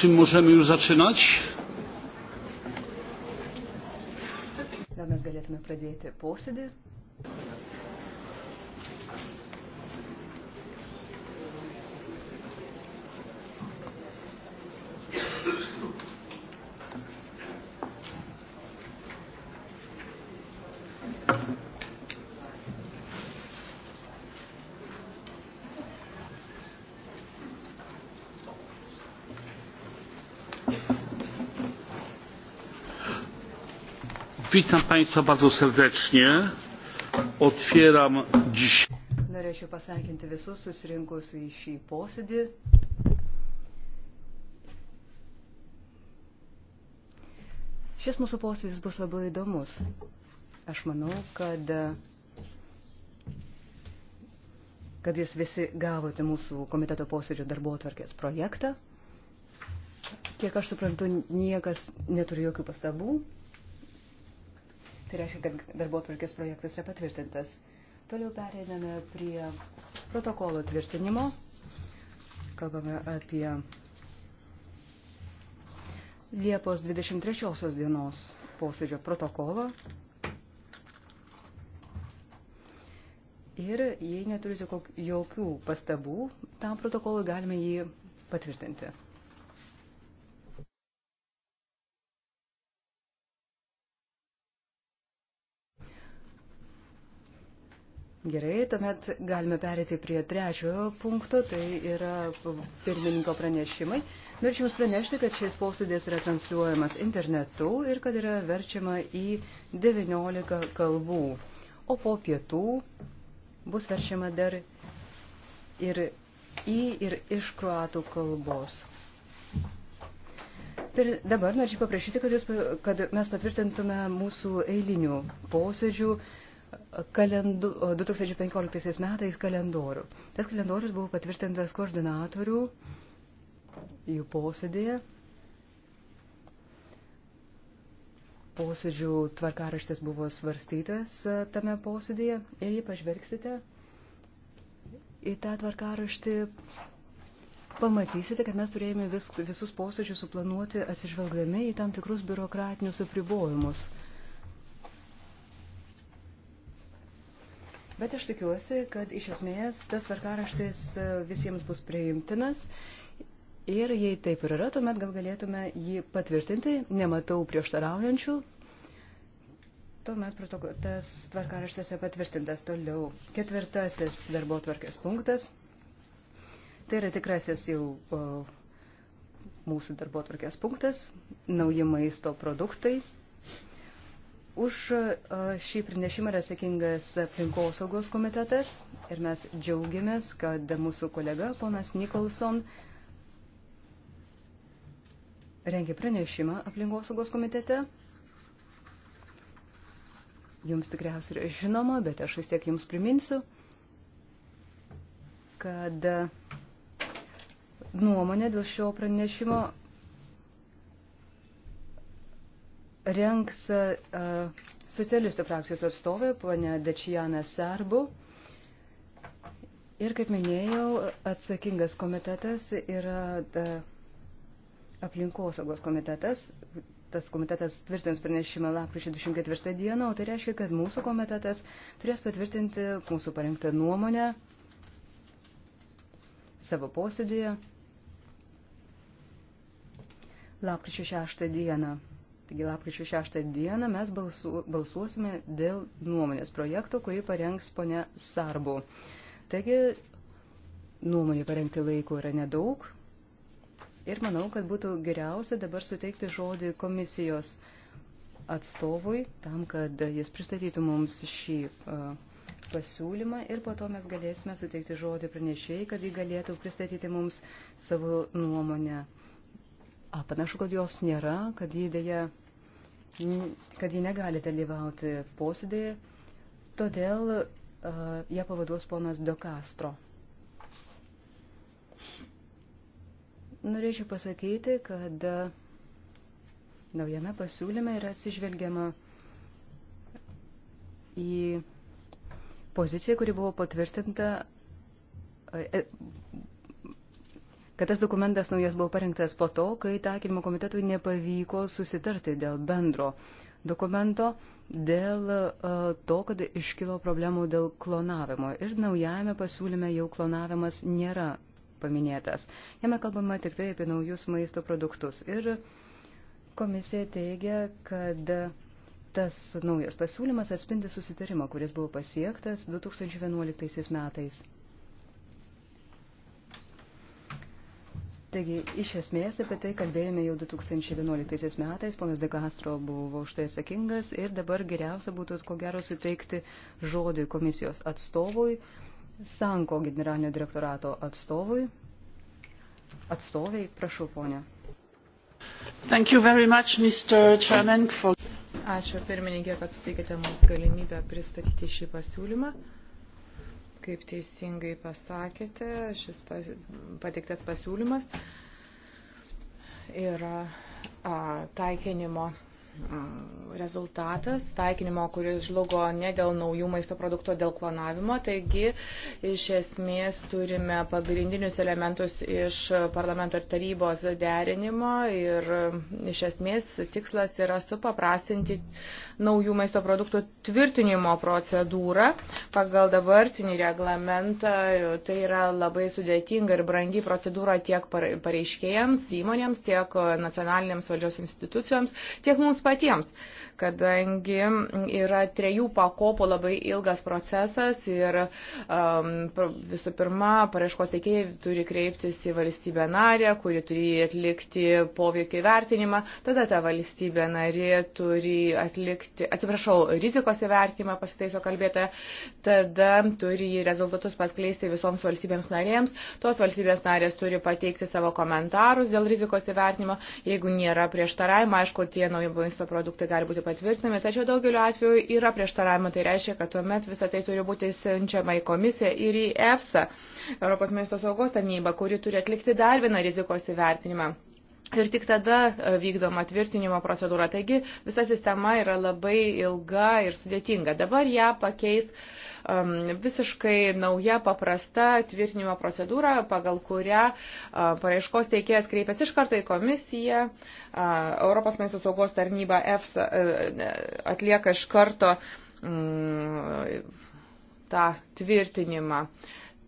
Czy możemy już zaczynać? Gal mes galėtume pradėti posėdį. witam państwa bardzo serdecznie otwieram dzisiejszy Norėčiau pasveikinti visus susirinkus į šį posėdį. Šis mūsų posėdis bus labai įdomus. Aš manau, kad, kad jūs visi gavote mūsų komiteto posėdžio darbo atvarkės projektą. Kiek aš suprantu, niekas neturi jokių pastabų. Tai reiškia, kad darbo atvarkės projektas yra patvirtintas. Toliau pereiname prie protokolo tvirtinimo. Kalbame apie Liepos 23 dienos posėdžio protokolą. Ir jei neturite jokių pastabų, tam protokolui galime jį patvirtinti. Gerai, tuomet galime perėti prie trečiojo punkto, tai yra pirmininko pranešimai. Norėčiau Jums pranešti, kad šis posėdis yra transliuojamas internetu ir kad yra verčiama į 19 kalbų. O po pietų bus verčiama dar ir į ir iš kruatų kalbos. Per, dabar norėčiau paprašyti, kad, jūs, kad mes patvirtintume mūsų eilinių posėdžių kalendu, 2015 metais kalendorių. Tas kalendorius buvo patvirtintas koordinatorių jų posėdėje. Posėdžių tvarkaraštis buvo svarstytas e, tame posėdėje ir jei pažvelgsite į tą tvarkaraštį, pamatysite, kad mes turėjome vis, visus posėdžius suplanuoti atsižvelgdami į tam tikrus biurokratinius apribojimus Bet aš tikiuosi, kad iš esmės tas tvarkaraštis e, visiems bus priimtinas. Ir jei taip ir yra, tuomet gal galėtume jį patvirtinti. Nematau prieštaraujančių. Tuomet tas tvarkaraštis yra patvirtintas toliau. Ketvirtasis darbo tvarkės punktas. Tai yra tikrasis jau o, mūsų darbo tvarkės punktas. Nauji maisto produktai. Už e, šį pranešimą yra sakingas aplinkosaugos komitetas ir mes džiaugiamės, kad mūsų kolega ponas Nikolson rengia pranešimą aplinkosaugos komitete. Jums tikriausiai yra žinoma, bet aš vis tiek jums priminsiu, kad nuomonė dėl šio pranešimo renks e, socialistų frakcijos atstovė, ponia Dečijana Sarbu. Ir kaip minėjau, atsakingas komitetas yra e, aplinkosaugos komitetas. Tas komitetas tvirtins pranešimą lapkričio 24 dieną, o tai reiškia, kad mūsų komitetas turės patvirtinti mūsų parengtą nuomonę savo posėdėje lapkričio 6 dieną. Taigi lapkričio 6 dieną mes balsu, balsuosime dėl nuomonės projekto, kurį parengs ponia Sarbu. Taigi nuomonė parengti laiko yra nedaug ir manau, kad būtų geriausia dabar suteikti žodį komisijos atstovui tam, kad jis pristatytų mums šį. Uh, pasiūlymą ir po to mes galėsime suteikti žodį pranešėjai, kad jį galėtų pristatyti mums savo nuomonę. A, panašu, kad jos nėra, kad jį dėja kad ji negali dalyvauti posėdėje, todėl uh, ją pavaduos ponas Dokastro. Norėčiau pasakyti, kad naujame pasiūlyme yra atsižvelgiama į poziciją, kuri buvo patvirtinta e, kad tas dokumentas naujas buvo parengtas po to, kai takinimo komitetui nepavyko susitarti dėl bendro dokumento, dėl uh, to, kad iškilo problemų dėl klonavimo. Ir naujame pasiūlyme jau klonavimas nėra paminėtas. Jame kalbama tik tai apie naujus maisto produktus. Ir komisija teigia, kad tas naujas pasiūlymas atspindi susitarimą, kuris buvo pasiektas 2011 metais. Taigi, iš esmės apie tai kalbėjome jau 2011 metais, ponas De Castro buvo už tai atsakingas ir dabar geriausia būtų, ko gero, suteikti žodį komisijos atstovui, Sanko generalinio direktorato atstovui. Atstoviai, prašau, ponė. Thank you very much, Mr. Chairman, for... Ačiū pirmininkė, kad suteikėte mums galimybę pristatyti šį pasiūlymą. Uh, kaip teisingai pasakėte, šis pateiktas pasiūlymas yra taikinimo Mm, rezultatas taikinimo, kuris žlugo ne dėl naujų maisto produktų, dėl klonavimo. Taigi, iš esmės, turime pagrindinius elementus iš parlamento ir tarybos derinimo ir mm, iš esmės tikslas yra supaprastinti naujų maisto produktų tvirtinimo procedūrą pagal dabartinį reglamentą. Tai yra labai sudėtinga ir brangi procedūra tiek pareiškėjams, įmonėms, tiek nacionalinėms valdžios institucijoms, tiek mums patiems patiems kadangi yra trejų pakopų labai ilgas procesas ir um, visų pirma, paraiškos teikėjai turi kreiptis į valstybę narę, kuri turi atlikti poveikį vertinimą, tada ta valstybė narė turi atlikti, atsiprašau, rizikos įvertinimą, pasitaiso kalbėtoja, tada turi rezultatus paskleisti visoms valstybėms narėms, tos valstybės narės turi pateikti savo komentarus dėl rizikos įvertinimo, jeigu nėra prieštaravimo, aišku, tie nauji maisto produktai gali būti patvirtinami, tačiau daugeliu atveju yra prieštaravimų. Tai reiškia, kad tuomet visą tai turi būti siunčiama į komisiją ir į EFSA, Europos maisto saugos tarnybą, kuri turi atlikti dar vieną rizikos įvertinimą. Ir tik tada e, vykdoma tvirtinimo procedūra. Taigi visa sistema yra labai ilga ir sudėtinga. Dabar ją pakeis uh, Um, visiškai nauja paprasta tvirtinimo procedūra, pagal kurią uh, paraiškos teikėjas kreipiasi iš karto į komisiją, uh, Europos maisto saugos tarnyba EFSA uh, atlieka iš karto mm, tą tvirtinimą.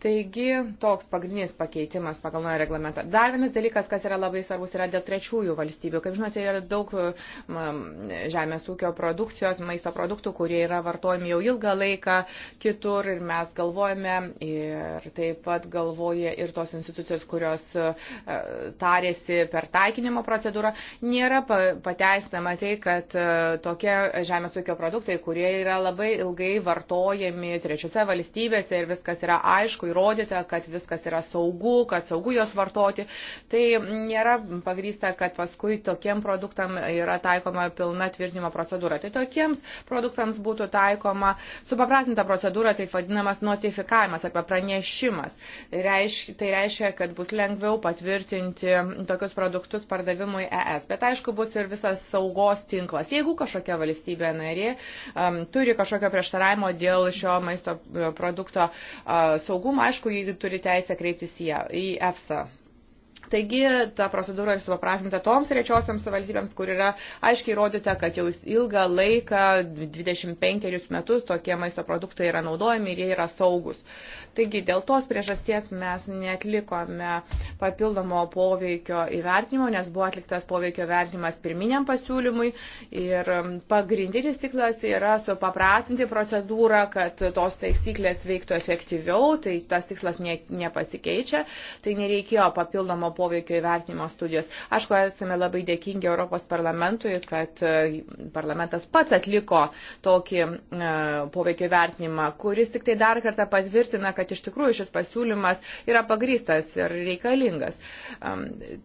Taigi toks pagrindinis pakeitimas pagal naują reglamentą. Dar vienas dalykas, kas yra labai svarbus, yra dėl trečiųjų valstybių. Kaip žinote, yra daug žemės ūkio produkcijos, maisto produktų, kurie yra vartojami jau ilgą laiką kitur ir mes galvojame ir taip pat galvoja ir tos institucijos, kurios e, tarėsi per taikinimo procedūrą. Nėra pateisinama tai, kad e, tokie žemės ūkio produktai, kurie yra labai ilgai vartojami trečiose valstybėse ir viskas yra aišku, įrodyta, kad viskas yra saugu, kad saugu jos vartoti. Tai nėra pagrysta, kad paskui tokiem produktam yra taikoma pilna tvirtinimo procedūra. Tai tokiems produktams būtų taikoma supaprastinta procedūra, taip vadinamas notifikavimas arba pranešimas. Reiškia, tai reiškia, kad bus lengviau patvirtinti tokius produktus pardavimui ES. Bet aišku, bus ir visas saugos tinklas. Jeigu kažkokia valstybė narė um, turi kažkokio prieštaravimo dėl šio maisto e, produkto uh, saugumo, aišku, jeigu turi teisę kreiptis į EFSA Taigi, ta procedūra ir supaprasinta toms rečiosiams valstybėms, kur yra aiškiai įrodyta, kad jau ilgą laiką, 25 metus, tokie maisto produktai yra naudojami ir jie yra saugus. Taigi, dėl tos priežasties mes netlikome papildomo poveikio įvertinimo, nes buvo atliktas poveikio vertinimas pirminiam pasiūlymui ir um, pagrindinis tiklas yra supaprastinti procedūrą, kad tos taisyklės veiktų efektyviau, tai tas tikslas ne, nepasikeičia, tai nereikėjo papildomo poveikio poveikio įvertinimo studijos. Aišku, esame labai dėkingi Europos parlamentui, kad e, parlamentas pats atliko tokį e, poveikio įvertinimą, kuris tik tai dar kartą patvirtina, kad iš tikrųjų šis pasiūlymas yra pagrystas ir reikalingas.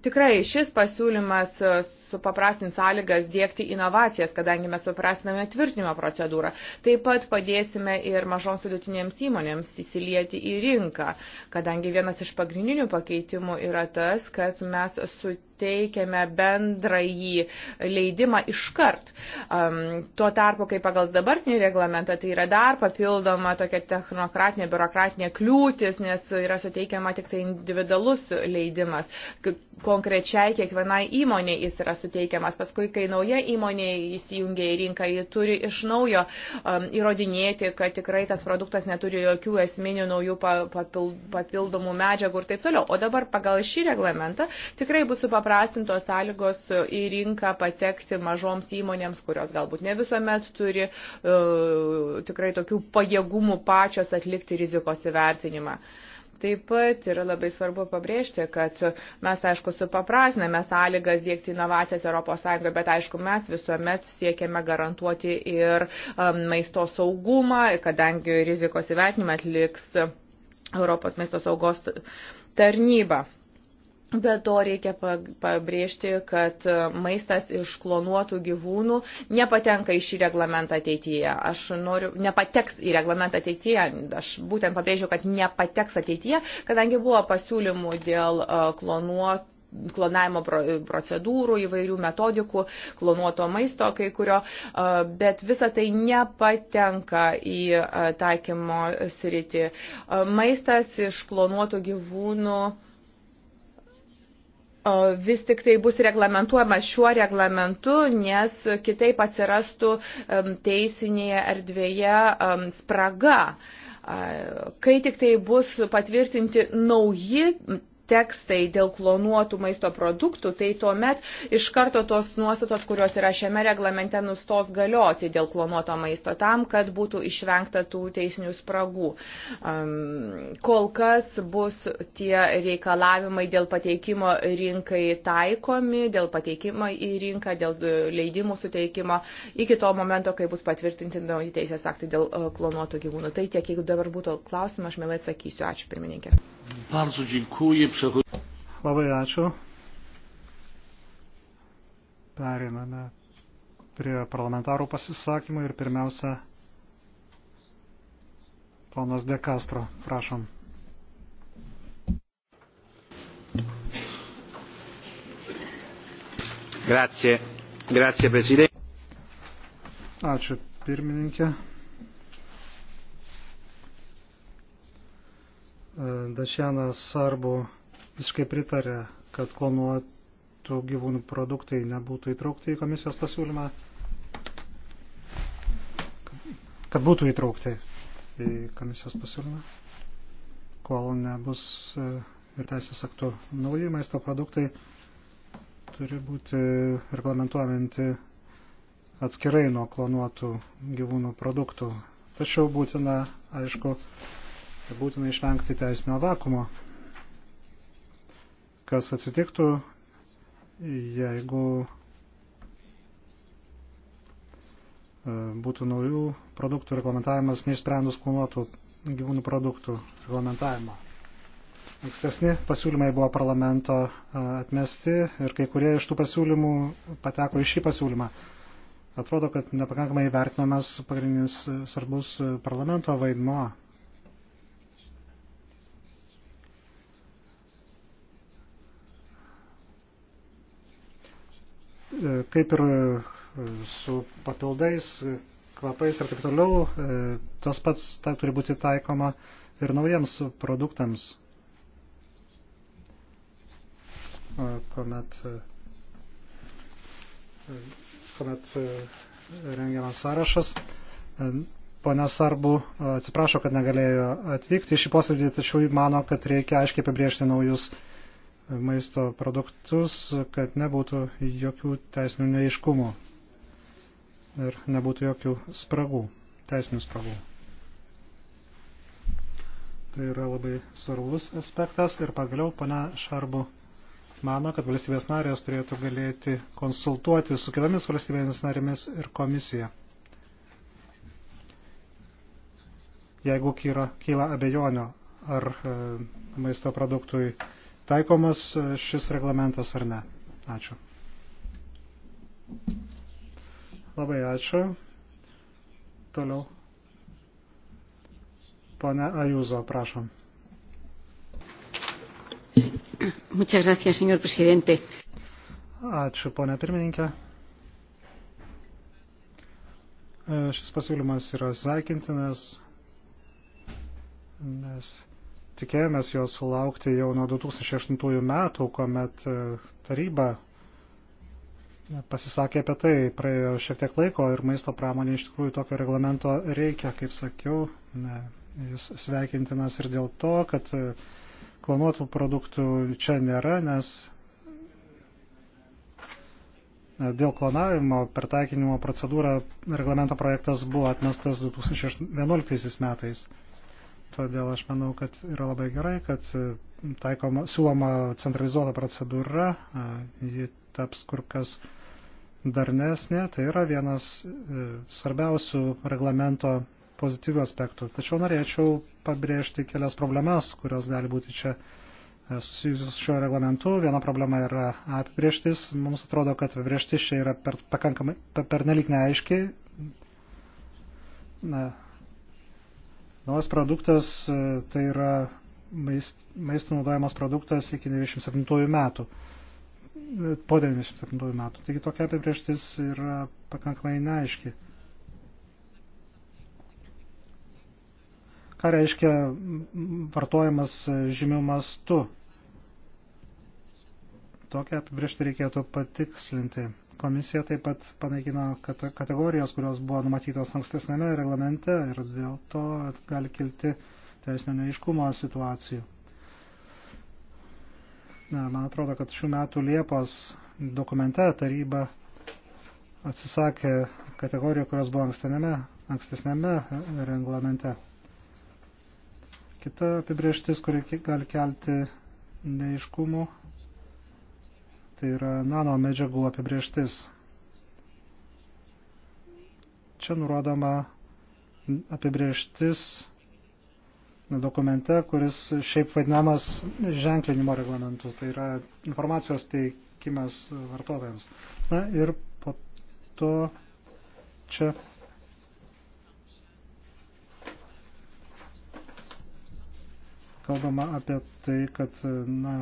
Tikrai šis pasiūlymas supaprastins sąlygas dėkti inovacijas, kadangi mes suprastiname tvirtinimo procedūrą. Taip pat padėsime ir mažoms vidutinėms įmonėms įsilieti į rinką, kadangi vienas iš pagrindinių pakeitimų yra tas, kad mes sutikime suteikiame bendrąjį leidimą iškart. Um, tuo tarpu, kai pagal dabartinį reglamentą, tai yra dar papildoma tokia technokratinė, biurokratinė kliūtis, nes yra suteikiama tik tai individualus leidimas. Konkrečiai kiekvienai įmonė jis yra suteikiamas. Paskui, kai nauja įmonė įsijungia į rinką, ji turi iš naujo um, įrodinėti, kad tikrai tas produktas neturi jokių esminių naujų papildomų medžiagų ir taip toliau. O dabar pagal šį reglamentą tikrai bus supaprastinti supaprastintos sąlygos į rinką patekti mažoms įmonėms, kurios galbūt ne visuomet turi uh, tikrai tokių pajėgumų pačios atlikti rizikos įvertinimą. Taip pat yra labai svarbu pabrėžti, kad mes, aišku, supaprasname sąlygas dėkti inovacijas ES, bet, aišku, mes visuomet siekiame garantuoti ir um, maisto saugumą, kadangi rizikos įvertinimą atliks Europos maisto saugos tarnyba. Be to reikia pabrėžti, kad e, maistas iš klonuotų gyvūnų nepatenka į šį reglamentą ateityje. Aš noriu, nepateks į reglamentą ateityje, aš būtent pabrėžiu, kad nepateks ateityje, kadangi buvo pasiūlymų dėl e, klonuotų klonavimo procedūrų, įvairių metodikų, klonuoto maisto kai kurio, e, bet visa tai nepatenka į taikymo sritį. Maistas iš klonuotų gyvūnų vis tik tai bus reglamentuojamas šiuo reglamentu, nes kitaip atsirastų teisinėje erdvėje spraga. Kai tik tai bus patvirtinti nauji tekstai dėl klonuotų maisto produktų, tai tuomet iš karto tos nuostatos, kurios yra šiame reglamente, nustos galioti dėl klonuoto maisto tam, kad būtų išvengta tų teisinių spragų. Um, kol kas bus tie reikalavimai dėl pateikimo rinkai taikomi, dėl pateikimo į rinką, dėl leidimų suteikimo iki to momento, kai bus patvirtinti nauji teisės aktai dėl e, klonuotų gyvūnų. Tai tiek, jeigu dabar būtų klausimą, aš mielai atsakysiu. Ačiū, pirmininkė. Bardzo dziękuję. Labai ačiū. Periname prie parlamentarų pasisakymų ir pirmiausia, ponas De Castro, prašom. Grazie. Grazie, Presidente. Ačiū, pirmininkė. Dačianas Sarbu visiškai pritarė, kad klonuotų gyvūnų produktai nebūtų įtraukti į komisijos pasiūlymą, kad būtų įtraukti į komisijos pasiūlymą, kol nebus ir e, teisės aktų nauji maisto produktai turi būti reglamentuojanti atskirai nuo klonuotų gyvūnų produktų. Tačiau būtina, aišku, būtina išvengti teisinio vakumo kas atsitiktų, jeigu e, būtų naujų produktų reglamentavimas neišsprendus klonuotų gyvūnų produktų reglamentavimą. Ankstesni pasiūlymai buvo parlamento e, atmesti ir kai kurie iš tų pasiūlymų pateko į šį pasiūlymą. Atrodo, kad nepakankamai vertinamas pagrindinis svarbus e, parlamento vaidmuo E, kaip ir e, su papildais, e, kvapais ir taip toliau, tas pats ta, turi būti taikoma ir naujiems produktams, kuomet, kuomet rengiamas sąrašas. Pone Sarbu atsiprašo, kad negalėjo atvykti į šį posėdį, tačiau mano, kad reikia aiškiai pabrėžti naujus maisto produktus, kad nebūtų jokių teisinių neiškumų ir nebūtų jokių spragų, teisinių spragų. Tai yra labai svarbus aspektas ir pagaliau pana Šarbu mano, kad valstybės narės turėtų galėti konsultuoti su kitomis valstybėmis narėmis ir komisija. Jeigu kyla, kyla abejonio, ar e, maisto produktui e, taikomas e, šis reglamentas ar ne. Ačiū. Labai ačiū. Toliau. Pone Ajuzo, prašom. Muchas gracias, señor presidente. Ačiū, ponė pirmininkė. E, šis pasiūlymas yra sveikintinas, nes tikėjomės jos sulaukti jau nuo 2008 metų, kuomet e, taryba e, pasisakė apie tai, praėjo šiek tiek laiko ir maisto pramonė iš tikrųjų tokio reglamento reikia, kaip sakiau, ne, jis sveikintinas ir dėl to, kad e, klonuotų produktų čia nėra, nes dėl klonavimo per taikinimo procedūrą reglamento projektas buvo atmestas 2011 metais. Todėl aš manau, kad yra labai gerai, kad taikoma, siūloma centralizuota procedūra, ji taps kur kas darnesnė, tai yra vienas e, svarbiausių reglamento pozityvių aspektų. Tačiau norėčiau pabrėžti kelias problemas, kurios gali būti čia e, susijusius su šiuo reglamentu. Viena problema yra apibrieštis. Mums atrodo, kad apibrieštis čia yra per, pakankamai per, per nelik neaiškiai. Na, Naujas produktas e, tai yra maistų naudojamas produktas iki 97 metų. E, po 97 metų. Taigi tokia apibrieštis yra pakankamai neaiški. Ką reiškia vartojamas žymių mastu? Tokią apibriežtį reikėtų patikslinti. Komisija taip pat panaikino kategorijos, kurios buvo numatytos ankstesnėme reglamente ir dėl to gali kilti teisinio neiškumo situacijų. Na, man atrodo, kad šių metų Liepos dokumente taryba atsisakė kategorijų, kurios buvo ankstesnėme, ankstesnėme reglamente. Kita apibrieštis, kuri gali kelti neiškumų tai yra nano medžiagų apibrieštis. Čia nurodoma apibrieštis dokumente, kuris šiaip vadinamas ženklinimo reglamentu, tai yra informacijos teikimas vartotojams. Na ir po to čia kalbama apie tai, kad na,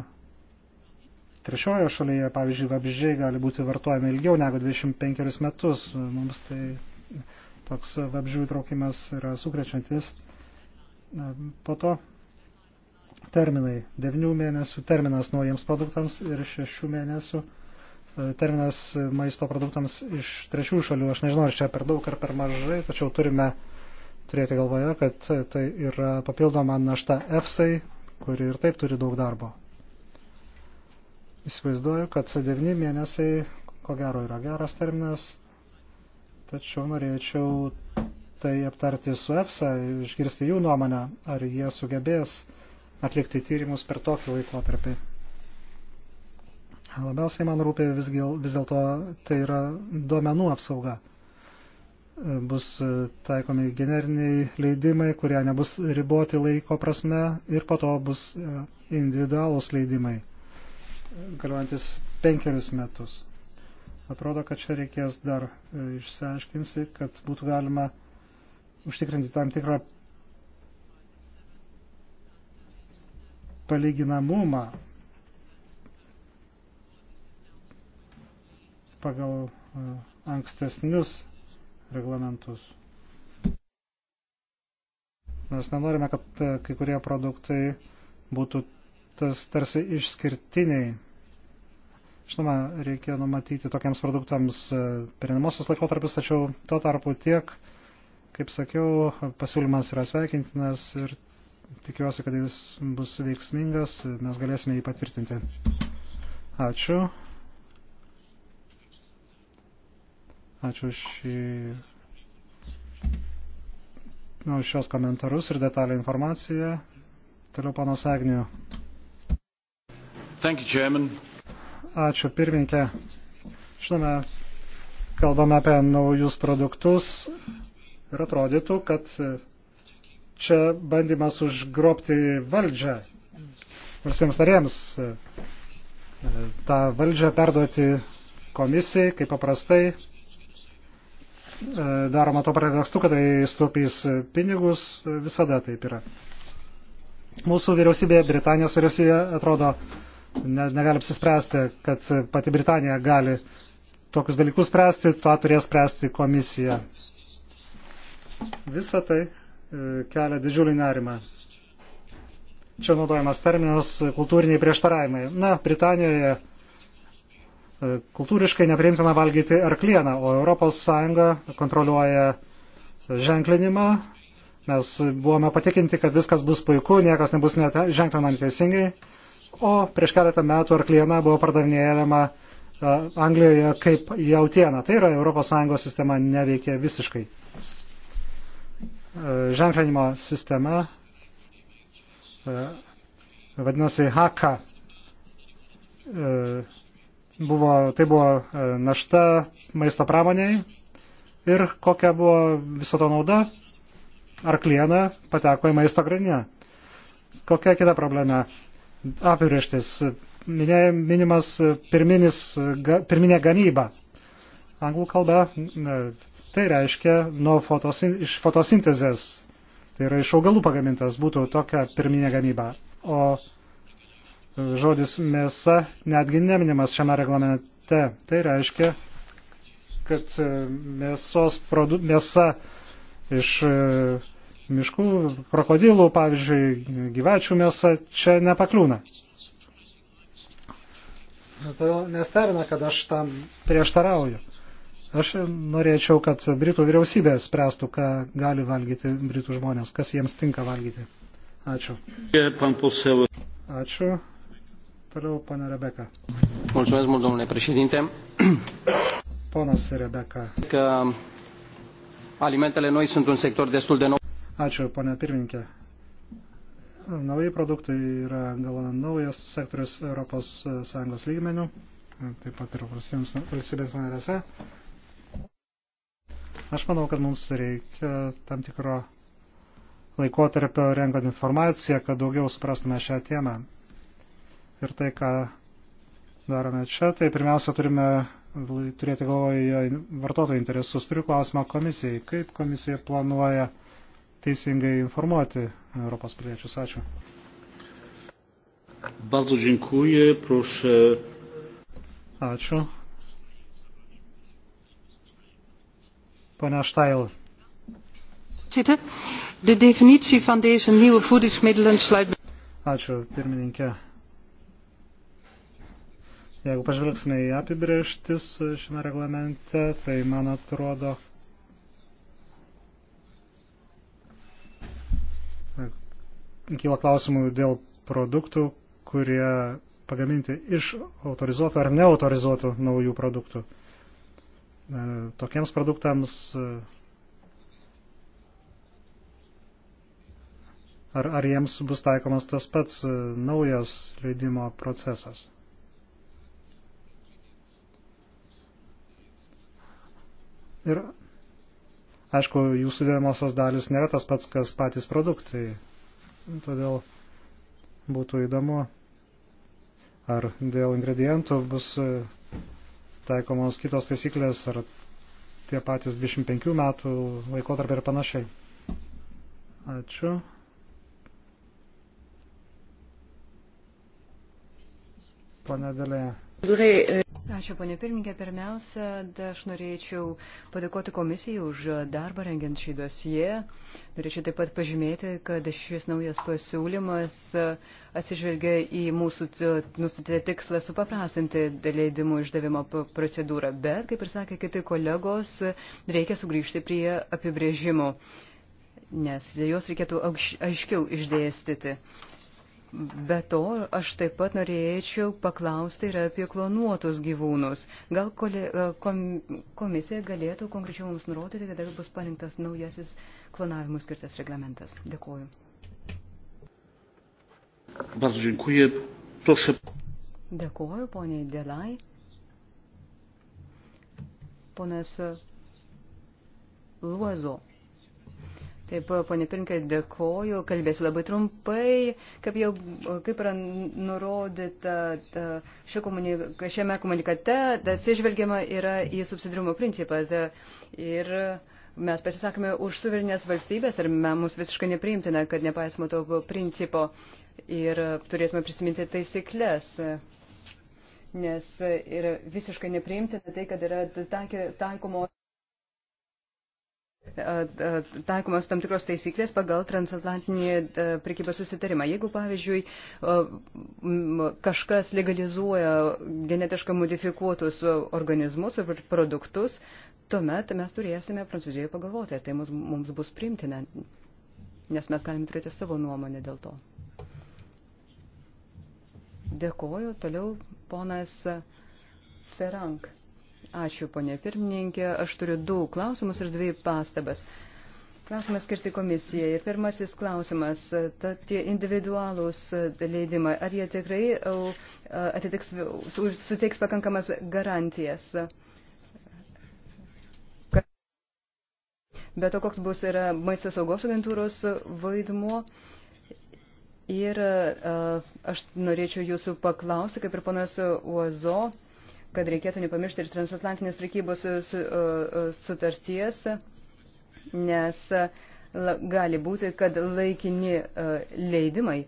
trečiojo šalyje, pavyzdžiui, vabžiai gali būti vartojami ilgiau negu 25 metus. Mums tai toks vabžių įtraukimas yra sukrečiantis. Po to terminai. 9 mėnesių terminas naujiems produktams ir 6 mėnesių e, terminas maisto produktams iš trečių šalių. Aš nežinau, ar čia per daug ar per mažai, tačiau turime turėti galvoje, kad tai yra papildoma našta EFSAI, kuri ir taip turi daug darbo. Įsivaizduoju, kad 9 mėnesiai, ko gero, yra geras terminas, tačiau norėčiau tai aptarti su EFSA, išgirsti jų nuomonę, ar jie sugebės atlikti tyrimus per tokį laikotarpį. Labiausiai man rūpė vis, vis dėlto tai yra duomenų apsauga. Bus taikomi generiniai leidimai, kurie nebus riboti laiko prasme ir po to bus individualūs leidimai galiojantis penkerius metus. Atrodo, kad čia reikės dar e, išsiaiškinsi, kad būtų galima užtikrinti tam tikrą palyginamumą pagal e, ankstesnius reglamentus. Mes nenorime, kad e, kai kurie produktai būtų tas tarsi išskirtiniai. Žinoma, reikia numatyti tokiems produktams e, perinamosios laikotarpis, tačiau tuo tarpu tiek, kaip sakiau, pasiūlymas yra sveikintinas ir tikiuosi, kad jis bus veiksmingas, mes galėsime jį patvirtinti. Ačiū. Ačiū šį, nu, šios komentarus ir detalę informaciją. Toliau panas Agnijo. Thank you, Chairman. Ačiū pirmininkė. Žinome, kalbame apie naujus produktus ir atrodytų, kad čia bandymas užgrobti valdžią valstybėms narėms, tą valdžią perduoti komisijai, kaip paprastai daroma to pretekstu, kad tai stopys pinigus, visada taip yra. Mūsų vyriausybė, Britanijos vyriausybė atrodo ne, negali apsispręsti, kad pati Britanija gali tokius dalykus spręsti, tuo turės spręsti komisija. Visa tai e, kelia didžiulį nerimą. Čia naudojamas terminas kultūriniai prieštaravimai. Na, Britanijoje e, kultūriškai nepriimtina valgyti arklieną, o Europos Sąjunga kontroliuoja ženklinimą. Mes buvome patikinti, kad viskas bus puiku, niekas nebus ženklinama teisingai o prieš keletą metų arkliena buvo pardavinėjama Anglijoje kaip jautiena. Tai yra ES sistema neveikia visiškai. Ženklinimo sistema vadinasi HAKA. Buvo, tai buvo našta maisto pramoniai ir kokia buvo viso to nauda. Arklieną pateko į maisto grandinę. Kokia kita problema? apibrieštis. Minimas e, pirminis, e, pirminė gamyba. Anglų kalba e, tai reiškia nuo fotosin, iš fotosintezės. Tai yra iš augalų pagamintas būtų tokia pirminė gamyba. O žodis mėsa netgi neminimas šiame reglamente. Tai reiškia, kad mėsos produ, mėsa iš miškų, krokodilų, pavyzdžiui, gyvačių mėsa čia nepakliūna. Todėl nesterina, kad aš tam prieštarauju. Aš norėčiau, kad Britų vyriausybė spręstų, ką gali valgyti Britų žmonės, kas jiems tinka valgyti. Ačiū. Ačiū. Toliau, pana Rebeka. Mulțumesc mult, domnule președinte. Ponas Rebeka. Că alimentele noi sunt un sector destul de nou. Ačiū, ponė pirmininkė. Naujai produktai yra gal naujas sektorius ES lygmenių, taip pat ir valstybės narėse. Aš manau, kad mums reikia tam tikro laikotarpio renkant informaciją, kad daugiau suprastume šią temą. Ir tai, ką darome čia, tai pirmiausia turime turėti galvoje vartotojų interesus. Turiu klausimą komisijai. Kaip komisija planuoja teisingai informuoti Europos piliečius. Ačiū. Bardzo dziękuję. Proszę. Ačiū. Pane Štail. Zitten. De definitie van deze nieuwe voedingsmiddelen sluit. Ačiū, pirmininkė. Jeigu pažvelgsime į apibrieštis šiame reglamente, tai man atrodo, kyla klausimų dėl produktų, kurie pagaminti iš autorizuotų ar neautorizuotų naujų produktų. E, tokiems produktams e, ar, ar jiems bus taikomas tas pats e, naujas leidimo procesas. Ir Aišku, jų sudėdamosios dalis nėra tas pats, kas patys produktai. Todėl būtų įdomu, ar dėl ingredientų bus e, taikomos kitos taisyklės, ar tie patys 25 metų laikotarpiai ir panašiai. Ačiū. Pane Dėlė. Ačiū, ponė pirmininkė. Pirmiausia, aš norėčiau padėkoti komisijai už darbą rengiant šį dosiją. Norėčiau taip pat pažymėti, kad šis naujas pasiūlymas atsižvelgia į mūsų nustatytą tikslą supaprastinti leidimų išdavimo procedūrą. Bet, kaip ir sakė kiti kolegos, reikia sugrįžti prie apibrėžimų, nes juos reikėtų aiškiau išdėstyti. Be to, aš taip pat norėčiau paklausti ir apie klonuotus gyvūnus. Gal e, komisija galėtų konkrečiau mums nurodyti, kada bus parinktas naujasis klonavimui skirtas reglamentas. Dėkuoju. Bardzo dziękuję. Proszę. Dėkuoju, poniai Delai. Ponas Luozo. Taip, ponė Pirinkė, dėkoju, kalbėsiu labai trumpai, kaip jau, kaip yra nurodyta ta, šia komunika, šiame komunikate, atsižvelgiama yra į subsidirumo principą. Ta, ir mes pasisakome už suverinės valstybės ir mums visiškai nepriimtina, kad nepaisimo to principo ir turėtume prisiminti taisyklės nes yra visiškai nepriimtina tai, kad yra taikomos taikomos tam tikros taisyklės pagal transatlantinį prekybos susitarimą. Jeigu, pavyzdžiui, kažkas legalizuoja genetiškai modifikuotus organizmus ir produktus, tuomet mes turėsime Prancūzijoje pagalvoti, ar tai mums, mums bus primtina, nes mes galim turėti savo nuomonę dėl to. Dėkoju. Toliau ponas Ferank. Ačiū, ponė pirmininkė. Aš turiu du klausimus ir dvi pastabas. Klausimas skirti komisijai. Ir pirmasis klausimas, ta, tie individualūs leidimai, ar jie tikrai atitiks, suteiks pakankamas garantijas? Bet to koks bus yra maisto saugos agentūros vaidmuo? Ir aš norėčiau jūsų paklausti, kaip ir ponas Uozo, kad reikėtų nepamiršti ir transatlantinės prekybos sutarties, nes gali būti, kad laikini leidimai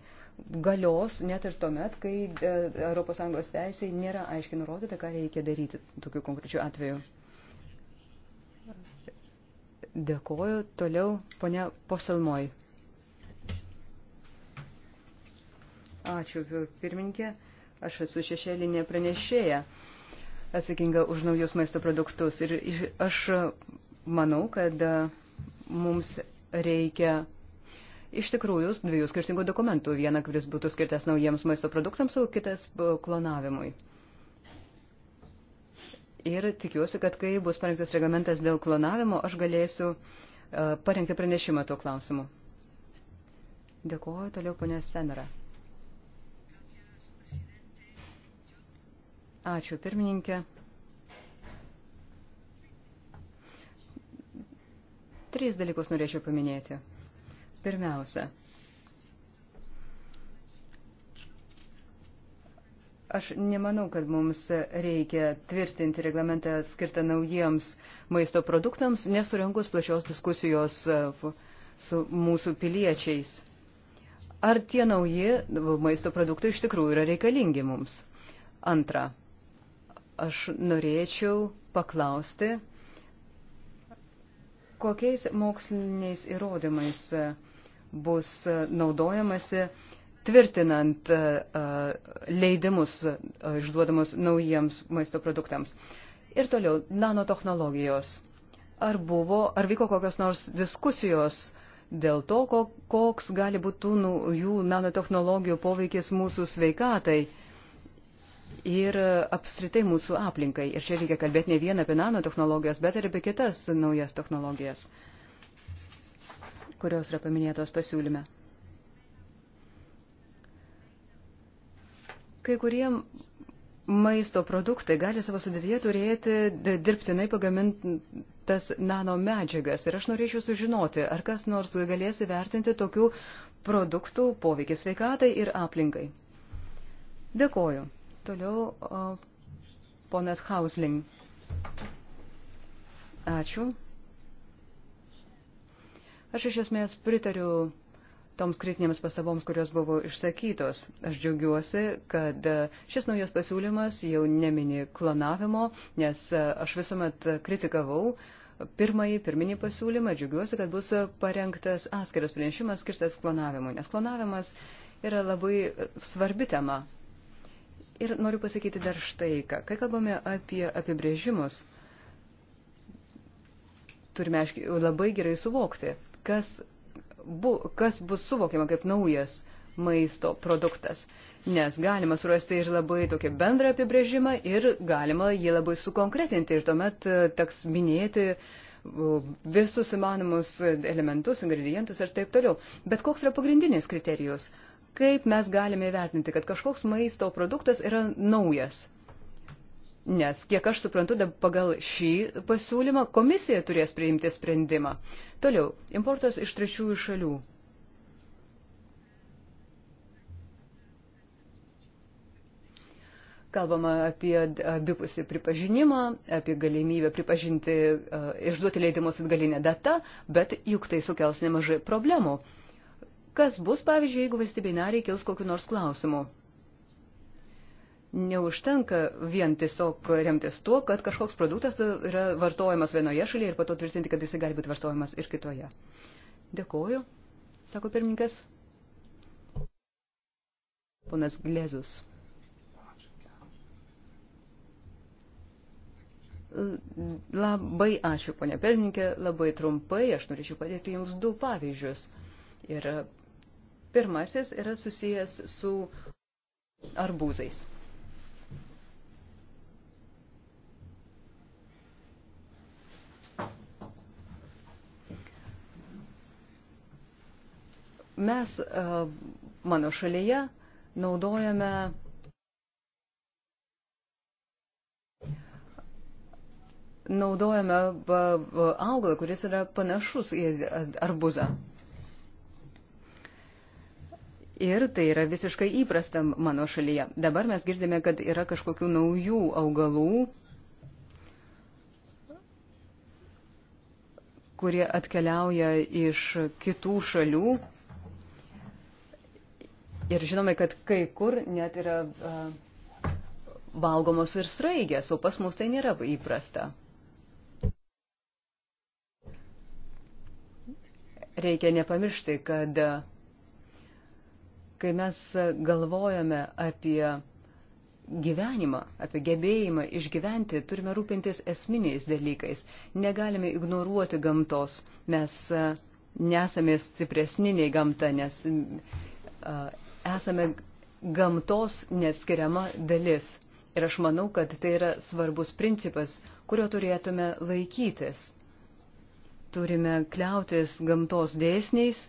galios net ir tuomet, kai ES teisėje nėra aiškiai nurodyta, ką reikia daryti tokiu konkrečiu atveju. Dėkoju. Toliau ponia Poselmoj. Ačiū, pirmininkė. Aš esu šešėlinė pranešėja. Uh, atsakinga už naujus maisto produktus. Ir aš manau, kad e, mums reikia iš tikrųjų dviejų skirtingų dokumentų. Vieną, kuris būtų skirtas naujiems maisto produktams, o kitas e, klonavimui. Ir tikiuosi, kad kai bus parengtas reglamentas dėl klonavimo, aš galėsiu e, parengti pranešimą tuo klausimu. Dėkuoju toliau, ponė Senera. Ačiū, pirmininkė. Tris dalykus norėčiau paminėti. Pirmiausia, Aš nemanau, kad mums reikia tvirtinti reglamentą skirtą naujiems maisto produktams, nesurinkus plačios diskusijos e, su mūsų piliečiais. Ar tie nauji maisto produktai iš tikrųjų yra reikalingi mums? Antra, aš norėčiau paklausti, kokiais moksliniais įrodymais e, bus e, naudojamasi tvirtinant e, leidimus išduodamus naujiems maisto produktams. Ir toliau, nanotehnologijos. Ar buvo, ar vyko kokios nors diskusijos dėl to, koks gali būti tų naujų nanotehnologijų poveikis mūsų sveikatai? ir e, apskritai mūsų aplinkai. Ir čia reikia kalbėti ne vien apie nanotehnologijas, bet ir apie kitas naujas technologijas, kurios yra paminėtos pasiūlyme. Kai kurie maisto produktai gali savo sudėtyje turėti dirbtinai pagamintas nanomedžiagas. Ir aš norėčiau sužinoti, ar kas nors galės įvertinti tokių produktų poveikį sveikatai ir aplinkai. Dėkoju. Toliau o, ponas Hausling. Ačiū. Aš iš esmės pritariu toms kritinėms pastaboms, kurios buvo išsakytos. Aš džiaugiuosi, kad šis naujas pasiūlymas jau nemini klonavimo, nes aš visuomet kritikavau pirmąjį, pirminį pasiūlymą. Džiaugiuosi, kad bus parengtas atskiras pranešimas skirtas klonavimui, nes klonavimas yra labai svarbi tema Ir noriu pasakyti dar štai ką. Kai kalbame apie apibrėžimus, turime aiškiai, labai gerai suvokti, kas, bu, kas bus suvokiama kaip naujas maisto produktas. Nes galima surasti ir labai tokį bendrą apibrėžimą ir galima jį labai sukonkretinti ir tuomet e, teks minėti visus įmanomus elementus, ingredientus ir taip toliau. Bet koks yra pagrindinis kriterijus? kaip mes galime įvertinti, kad kažkoks maisto produktas yra naujas? Nes, kiek aš suprantu, pagal šį pasiūlymą komisija turės priimti sprendimą. Toliau, importas iš trečiųjų šalių. Kalbama apie abipusį pripažinimą, apie galimybę pripažinti, e, išduoti leidimus atgalinę datą, bet juk tai sukels nemažai problemų. Kas bus, pavyzdžiui, jeigu valstybei nariai kils kokiu nors klausimu? Neužtenka vien tiesiog remtis tuo, kad kažkoks produktas yra vartojamas vienoje šalyje ir pato tvirtinti, kad jisai gali būti vartojamas ir kitoje. Dėkoju, sako pirmininkas. Ponas Glezus. Labai ačiū, ponia pirmininkė, labai trumpai aš norėčiau padėti Jums du pavyzdžius. Ir Pirmasis yra susijęs su arbūzais. Mes e, mano šalyje naudojame naudojame e, e, augalą, kuris yra panašus į arbuzą. Ir tai yra visiškai įprasta mano šalyje. Dabar mes girdime, kad yra kažkokių naujų augalų, kurie atkeliauja iš kitų šalių. Ir žinome, kad kai kur net yra uh, valgomos ir sraigės, o pas mus tai nėra įprasta. Reikia nepamiršti, kad uh, kai mes galvojame apie gyvenimą, apie gebėjimą išgyventi, turime rūpintis esminiais dalykais. Negalime ignoruoti gamtos. Mes nesame stipresni nei gamta, nes esame gamtos neskiriama dalis. Ir aš manau, kad tai yra svarbus principas, kurio turėtume laikytis. Turime kliautis gamtos dėsniais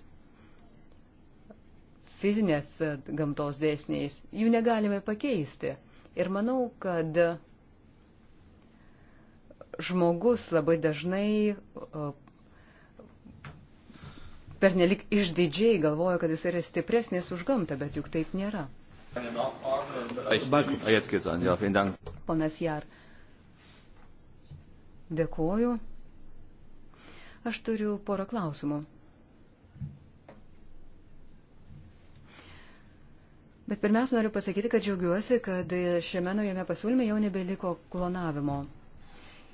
fizinės e, gamtos dėsniais, jų negalime pakeisti. Ir manau, kad žmogus labai dažnai pernelik išdidžiai galvoja, kad jis yra stipresnis už gamtą, bet juk taip nėra. Ponas Jar, dėkuoju. Aš turiu porą klausimų. Bet pirmiausia, noriu pasakyti, kad džiaugiuosi, kad šiame naujame pasiūlyme jau nebeliko klonavimo.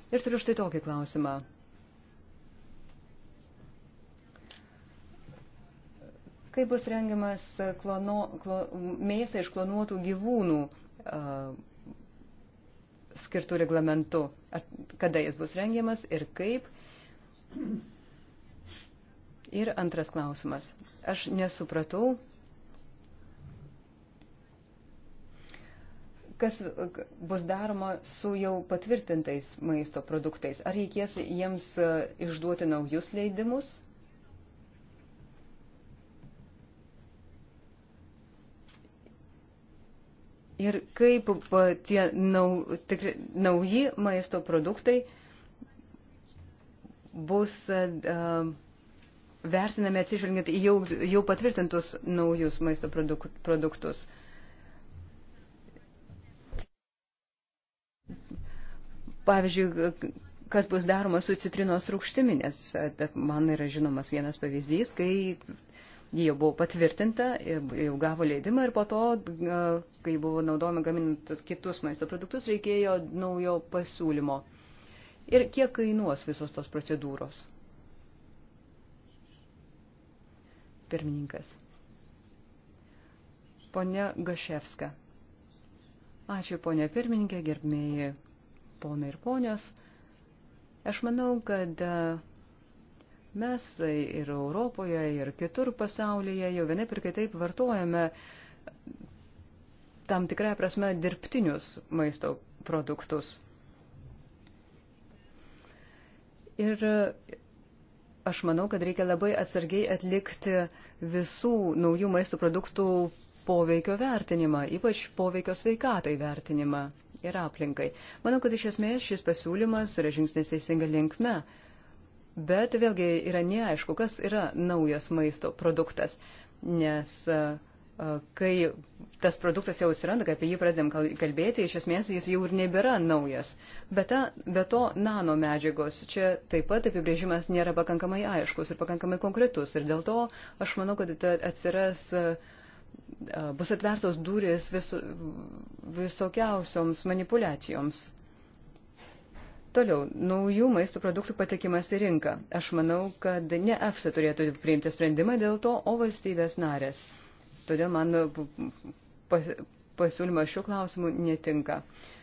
Ir turiu štai tokį klausimą. Kaip bus rengiamas klono, klo, mėsą iš klonuotų gyvūnų uh, skirtų reglamentu? Ar, kada jis bus rengiamas ir kaip? Ir antras klausimas. Aš nesupratau, kas bus daroma su jau patvirtintais maisto produktais? Ar reikės jiems e, išduoti naujus leidimus? Ir kaip e, tie nau, tikri, nauji maisto produktai bus uh, vertinami atsižvelgiant į jau, jau patvirtintus naujus maisto produk, produktus? Uh, Pavyzdžiui, kas bus daroma su citrinos rūkštimi, nes e, man yra žinomas vienas pavyzdys, kai ji jau buvo patvirtinta, e, jau gavo leidimą ir po to, e, kai buvo naudojama gaminant kitus maisto produktus, reikėjo naujo pasiūlymo. Ir kiek kainuos visos tos procedūros? Pirmininkas. Pone Gaševska. Ačiū, ponė pirmininkė, gerbėjai ponai ir ponios. Aš manau, kad e, mes ir Europoje, ir kitur pasaulyje jau vienaip ir kitaip vartojame tam tikrai prasme dirbtinius maisto produktus. Ir e, aš manau, kad reikia labai atsargiai atlikti visų naujų maisto produktų poveikio vertinimą, ypač poveikio sveikatai vertinimą ir aplinkai. Manau, kad iš esmės šis pasiūlymas yra žingsnis teisinga linkme. Bet vėlgi yra neaišku, kas yra naujas maisto produktas, nes kai tas produktas jau atsiranda, kai apie jį pradėm kalbėti, iš esmės jis jau ir nebėra naujas. Bet ta, be to nano medžiagos, čia taip pat apibrėžimas nėra pakankamai aiškus ir pakankamai konkretus. Ir dėl to aš manau, kad atsiras uh, bus atvertos durės vis, visokiausioms manipulacijoms. Toliau, naujų maisto produktų patekimas į rinką. Aš manau, kad ne EFSA turėtų priimti sprendimą dėl to, o valstybės narės. Todėl man pasiūlymas šių klausimų netinka. Uh,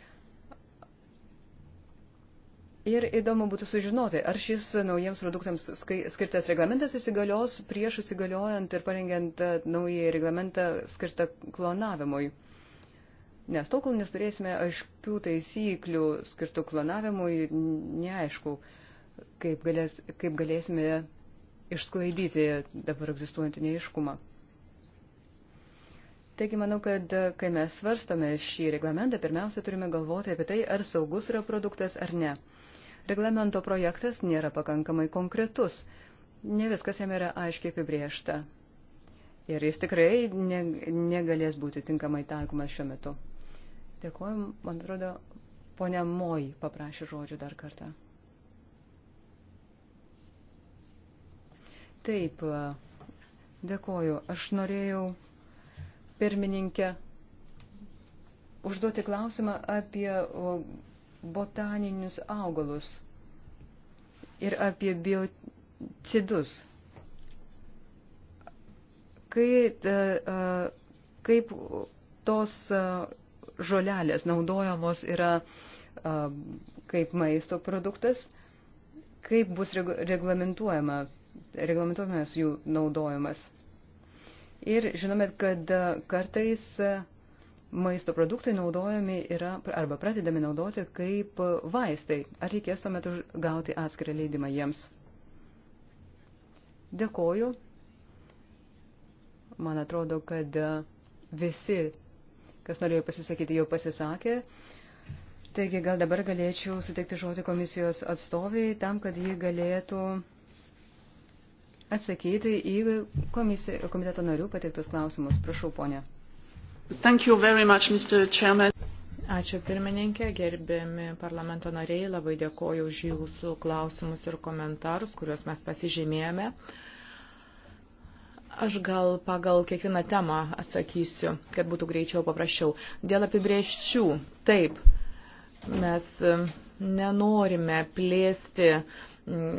Ir įdomu būtų sužinoti, ar šis naujiems produktams skirtas reglamentas įsigalios prieš įsigaliojant ir parengiant e, naują reglamentą skirtą klonavimui. Nes tol, kol nesturėsime aiškių taisyklių skirtų klonavimui, neaišku, kaip, galės, kaip galėsime išsklaidyti dabar egzistuojantį neiškumą. Taigi manau, kad e, kai mes svarstome šį reglamentą, pirmiausia turime galvoti apie tai, ar saugus yra produktas ar ne. Reglamento projektas nėra pakankamai konkretus, ne viskas jame yra aiškiai apibriešta. Ir jis tikrai ne, negalės būti tinkamai taikomas šiuo metu. Dėkuoju, man atrodo, ponia Moj paprašė žodžių dar kartą. Taip, dėkuoju. Aš norėjau pirmininkę užduoti klausimą apie botaninius augalus ir apie biocidus. Kai, e, e, kaip tos e, žolelės naudojamos yra kaip maisto produktas, kaip bus reglamentuojama, reglamentuojamas jų naudojimas. Ir žinome, kad kartais maisto produktai naudojami yra arba pradedami naudoti kaip vaistai. Ar reikės tuomet gauti atskirą leidimą jiems? Dėkoju. Man atrodo, kad e, visi, kas norėjo pasisakyti, jau pasisakė. Taigi gal dabar galėčiau suteikti žodį komisijos atstoviai tam, kad jį galėtų atsakyti į komiteto narių pateiktus klausimus. Prašau, ponė. Much, Ačiū pirmininkė, gerbiami parlamento nariai, labai dėkoju už jūsų klausimus ir komentarus, kuriuos mes pasižymėjome. Aš gal pagal kiekvieną temą atsakysiu, kad būtų greičiau paprasčiau. Dėl apibrieščių, taip, mes nenorime plėsti uh,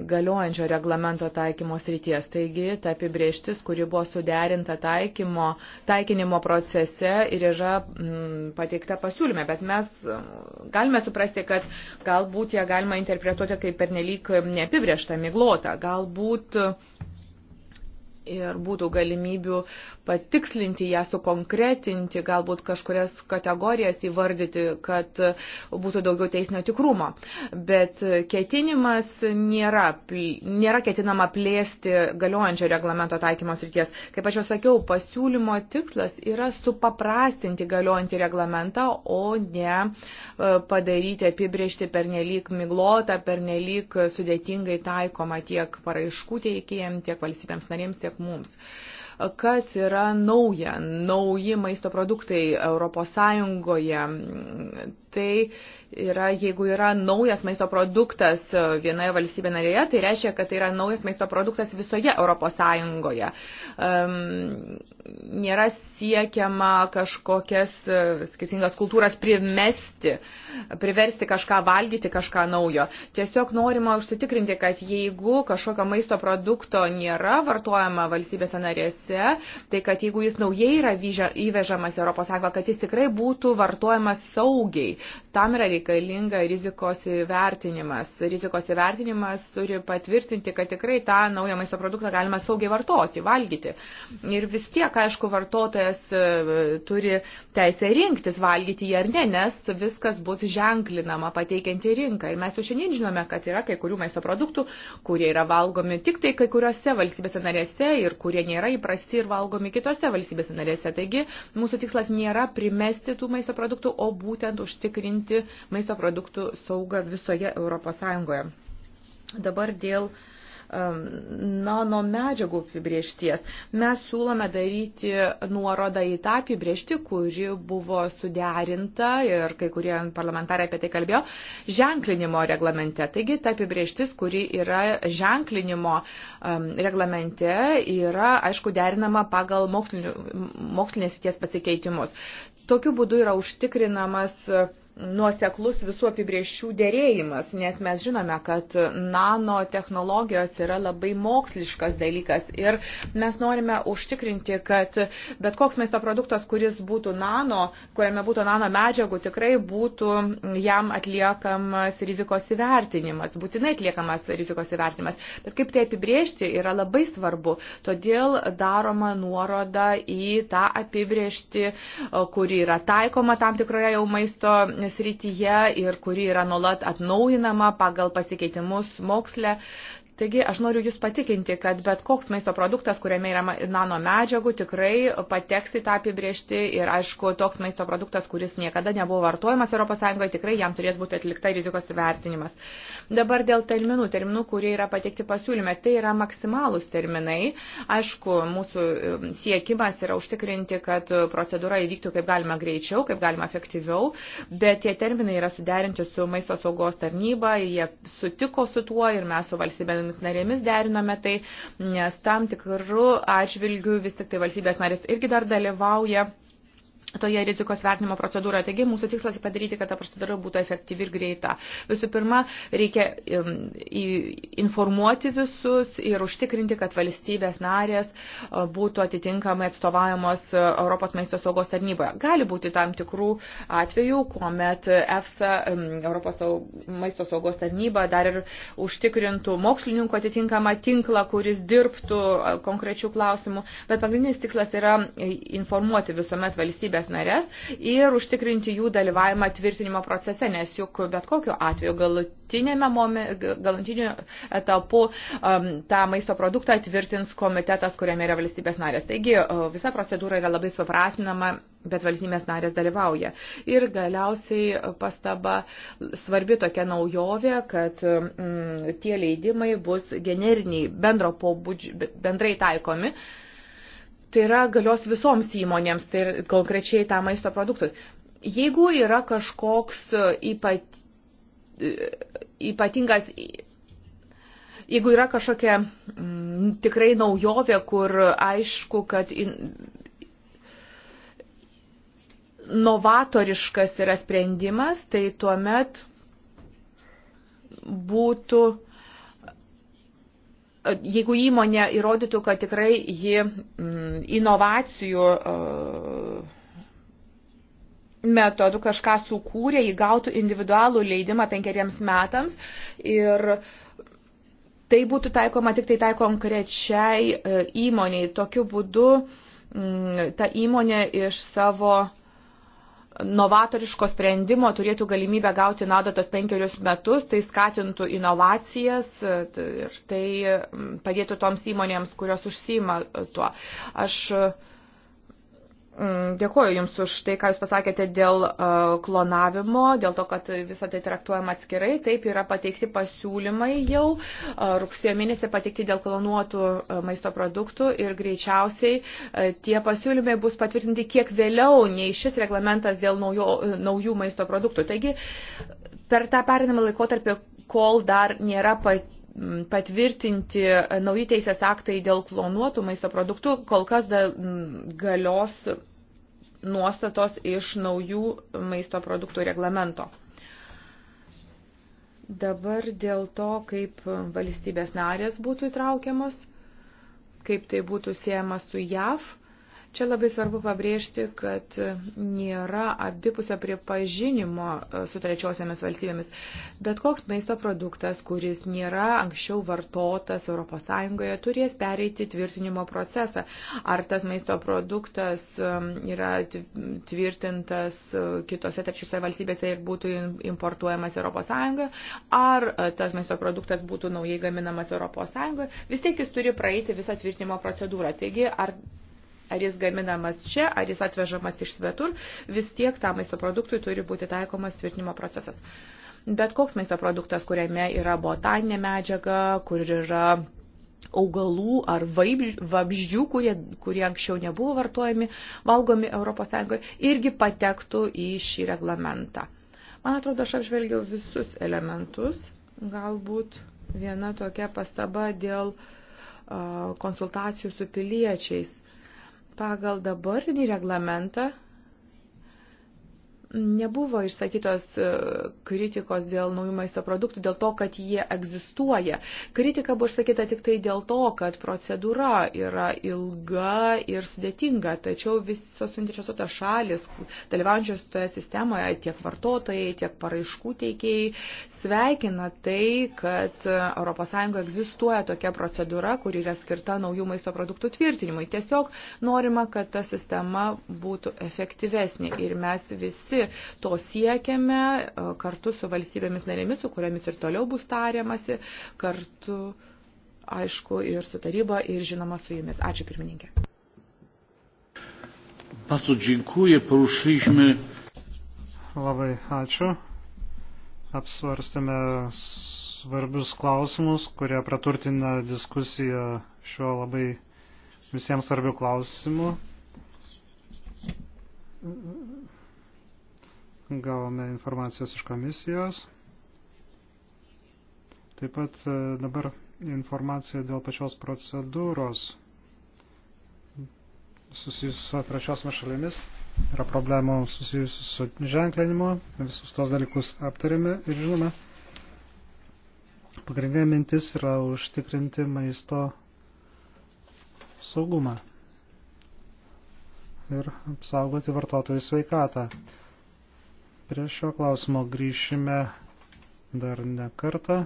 galiojančio reglamento taikymo srities. Taigi, ta apibrieštis, kuri buvo suderinta taikymo, taikinimo procese ir yra m, mm, pateikta pasiūlyme, bet mes mm, galime suprasti, kad galbūt ją galima interpretuoti kaip pernelyg neapibriešta, miglota. Galbūt ir būtų galimybių patikslinti ją, sukonkretinti, galbūt kažkurias kategorijas įvardyti, kad būtų daugiau teisinio tikrumo. Bet ketinimas nėra, nėra ketinama plėsti galiojančio reglamento taikymos ryties. Kaip aš jau sakiau, pasiūlymo tikslas yra supaprastinti galiojantį reglamentą, o ne e, padaryti apibriežti pernelyg miglotą, pernelyg sudėtingai taikomą tiek paraiškų teikėjams, tiek valstybėms narėms, tiek tiek mums. Kas yra nauja, nauji maisto produktai ES, tai yra, jeigu yra naujas maisto produktas e, vienoje valstybė narėje, tai reiškia, kad tai yra naujas maisto produktas visoje Europos Sąjungoje. Um, nėra siekiama kažkokias e, skirtingas kultūras primesti, priversti kažką valgyti, kažką naujo. Tiesiog norima užsitikrinti, kad jeigu kažkokio maisto produkto nėra vartojama valstybėse narėse, tai kad jeigu jis naujai yra įvežamas Europos Sąjungoje, kad jis tikrai būtų vartojamas saugiai. Tam yra reikalingas reikalinga rizikos įvertinimas. Rizikos įvertinimas turi patvirtinti, kad tikrai tą naują maisto produktą galima saugiai vartoti, valgyti. Ir vis tiek, aišku, vartotojas e, turi teisę rinktis, valgyti jį ar ne, nes viskas bus ženklinama pateikianti rinką. Ir mes jau šiandien žinome, kad yra kai kurių maisto produktų, kurie yra valgomi tik tai kai kuriuose valstybėse narėse ir kurie nėra įprasti ir valgomi kitose valstybėse narėse. Taigi mūsų tikslas nėra primesti tų maisto produktų, o būtent užtikrinti maisto produktų saugą visoje ES. Dabar dėl um, nano medžiagų apibriešties. Mes siūlome daryti nuorodą į tą apibriešti, kuri buvo suderinta ir kai kurie parlamentarai apie tai kalbėjo, ženklinimo reglamente. Taigi ta apibrieštis, kuri yra ženklinimo um, reglamente, yra, aišku, derinama pagal mokslinės ties pasikeitimus. Tokiu būdu yra užtikrinamas uh, nuoseklus visų apibriešių dėrėjimas, nes mes žinome, kad nanotehnologijos yra labai moksliškas dalykas ir mes norime užtikrinti, kad bet koks maisto produktas, kuris būtų nano, kuriame būtų nano medžiagų, tikrai būtų jam atliekamas rizikos įvertinimas, būtinai atliekamas rizikos įvertinimas. Bet kaip tai apibriežti yra labai svarbu, todėl daroma nuoroda į tą apibriežti, kuri yra taikoma tam tikroje jau maisto srityje ir kuri yra nuolat atnaujinama pagal pasikeitimus moksle. Taigi aš noriu Jūs patikinti, kad bet koks maisto produktas, kuriame yra nano medžiagų, tikrai pateks į tą apibriežti ir aišku, toks maisto produktas, kuris niekada nebuvo vartojamas ES, tikrai jam turės būti atlikta rizikos vertinimas. Dabar dėl terminų, terminų, kurie yra pateikti pasiūlyme, tai yra maksimalūs terminai. Aišku, mūsų siekimas yra užtikrinti, kad procedūra įvyktų kaip galima greičiau, kaip galima efektyviau, bet tie terminai yra suderinti su maisto saugos tarnyba, jie sutiko su tuo ir mes su valstybėmis valstybėmis narėmis derinome tai, nes tam tikrų atžvilgių vis tik tai valstybės narės irgi dar dalyvauja toje rizikos vertinimo procedūroje. Taigi mūsų tikslas padaryti, kad ta procedūra būtų efektyvi ir greita. Visų pirma, reikia informuoti visus ir užtikrinti, kad valstybės narės e, būtų atitinkamai atstovaujamos e, Europos maisto saugos tarnyboje. Gali būti tam tikrų atvejų, kuomet EFSA, Europos maisto saugos tarnyba, dar ir užtikrintų mokslininkų atitinkamą tinklą, kuris dirbtų e, konkrečių klausimų. Bet pagrindinis tikslas yra informuoti visuomet valstybės valstybės narės ir užtikrinti jų dalyvavimą tvirtinimo procese, nes juk bet kokiu atveju galutinėme momen, galutiniu etapu um, tą maisto produktą tvirtins komitetas, kuriame yra valstybės narės. Taigi uh, visa procedūra yra labai suprastinama bet valstybės narės dalyvauja. Ir galiausiai pastaba svarbi tokia naujovė, kad mm, tie leidimai bus generiniai, bendro pobūdžio, bendrai taikomi. Uh, tai yra galios visoms įmonėms, tai konkrečiai tą maisto produktui. Jeigu yra kažkoks e, ypat, e, ypatingas e, jeigu yra kažkokia m, mm, tikrai naujovė, kur aišku, kad in, novatoriškas yra sprendimas, tai tuomet būtų jeigu įmonė įrodytų, kad tikrai ji mm, inovacijų e, metodų kažką sukūrė, įgautų individualų leidimą penkeriems metams ir tai būtų taikoma tik tai tai konkrečiai e, įmoniai. Tokiu būdu mm, ta įmonė iš savo uh, novatoriško sprendimo turėtų galimybę gauti nadą tos penkerius metus, tai skatintų inovacijas ir tai padėtų toms įmonėms, kurios užsima tuo. Aš uh, Mm, Dėkuoju Jums už tai, ką Jūs pasakėte dėl e, klonavimo, dėl to, kad visą tai traktuojama atskirai. Taip yra pateikti pasiūlymai jau e, rugsėjo mėnesį pateikti dėl klonuotų e, maisto produktų ir greičiausiai tie pasiūlymai bus patvirtinti kiek vėliau nei šis reglamentas dėl naujo, naujų maisto produktų. Taigi per tą perinamą laikotarpį, kol dar nėra pat patvirtinti e, nauji teisės aktai dėl klonuotų maisto produktų, kol kas da, galios nuostatos iš naujų maisto produktų reglamento. Dabar dėl to, kaip valstybės narės būtų įtraukiamos, kaip tai būtų siejama su JAV Čia labai svarbu pabrėžti, kad nėra abipusio pripažinimo e, su trečiosiamis valstybėmis. Bet koks maisto produktas, kuris nėra anksčiau vartotas ES, turės pereiti tvirtinimo procesą. Ar tas maisto produktas e, yra tvirtintas e, kitose trečiose valstybėse ir būtų importuojamas ES, ar tas maisto produktas būtų naujai gaminamas ES, vis tiek jis turi praeiti visą tvirtinimo procedūrą. Taigi, ar ar jis gaminamas čia, ar jis atvežamas iš svetur, vis tiek tam maisto produktui turi būti taikomas tvirtinimo procesas. Bet koks maisto produktas, kuriame yra botaninė medžiaga, kur yra augalų ar vabzdžių, kurie, kurie anksčiau nebuvo vartojami, valgomi ES, irgi patektų į šį reglamentą. Man atrodo, aš apžvelgiau visus elementus. Galbūt viena tokia pastaba dėl uh, konsultacijų su piliečiais. Pagal dabartinį reglamentą nebuvo išsakytos e, kritikos dėl naujų maisto produktų, dėl to, kad jie egzistuoja. Kritika buvo išsakyta tik tai dėl to, kad procedūra yra ilga ir sudėtinga, tačiau visos suinteresuotos šalis, dalyvaujančios toje sistemoje, tiek vartotojai, tiek paraiškų teikėjai, sveikina tai, kad ES egzistuoja tokia procedūra, kuri yra skirta naujų maisto produktų tvirtinimui. Tiesiog norima, kad ta sistema būtų efektyvesnė ir mes visi turi. To siekiame e, kartu su valstybėmis narėmis, su kuriamis ir toliau bus tariamasi, kartu, aišku, ir su taryba, ir žinoma su jumis. Ačiū pirmininkė. Bardzo dziękuję. Poruszyliśmy. Labai ačiū. Apsvarstėme svarbius klausimus, kurie praturtina diskusiją šiuo labai visiems svarbiu klausimu gavome informacijos iš komisijos. Taip pat e, dabar informacija dėl pačios procedūros susijusius su atrašiosiomis šalimis. Yra problemų susijusius su ženklinimu. Visus tos dalykus aptarėme ir žinome. Pagrindinė mintis yra užtikrinti maisto saugumą ir apsaugoti vartotojų sveikatą. Prie šio klausimo grįšime dar ne kartą.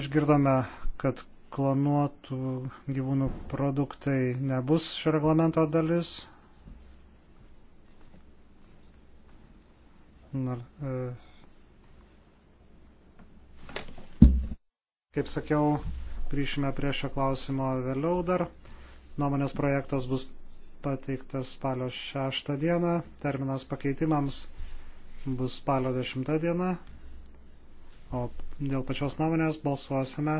Išgirdome, kad klonuotų gyvūnų produktai nebus šio reglamento dalis. Nar, e, kaip sakiau, grįšime prie šio klausimo vėliau dar. Nuomonės projektas bus pateiktas spalio 6 dieną, terminas pakeitimams bus spalio 10 diena, o dėl pačios nuomonės balsuosime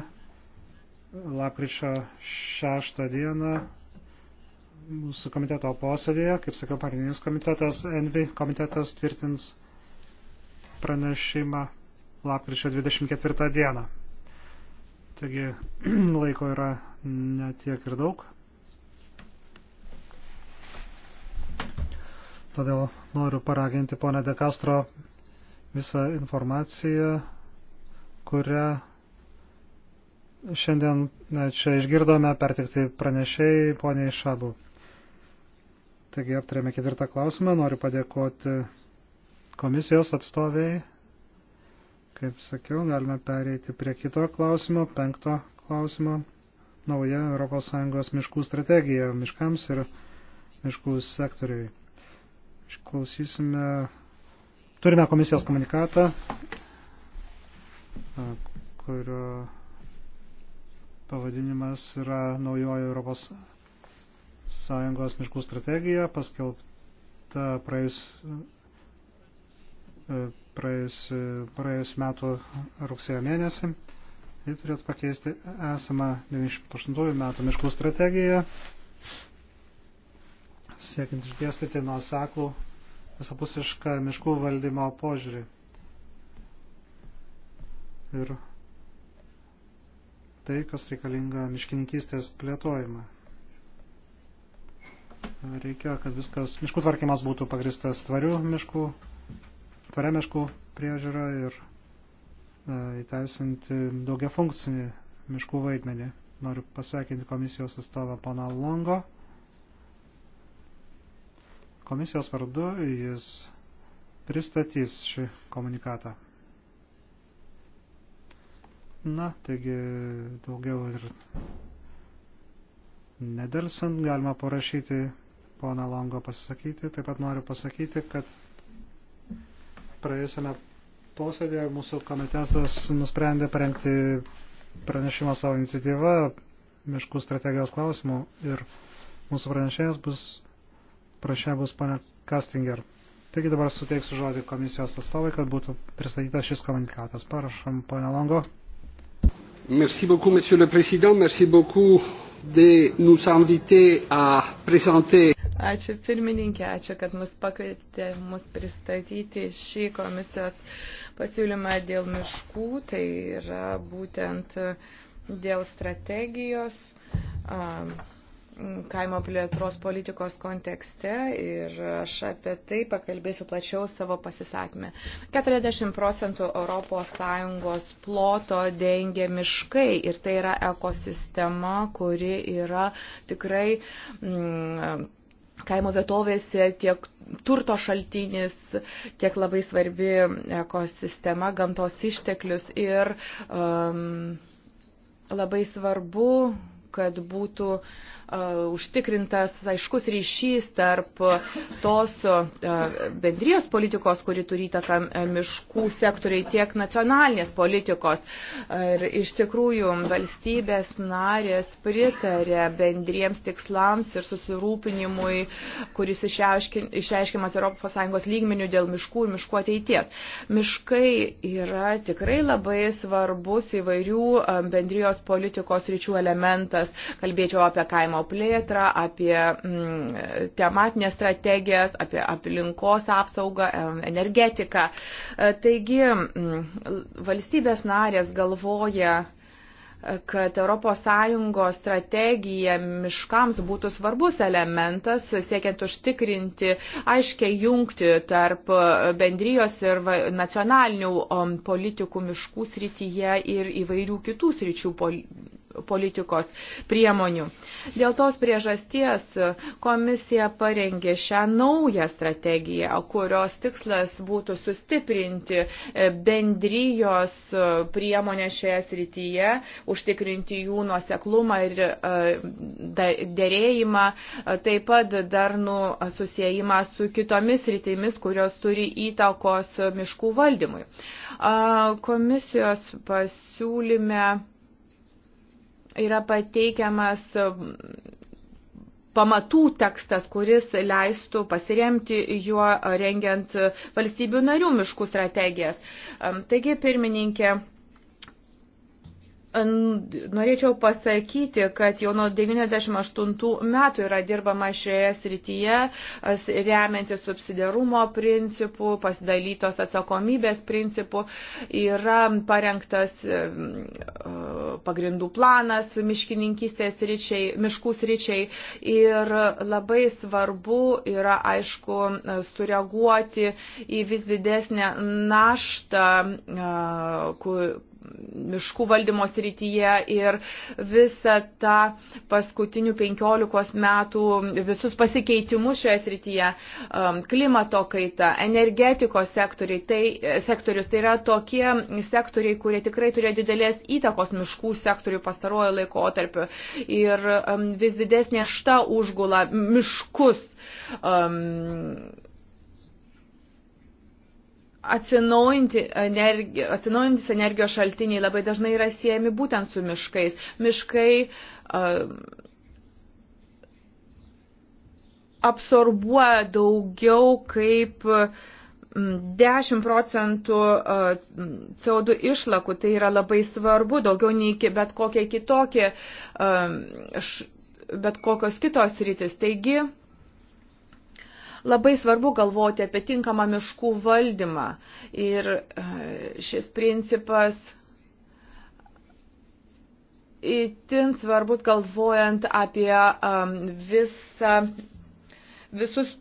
lapkričio 6 dieną mūsų komiteto posėdėje, kaip sakiau, pagrindinis komitetas, ENVI komitetas tvirtins pranešimą lapkričio 24 dieną. Taigi laiko yra netiek ir daug. Todėl noriu paraginti ponę De Castro visą informaciją, kurią šiandien čia išgirdome pertikti pranešėjai poniai Šabu. Taigi aptarėme ketvirtą klausimą. Noriu padėkoti komisijos atstoviai. Kaip sakiau, galime pereiti prie kito klausimo, penkto klausimo. Nauja ES miškų strategija miškams ir miškų sektoriui. Išklausysime. Turime komisijos komunikatą, kurio pavadinimas yra naujoji Europos Sąjungos miškų strategija, paskelbta praėjus, praėjus, praėjus metų rugsėjo mėnesį. Ji turėtų pakeisti esamą 98 metų miškų strategiją siekiant išdėstyti nuoseklų visapusišką miškų valdymo požiūrį. Ir tai, kas reikalinga miškininkystės plėtojimą. Reikia, kad viskas, miškų tvarkymas būtų pagristas tvarių miškų, tvaria miškų priežiūra ir e, įteisinti daugia funkcinį miškų vaidmenį. Noriu pasveikinti komisijos atstovą pana Longo. Komisijos vardu jis pristatys šį komunikatą. Na, taigi daugiau ir nedelsant galima parašyti poną Longo pasisakyti. Taip pat noriu pasakyti, kad praėjusiame posėdėje mūsų komitetas nusprendė parengti pranešimą savo iniciatyvą miškų strategijos klausimų ir mūsų pranešėjas bus prašė bus pana Kastinger. Taigi dabar suteiksiu žodį komisijos atstovai, kad būtų pristatytas šis komunikatas. Parašom, pana Longo. Merci beaucoup, monsieur le président. Merci beaucoup de nous inviter à présenter. Ačiū pirmininkė, ačiū, kad mus pakvietė mus pristatyti šį komisijos pasiūlymą dėl miškų, tai yra būtent dėl strategijos. Um, kaimo plėtros politikos kontekste ir aš apie tai pakalbėsiu plačiau savo pasisakymę. 40 procentų ES ploto dengia miškai ir tai yra ekosistema, kuri yra tikrai mm, kaimo vietovėse tiek turto šaltinis, tiek labai svarbi ekosistema, gamtos išteklius ir um, labai svarbu kad būtų uh, užtikrintas aiškus ryšys tarp tos uh, bendrijos politikos, kuri turi įtaką miškų sektoriai, tiek nacionalinės politikos. Ir iš tikrųjų valstybės narės pritarė bendriems tikslams ir susirūpinimui, kuris išreiškiamas ES lygmenių dėl miškų ir miškų ateities. Miškai yra tikrai labai svarbus įvairių bendrijos politikos ryčių elementas priemonės, kalbėčiau apie kaimo plėtrą, apie mm, tematinės strategijas, apie aplinkos apsaugą, energetiką. E, taigi mm, valstybės narės galvoja e, kad ES strategija miškams būtų svarbus elementas, siekiant užtikrinti aiškiai jungti tarp e, bendrijos ir nacionalinių politikų miškų srityje ir įvairių kitų sričių politikos priemonių. Dėl tos priežasties komisija parengė šią naują strategiją, kurios tikslas būtų sustiprinti e, bendrijos e, priemonę šioje srityje, užtikrinti jų nuoseklumą ir e, dėrėjimą, taip pat darnų susijimą su kitomis rytimis, kurios turi įtakos miškų valdymui. Komisijos pasiūlyme yra pateikiamas um, pamatų tekstas, kuris leistų pasiremti juo rengiant valstybių narių miškų strategijas. Um, taigi, pirmininkė, Norėčiau pasakyti, kad jau nuo 98 metų yra dirbama šioje srityje, remiantis subsidiarumo principų, pasidalytos atsakomybės principų, yra parengtas pagrindų planas miškininkystės ryčiai, miškų sričiai ir labai svarbu yra, aišku, sureaguoti į vis didesnę naštą, miškų valdymo srityje ir visą tą paskutinių 15 metų visus pasikeitimus šioje srityje, um, klimato kaita, energetikos sektoriai, tai, sektorius, tai yra tokie sektoriai, kurie tikrai turėjo didelės įtakos miškų sektoriui pastaruoju laikotarpiu ir um, vis didesnė šta užgula miškus. Um, Atsinaujintis energi, energijos šaltiniai labai dažnai yra siejami būtent su miškais. Miškai uh, absorbuoja daugiau kaip uh, 10 procentų CO2 išlakų, tai yra labai svarbu, daugiau nei bet kokie kitokie, bet kokios kitos rytis. Taigi, Labai svarbu galvoti apie tinkamą miškų valdymą ir e, šis principas įtin svarbus galvojant apie um, visą, visus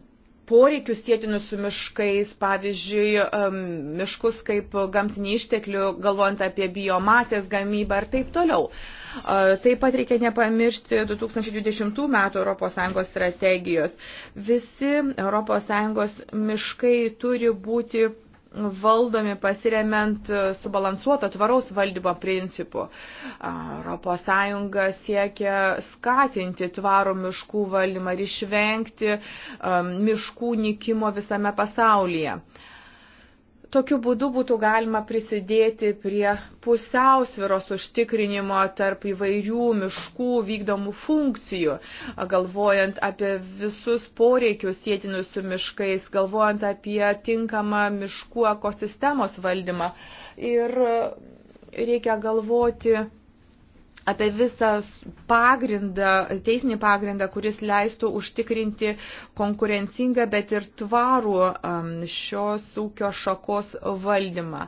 poreikius sėtinus su miškais, pavyzdžiui, um, miškus kaip gamtinį išteklių, galvojant apie biomasės gamybą ir taip toliau. Uh, Taip pat reikia nepamiršti 2020 metų ES strategijos. Visi ES miškai turi būti valdomi pasiremiant subalansuoto tvaraus valdymo principu. ES siekia skatinti tvarų miškų valdymą ir išvengti miškų nikimo visame pasaulyje. Tokiu būdu būtų galima prisidėti prie pusiausviros užtikrinimo tarp įvairių miškų vykdomų funkcijų, galvojant apie visus poreikius sėtinus su miškais, galvojant apie tinkamą miškų ekosistemos valdymą. Ir reikia galvoti apie visą pagrindą, teisinį pagrindą, kuris leistų užtikrinti konkurencingą, bet ir tvarų um, šios ūkio šakos valdymą.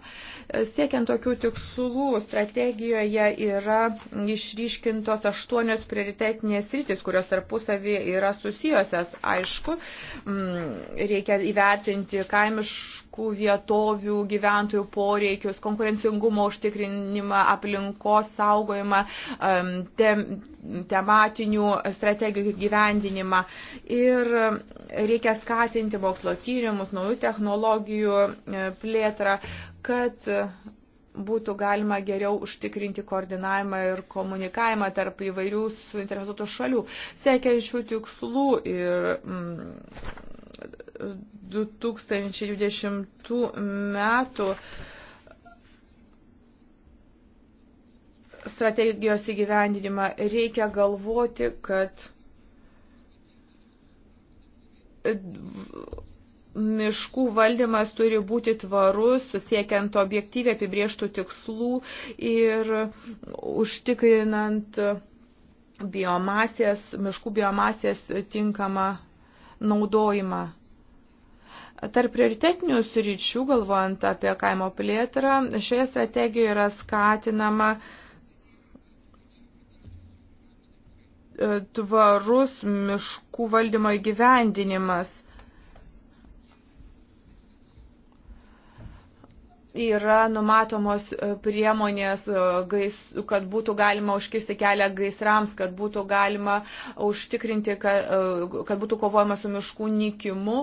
Siekiant tokių tikslų, strategijoje yra išryškintos aštuonios prioritetinės rytis, kurios tarpusavį yra susijusios. Aišku, um, reikia įvertinti kaimiškų vietovių gyventojų poreikius, konkurencingumo užtikrinimą, aplinkos saugojimą, Um, tem, tematinių strategijų gyvendinimą. Ir um, reikia skatinti mokslo tyrimus, naujų technologijų uh, plėtrą, kad uh, būtų galima geriau užtikrinti koordinavimą ir komunikavimą tarp įvairių suinteresuotų šalių, siekiančių tikslų ir mm, 2020 metų strategijos įgyvendinimą, reikia galvoti, kad miškų valdymas turi būti tvarus, siekiant objektyviai apibrieštų tikslų ir užtikrinant biomasės, miškų biomasės tinkamą naudojimą. Tarp prioritetinių sričių, galvojant apie kaimo plėtrą, šioje strategijoje yra skatinama uh, tvarus miškų valdymo įgyvendinimas – yra numatomos e, priemonės, e, kad būtų galima užkirsti kelią gaisrams, kad būtų galima užtikrinti, kad, e, kad būtų kovojama su miškų nykimu,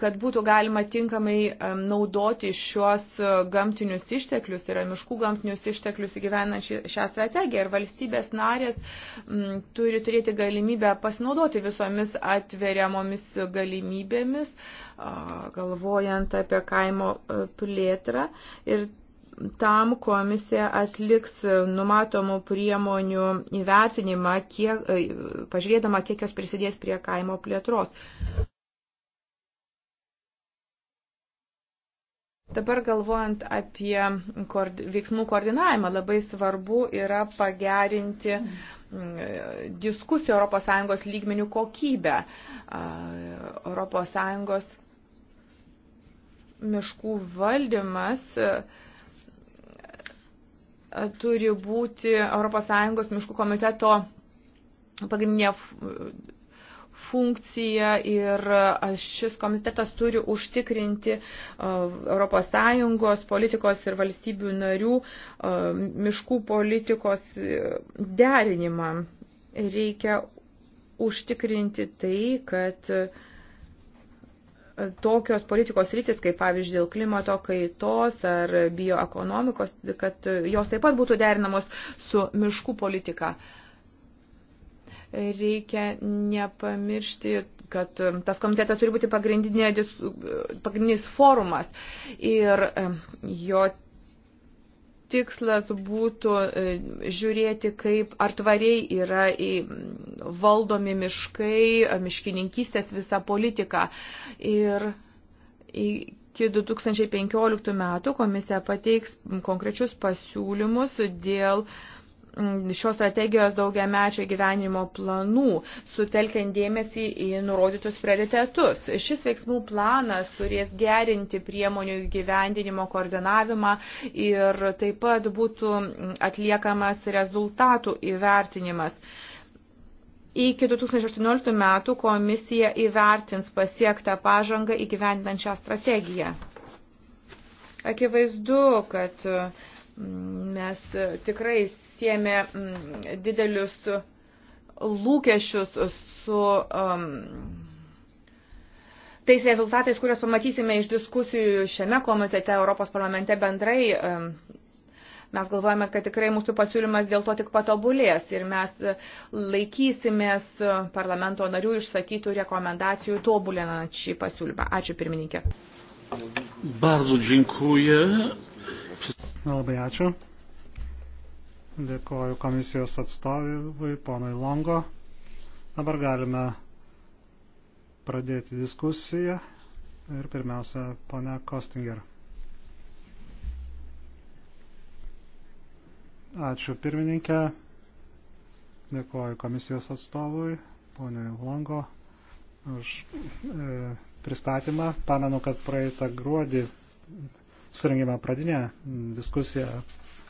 kad būtų galima tinkamai naudoti šiuos gamtinius išteklius, tai yra miškų gamtinius išteklius įgyvenant šią strategiją. Ir valstybės narės m, turi turėti galimybę pasinaudoti visomis atveriamomis galimybėmis, galvojant apie kaimo plėtrą. Ir tam komisija atliks numatomų priemonių įvertinimą, kiek, pažiūrėdama, kiek jos prisidės prie kaimo plėtros. Dabar galvojant apie veiksmų koordinavimą, labai svarbu yra pagerinti diskusijų ES lygmenių kokybę. ES miškų valdymas e, turi būti ES miškų komiteto pagrindinė funkcija ir e, šis komitetas turi užtikrinti ES politikos ir valstybių narių e, miškų politikos derinimą. Reikia užtikrinti tai, kad uh, tokios politikos rytis, kaip pavyzdžiui dėl klimato kaitos ar bioekonomikos, kad jos taip pat būtų derinamos su miškų politika. Reikia nepamiršti, kad tas komitetas turi būti pagrindinė, pagrindinis forumas ir jo tikslas būtų e, žiūrėti, kaip ar tvariai yra valdomi miškai, miškininkystės visa politika. Ir iki 2015 metų komisija pateiks konkrečius pasiūlymus dėl uh, Mm, šios strategijos daugiamečio gyvenimo planų, sutelkiant dėmesį į nurodytus prioritetus. Šis veiksmų planas turės gerinti priemonių gyvendinimo koordinavimą ir taip pat būtų atliekamas rezultatų įvertinimas. Iki 2018 metų komisija įvertins pasiektą pažangą įgyvendinant šią strategiją. Akivaizdu, kad mm, mes tikrai siemė mm, didelius lūkesčius su um, tais rezultatais, kuriuos pamatysime iš diskusijų šiame komitete Europos parlamente bendrai. Um, Mes galvojame, kad tikrai mūsų pasiūlymas dėl to tik patobulės ir mes laikysimės parlamento narių išsakytų rekomendacijų tobulinant šį pasiūlymą. Ačiū pirmininkė. Bardzo dziękuję. Labai ačiū. Dėkoju komisijos atstovui, ponui Longo. Dabar galime pradėti diskusiją ir pirmiausia, ponia Kostinger. Ačiū pirmininkė. Dėkoju komisijos atstovui, poniai Longo, už e, pristatymą. Pamenu, kad praeitą gruodį surengėme pradinę diskusiją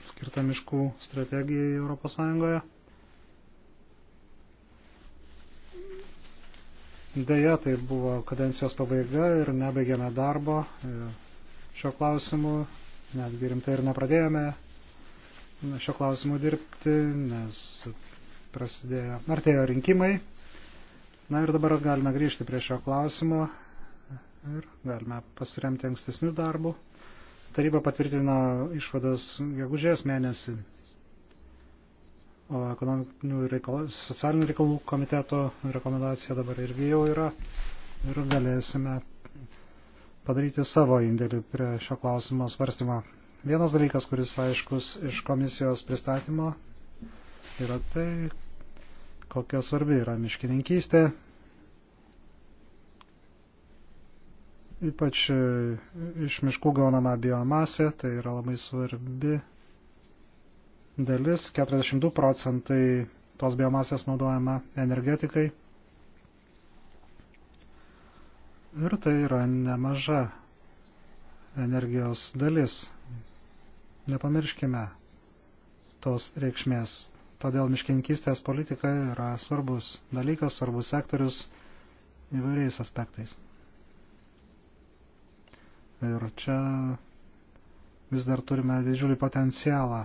skirtą miškų strategijai Europos Sąjungoje. Deja, tai buvo kadencijos pabaiga ir nebaigėme darbo e, šio klausimu, netgi rimtai ir nepradėjome šio klausimu dirbti, nes prasidėjo, artėjo rinkimai. Na ir dabar galime grįžti prie šio klausimo ir galime pasiremti ankstesnių darbų. Taryba patvirtino išvadas gegužės mėnesį, o ekonominių reikalų, socialinių reikalų komiteto rekomendacija dabar irgi jau yra ir galėsime padaryti savo indėlį prie šio klausimo svarstymo. Vienas dalykas, kuris aiškus iš komisijos pristatymo, yra tai, kokia svarbi yra miškininkystė Ypač e, iš miškų gaunama biomasė, tai yra labai svarbi dalis. 42 procentai tos biomasės naudojama energetikai. Ir tai yra nemaža energijos dalis. Nepamirškime tos reikšmės. Todėl miškininkystės politika yra svarbus dalykas, svarbus sektorius įvairiais aspektais. Ir čia vis dar turime didžiulį potencialą.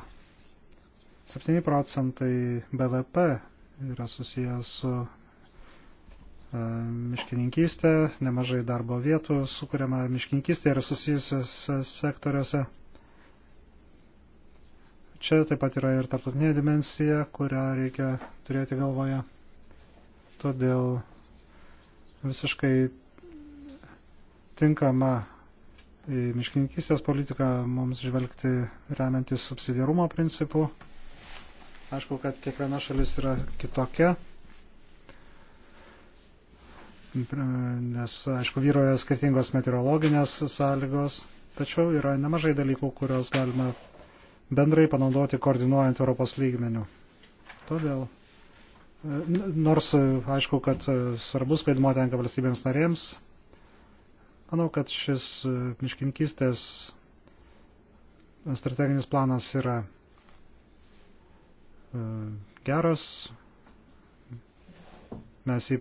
7 procentai BVP yra susijęs su e, miškininkystė, nemažai darbo vietų sukuriama miškininkystė ir susijusiuose sektoriuose. Čia taip pat yra ir tarptautinė dimensija, kurią reikia turėti galvoje. Todėl visiškai tinkama į miškininkystės politiką mums žvelgti remiantis subsidiarumo principu. Aišku, kad kiekviena šalis yra kitokia, nes, aišku, vyroja skirtingos meteorologinės sąlygos, tačiau yra nemažai dalykų, kurios galima bendrai panaudoti koordinuojant Europos lygmenių. Todėl, nors, aišku, kad svarbus vaidmuo tenka valstybėms narėms, Manau, kad šis e, miškinkistės strateginis planas yra e, geras. Mes jį,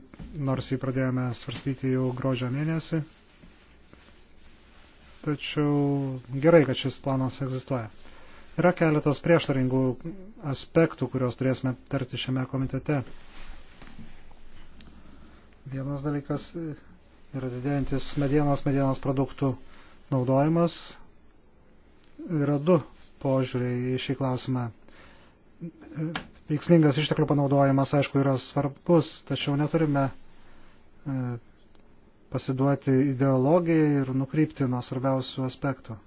nors jį pradėjome svarstyti jau gruodžio mėnesį, tačiau gerai, kad šis planas egzistuoja. Yra keletas prieštaringų aspektų, kuriuos turėsime tarti šiame komitete. Vienas dalykas yra didėjantis medienos, medienos produktų naudojimas. Yra du požiūriai į šį klausimą. Veiksmingas išteklių panaudojimas, aišku, yra svarbus, tačiau neturime e, pasiduoti ideologijai ir nukrypti nuo svarbiausių aspektų.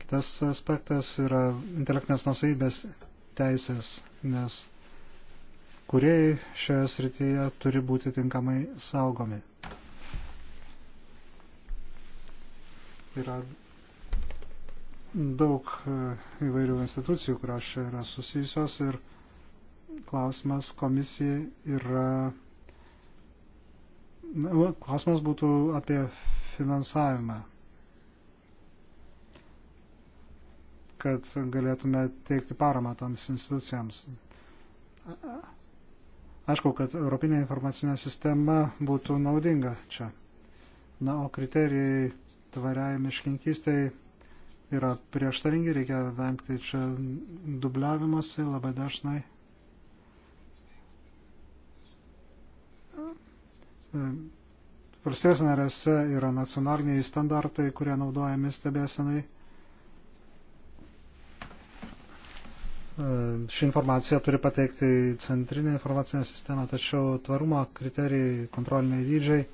Kitas aspektas yra intelektinės nusaibės teisės, nes kuriai šioje srityje turi būti tinkamai saugomi. Yra daug e, įvairių institucijų, kurios čia yra susijusios ir klausimas komisijai yra. Na, klausimas būtų apie finansavimą. Kad galėtume teikti paramą toms institucijams. Aišku, kad Europinė informacinė sistema būtų naudinga čia. Na, o kriterijai tvariai miškinkystai yra prieštaringi, reikia vengti čia dubliavimuose labai dažnai. Valstybės narėse yra nacionaliniai standartai, kurie naudojami stebėsenai. E, ši informacija turi pateikti į centrinę informacinę sistemą, tačiau tvarumo kriterijai, kontroliniai dydžiai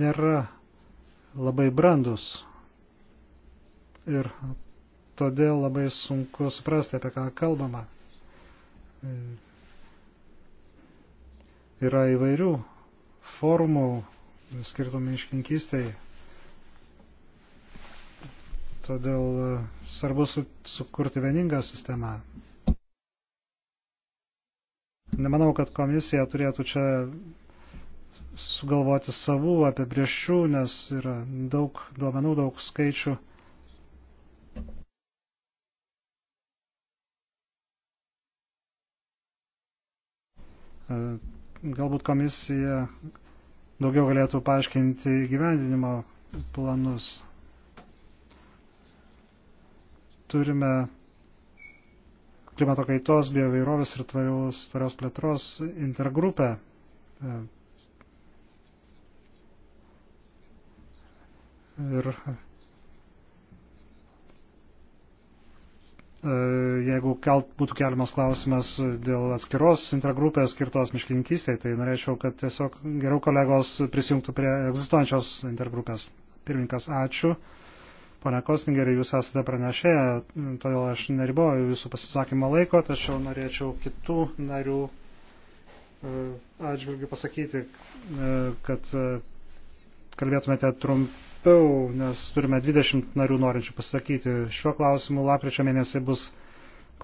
nėra labai brandus. Ir todėl labai sunku suprasti, apie ką kalbama. E, yra įvairių formų skirtų miškinkystėje Todėl e, svarbu su, sukurti vieningą sistemą. Nemanau, kad komisija turėtų čia sugalvoti savų apibrieščių, nes yra daug duomenų, daug skaičių. E, galbūt komisija daugiau galėtų paaiškinti gyvendinimo planus turime klimato kaitos, biovairovės ir tvarios, tvarios plėtros intergrupę. Ir e, jeigu kelt, būtų keliamas klausimas dėl atskiros intragrupės skirtos miškininkystėje, tai norėčiau, kad tiesiog geriau kolegos prisijungtų prie egzistuojančios intergrupės. Pirmininkas, ačiū. Pone Kostingeri, jūs esate pranešėję, todėl aš neriboju jūsų pasisakymo laiko, tačiau norėčiau kitų narių e, atžvilgių pasakyti, e, kad e, kalbėtumėte trumpiau, nes turime 20 narių norinčių pasakyti. Šiuo klausimu lapkričio mėnesį bus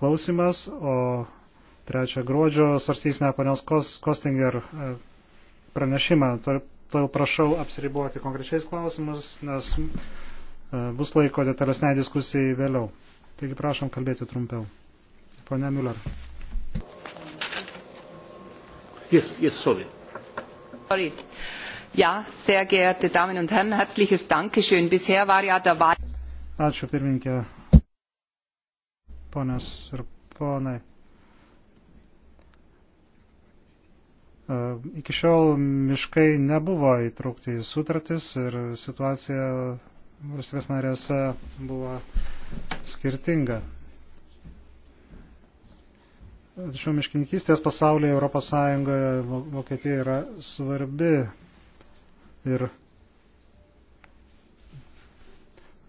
klausimas, o 3 gruodžio svarstysime ponios Kostinger pranešimą. Todėl prašau apsiriboti konkrečiais klausimus, nes E, bus laiko detalesnei diskusijai vėliau. Taigi prašom kalbėti trumpiau. Pone Müller. Yes, yes, sorry. Sorry. Ja, sehr geehrte Damen und Herren, herzliches Dankeschön. Bisher war ja der Wahl. Ačiū pirmininkė. Ponios ir ponai. E, iki šiol miškai nebuvo įtraukti į sutartis ir situacija valstybės narėse buvo skirtinga. Tačiau miškininkystės pasaulyje Europos Sąjungoje Vokietija yra svarbi ir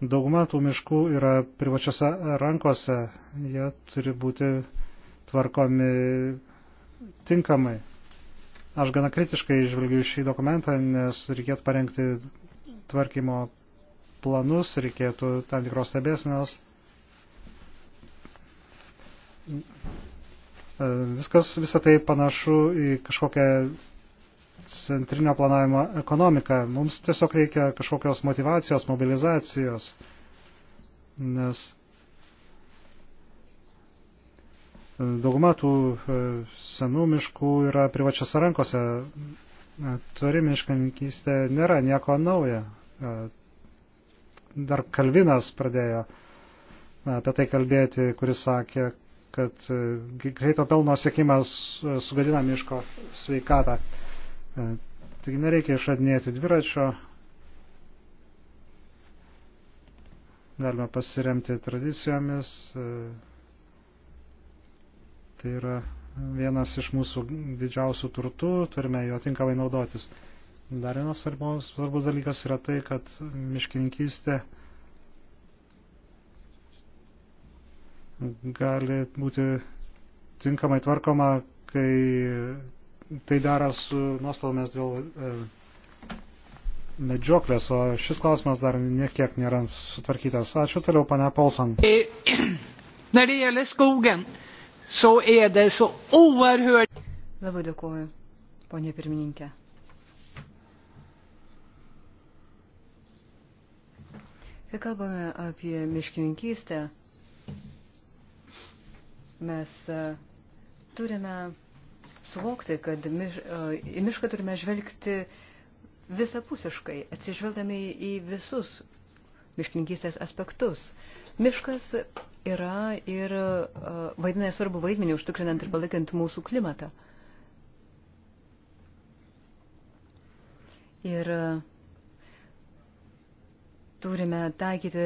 dauguma tų miškų yra privačiose rankose, jie turi būti tvarkomi tinkamai. Aš gana kritiškai žvelgiu šį dokumentą, nes reikėtų parengti tvarkymo planus, reikėtų tam tikros stebėsnios. E, viskas, visą tai panašu į kažkokią centrinio planavimo ekonomiką. Mums tiesiog reikia kažkokios motivacijos, mobilizacijos, nes dauguma tų e, senų miškų yra privačiose rankose. Tvari miškaninkystė nėra nieko nauja. E, dar Kalvinas pradėjo e, apie tai kalbėti, kuris sakė, kad e, greito pelno siekimas e, sugadina miško sveikatą. Taigi nereikia išradinėti dviračio. Galima pasiremti tradicijomis. Tai yra vienas iš mūsų didžiausių turtų, turime jo tinkamai naudotis. Dar vienas svarbus, svarbus dalykas yra tai, kad miškininkystė gali būti tinkamai tvarkoma, kai tai dera su nuostalomės dėl e, medžioklės, o šis klausimas dar niekiek nėra sutvarkytas. Ačiū toliau, pane Polson. E, när det gäller skogen så är det så oerhört... Labai dėkuoju, ponė pirmininkė. Kai kalbame apie miškininkystę, mes e, turime suvokti, kad miš, e, į mišką turime žvelgti visapusiškai, atsižvelgdami į visus miškininkystės aspektus. Miškas yra ir e, vaidina svarbu vaidmenį užtikrinant ir palaikant mūsų klimatą. Ir uh, turime taikyti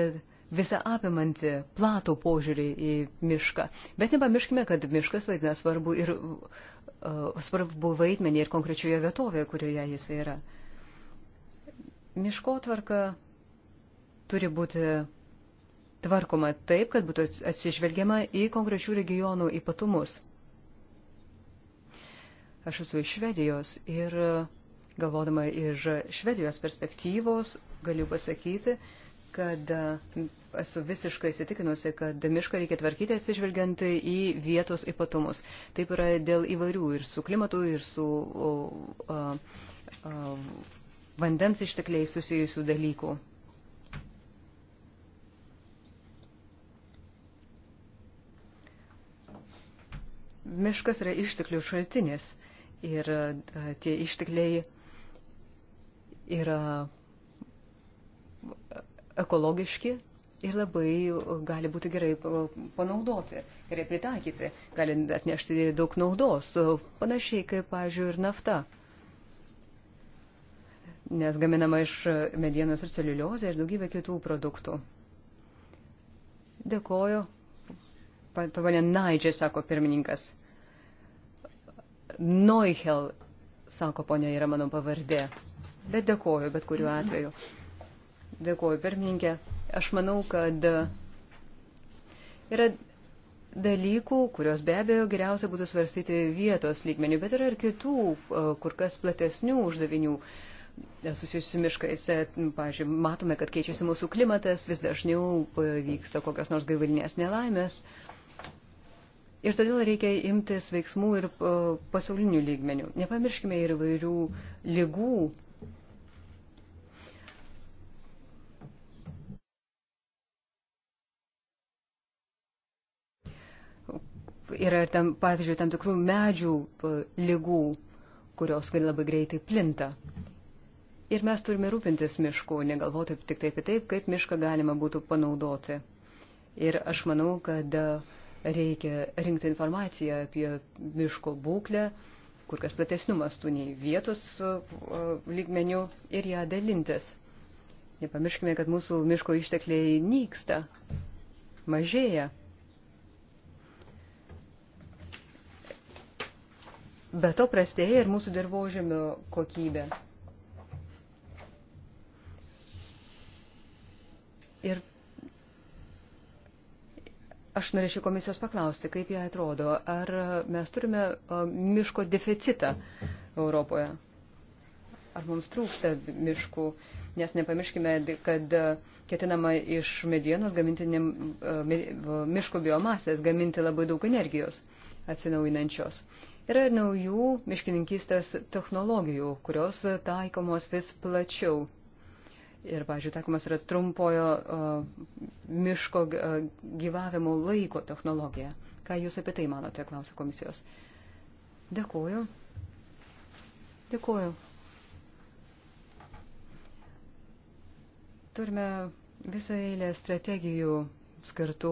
visą apimantį platų požiūrį į mišką. Bet nepamirškime, kad miškas vaidina svarbu ir uh, svarbu vaidmenį ir konkrečioje vietovėje, kurioje jis yra. Miškotvarka turi būti tvarkoma taip, kad būtų atsižvelgiama į konkrečių regionų ypatumus. Aš esu iš Švedijos ir galvodama iš Švedijos perspektyvos galiu pasakyti, kad e, esu visiškai įsitikinusi, kad mišką reikia tvarkyti atsižvelgiant į vietos ypatumus. Taip yra dėl įvairių ir su klimatu, ir su o, o, o, vandens ištekliai susijusių dalykų. Miškas yra išteklių šaltinis ir e, tie ištekliai yra ekologiški ir labai gali būti gerai panaudoti, gerai pritaikyti, gali atnešti daug naudos, panašiai kaip, pavyzdžiui, ir nafta. Nes gaminama iš medienos ir celiuliozė ir daugybė kitų produktų. Dėkoju. Patovane Naidžiai, sako pirmininkas. Noichel, sako ponia, yra mano pavardė. Bet dėkoju, bet kuriuo atveju. Mhm. Dėkuoju, pirmininkė. Aš manau, kad yra dalykų, kurios be abejo geriausia būtų svarstyti vietos lygmenių, bet yra ir kitų, e, kur kas platesnių uždavinių e, susijusių miškais. E, pavyzdžiui, matome, kad keičiasi mūsų klimatas, vis dažniau vyksta kokios nors gaivalinės nelaimės. Ir todėl reikia imtis veiksmų ir pasaulinių lygmenių. Nepamirškime ir įvairių lygų, yra ir tam, pavyzdžiui, tam tikrų medžių lygų, kurios labai greitai plinta. Ir mes turime rūpintis mišku, negalvoti tik taip ir taip, kaip mišką galima būtų panaudoti. Ir aš manau, kad e, reikia rinkti informaciją apie miško būklę, kur kas platesnių mastų nei vietos e, e, lygmenių ir ją dalintis. Nepamirškime, kad mūsų miško ištekliai nyksta, mažėja. Be to prastėja ir mūsų dirbožėmio kokybė. Ir aš norėčiau komisijos paklausti, kaip jie atrodo. Ar mes turime miško deficitą Europoje? Ar mums trūksta miškų? Nes nepamirškime, kad ketinama iš medienos gaminti ne, miško biomasės, gaminti labai daug energijos atsinaujinančios. Yra ir naujų miškininkystės technologijų, kurios taikomos vis plačiau. Ir, pažiūrėjau, taikomas yra trumpojo uh, miško uh, gyvavimo laiko technologija. Ką Jūs apie tai manote, klausia komisijos. Dėkuoju. Dėkuoju. Turime visą eilę strategijų skirtų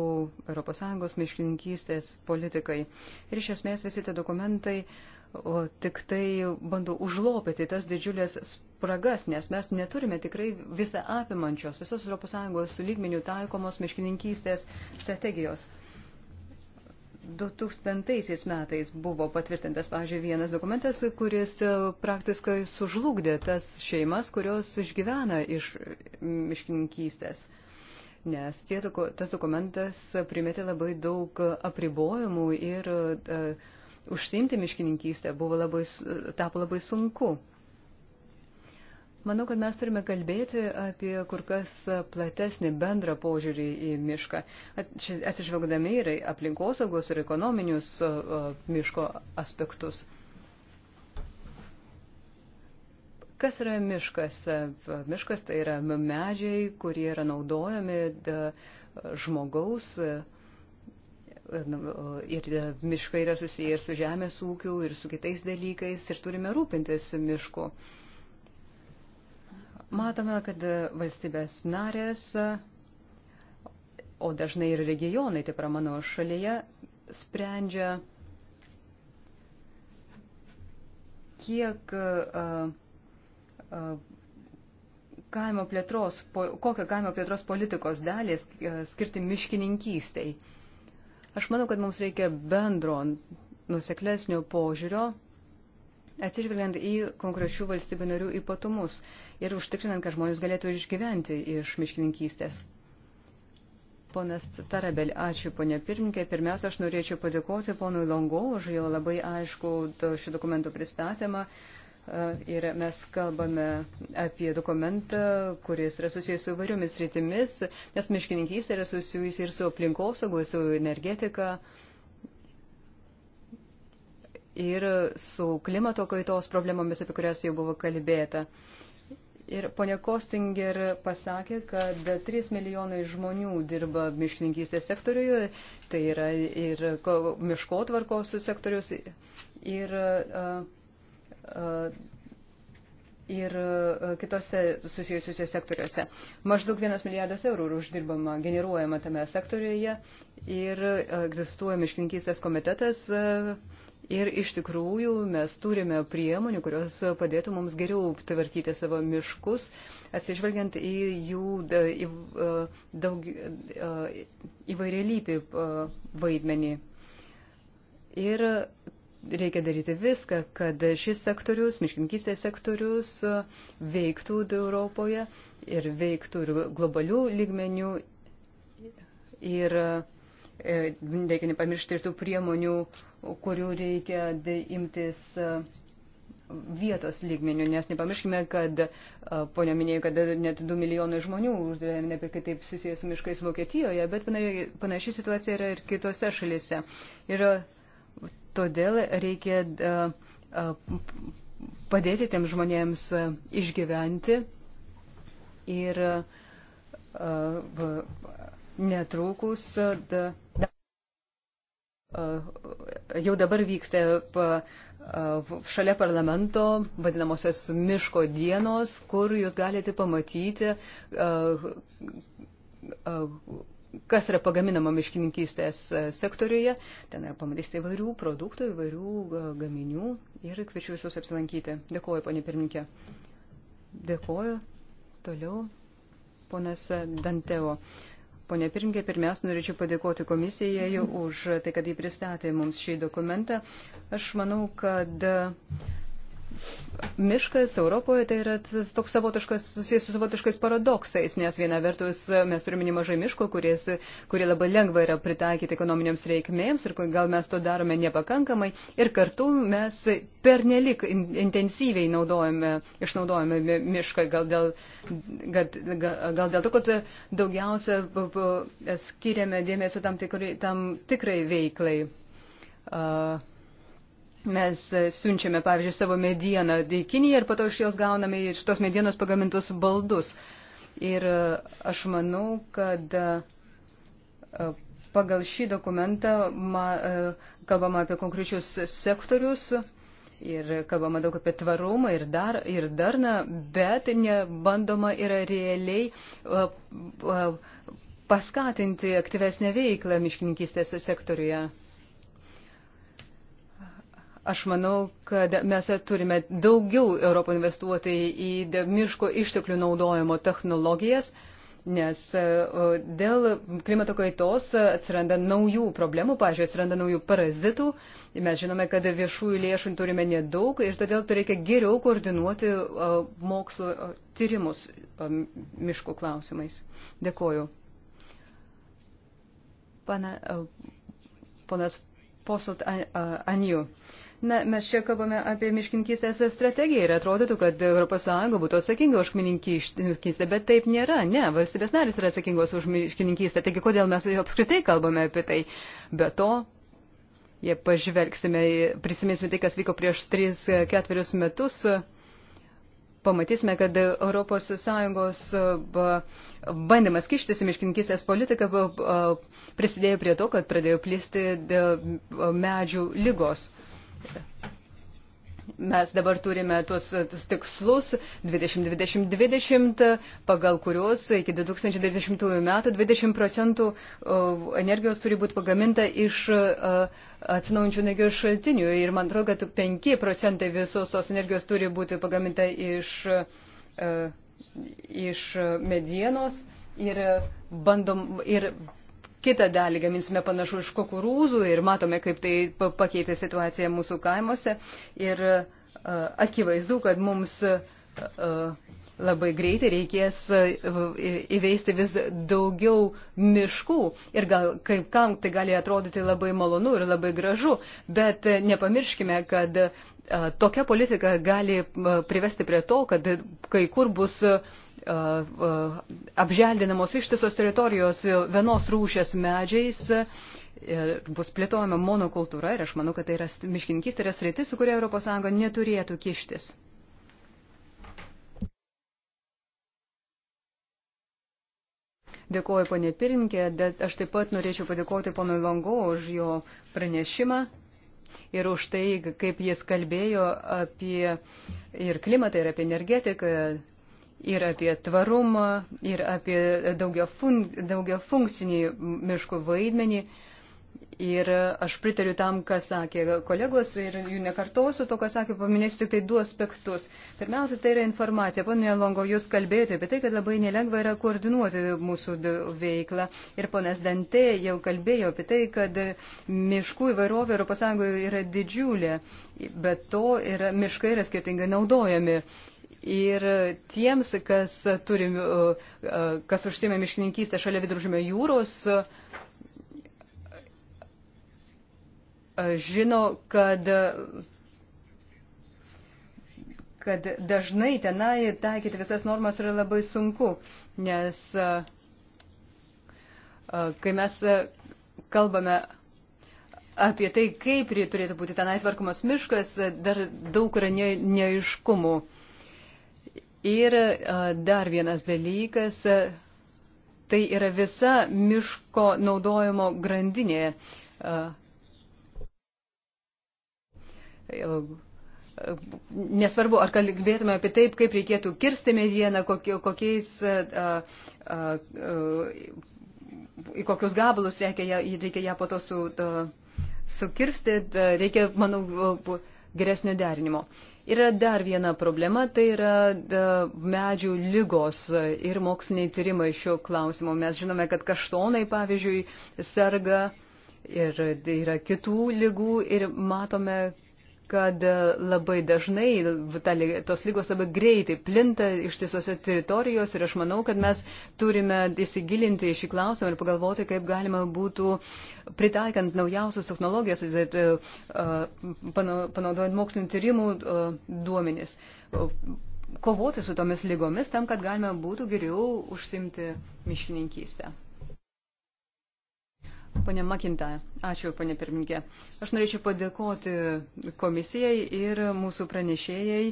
ES miškininkystės politikai. Ir iš esmės visi tie dokumentai o, tik tai bando užlopyti tas didžiulės spragas, nes mes neturime tikrai visą apimančios, visos ES lygmenių taikomos miškininkystės strategijos. 2000 metais buvo patvirtintas, pavyzdžiui, vienas dokumentas, kuris e, praktiškai sužlugdė tas šeimas, kurios išgyvena iš miškininkystės. Mm, nes tie, tas dokumentas primėtė labai daug apribojimų ir uh, e, užsimti miškininkystę buvo labai, tapo labai sunku. Manau, kad mes turime kalbėti apie kur kas platesnį bendrą požiūrį į mišką, atsižvelgdami ir aplinkosaugos ir ekonominius e, miško aspektus. Kas yra miškas? Miškas tai yra medžiai, kurie yra naudojami e, žmogaus. E, nu, ir e, miškai yra susiję ir su žemės ūkiu, ir su kitais dalykais, ir turime rūpintis mišku. Matome, kad valstybės narės, o dažnai ir regionai, taip yra mano šalyje, sprendžia, kiek uh, kaimo plėtros, kokią kaimo plėtros politikos dalį skirti miškininkystai. Aš manau, kad mums reikia bendro nuseklesnio požiūrio, atsižvelgiant į konkrečių valstybių narių ypatumus ir užtikrinant, kad žmonės galėtų išgyventi iš miškininkystės. Ponas Tarabel, ačiū ponė pirmininkė. Pirmiausia, aš norėčiau padėkoti ponui Longo už jo labai aišku šio dokumento pristatymą. Uh, E, ir mes kalbame apie dokumentą, kuris yra susijęs su įvairiomis rytimis, nes miškininkystė yra susijusi ir su aplinkosaugu, su energetika, ir su klimato kaitos problemomis, apie kurias jau buvo kalbėta. Ir ponia Kostinger pasakė, kad 3 milijonai žmonių dirba miškininkystės sektoriuje, tai yra ir miškotvarkos sektorius, ir uh, E, ir e, kitose susijusiuose sektoriuose. Maždaug vienas milijardas eurų uždirbama, generuojama tame sektoriuje ir e, egzistuoja miškininkystės komitetas. Ir iš tikrųjų mes turime priemonių, kurios padėtų mums geriau tvarkyti savo miškus, atsižvelgiant į jų daug, įvairialypį vaidmenį. Ir reikia daryti viską, kad šis sektorius, miškinkystės sektorius veiktų Europoje ir veiktų ir globalių lygmenių. Ir e, reikia nepamiršti ir tų priemonių, kurių reikia imtis e, vietos lygmenių, nes nepamirškime, kad, e, ponia minėjo, kad net 2 milijonai žmonių uždarėmė ir kitaip susijęs su miškais Vokietijoje, bet panaši situacija yra ir kitose šalise. Yra Todėl reikia e, e, padėti tiem žmonėms e, išgyventi ir netrukus. Da, da, jau dabar vyksta šalia parlamento vadinamosios miško dienos, kur jūs galite pamatyti, kas yra pagaminama miškininkystės e, sektoriuje. Ten yra pamatysite įvairių produktų, įvairių e, gaminių ir kviečiu visus apsilankyti. Dėkuoju, ponė pirminkė. Dėkuoju. Toliau, ponas Danteo. Pone Pirinkė, pirmiausia, norėčiau padėkoti komisijai už tai, kad jį pristatė mums šį dokumentą. Aš manau, kad uh, miškas Europoje tai yra toks savotiškas, susijęs su savotiškais paradoksais, nes viena vertus e, mes turime nemažai miško, kuris, kurį labai lengva yra pritaikyti ekonominiams reikmėms ir gal mes to darome nepakankamai ir kartu mes pernelik intensyviai naudojame, išnaudojame mišką, gal dėl, gal, gal dėl to, kad daugiausia skiriame dėmesio tam, tikrai, tam tikrai veiklai. Uh, Mes siunčiame, pavyzdžiui, savo medieną į Kiniją ir po to iš jos gauname iš tos medienos pagamintus baldus. Ir e, aš manau, kad e, pagal šį dokumentą ma, e, kalbama apie konkrečius sektorius ir kalbama daug apie tvarumą ir, dar, ir darną, bet nebandoma yra realiai paskatinti aktyvesnę veiklą miškininkystės sektoriuje. Aš manau, kad mes turime daugiau Europą investuoti į miško išteklių naudojimo technologijas, nes e, dėl klimato kaitos atsiranda naujų problemų, pažiūrėjau, atsiranda naujų parazitų. Mes žinome, kad viešųjų lėšų turime nedaug ir todėl reikia geriau koordinuoti mokslo tyrimus miško klausimais. Dėkoju. Pana, e, ponas Posalt Anju. An, an, an, an, an, an, an, an, Na, mes čia kalbame apie miškinkystės strategiją ir atrodytų, kad ES būtų atsakinga už miškininkystę, bet taip nėra. Ne, valstybės narys yra atsakingos už miškininkystę, taigi kodėl mes apskritai kalbame apie tai. Be to, jei pažvelgsime, prisiminsime tai, kas vyko prieš 3-4 metus, pamatysime, kad ES bandymas kištis į miškinkistės politiką prisidėjo prie to, kad pradėjo plisti medžių lygos. Mes dabar turime tuos, tuos tikslus 20-20-20, pagal kuriuos iki 2020 metų 20 procentų energijos turi būti pagaminta iš atsinaujančių energijos šaltinių. Ir man atrodo, kad 5 procentai visos tos energijos turi būti pagaminta iš, iš medienos ir bandom. Ir kitą dalį gaminsime panašu iš kukurūzų ir matome, kaip tai pakeitė situaciją mūsų kaimuose. Ir e, akivaizdu, kad mums e, e, labai greitai reikės įveisti vis daugiau miškų. Ir gal kai kam tai gali atrodyti labai malonu ir labai gražu, bet nepamirškime, kad tokia politika gali privesti prie to, kad kai kur bus Uh, uh, apželdinamos ištisos teritorijos vienos rūšės medžiais, uh, bus plėtojama monokultūra ir aš manau, kad tai yra miškininkystė tai yra sritis, su kuria ES neturėtų kištis. Dėkuoju, ponė Pirinkė, bet aš taip pat norėčiau padėkoti ponui Longo už jo pranešimą ir už tai, kaip jis kalbėjo apie ir klimatą, ir apie energetiką, ir apie tvarumą, ir apie daugia, fun, daugia funkcinį miškų vaidmenį. Ir aš pritariu tam, ką sakė kolegos ir jų nekartosiu to, ką sakė, paminėsiu tik tai du aspektus. Pirmiausia, tai yra informacija. Pone Longo, jūs kalbėjote apie tai, kad labai nelengva yra koordinuoti mūsų veiklą. Ir ponas Dante jau kalbėjo apie tai, kad miškų įvairovė Europos Sąjungoje yra didžiulė, bet to yra, miškai yra skirtingai naudojami. Ir tiems, kas, turi, e, e, kas užsima miškininkystę šalia viduržymio jūros, e, žino, kad, kad dažnai tenai taikyti visas normas yra labai sunku, nes kai mes kalbame apie tai, kaip turėtų būti tenai tvarkomas miškas, dar daug yra neaiškumų. Ne Ir dar vienas dalykas, tai yra visa miško naudojimo grandinė. Nesvarbu, ar kalbėtume apie taip, kaip reikėtų kirsti medieną, kokiais, į kokius gabalus reikia ją, reikia ją po to su, sukirsti, reikia, manau, geresnio derinimo. Yra dar viena problema, tai yra medžių lygos e, ir moksliniai tyrimai šiuo klausimu. Mes žinome, kad kaštonai, pavyzdžiui, serga ir e, yra kitų lygų ir matome, kad e, labai dažnai ta, tos lygos labai greitai plinta ištisose teritorijos ir aš manau, kad mes turime įsigilinti į šį klausimą ir pagalvoti, kaip galima būtų, pritaikant naujausias technologijas, e, panaudojant mokslinio tyrimų duomenis, kovoti su tomis lygomis tam, kad galima būtų geriau užsimti miškininkystę. Pone Makinta, ačiū, pone pirmininkė. Aš norėčiau padėkoti komisijai ir mūsų pranešėjai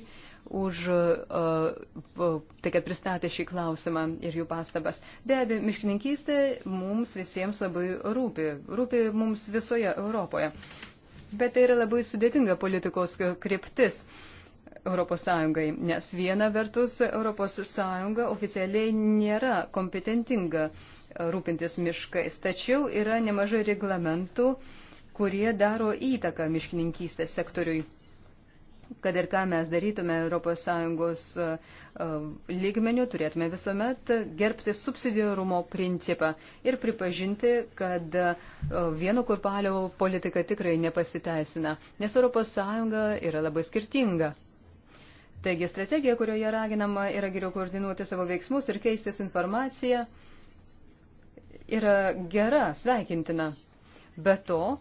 už uh, tai, kad pristatė šį klausimą ir jų pastabas. Be abejo, miškininkystė mums visiems labai rūpi, rūpi mums visoje Europoje. Bet tai yra labai sudėtinga politikos kryptis. Europos Sąjungai, nes viena vertus Europos Sąjunga oficialiai nėra kompetentinga uh, rūpintis miškais. Tačiau yra nemažai reglamentų, kurie daro įtaką miškininkystės sektoriui. Kad ir ką mes darytume ES e, e, lygmenių, turėtume visuomet gerbti subsidiarumo principą ir pripažinti, kad e, vieno kurpalio politika tikrai nepasiteisina, nes ES yra labai skirtinga. Taigi strategija, kurioje raginama yra geriau koordinuoti savo veiksmus ir keistis informaciją yra gera, sveikintina. Be to,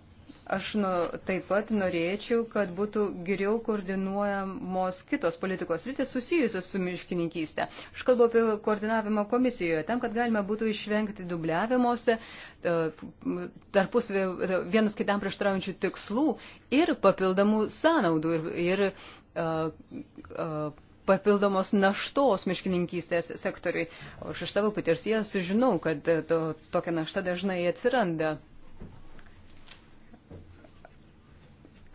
aš nu, taip pat norėčiau, kad būtų geriau koordinuojamos kitos politikos rytis susijusios su miškininkystė. Aš kalbu apie koordinavimą komisijoje, tam, kad galima būtų išvengti dubliavimuose, e, tarpus e, vienas kitam prieštraujančių tikslų ir papildomų sąnaudų ir, ir uh, uh, papildomos naštos miškininkystės sektoriui. O aš iš savo patirties žinau, kad e, to, tokia našta dažnai atsiranda.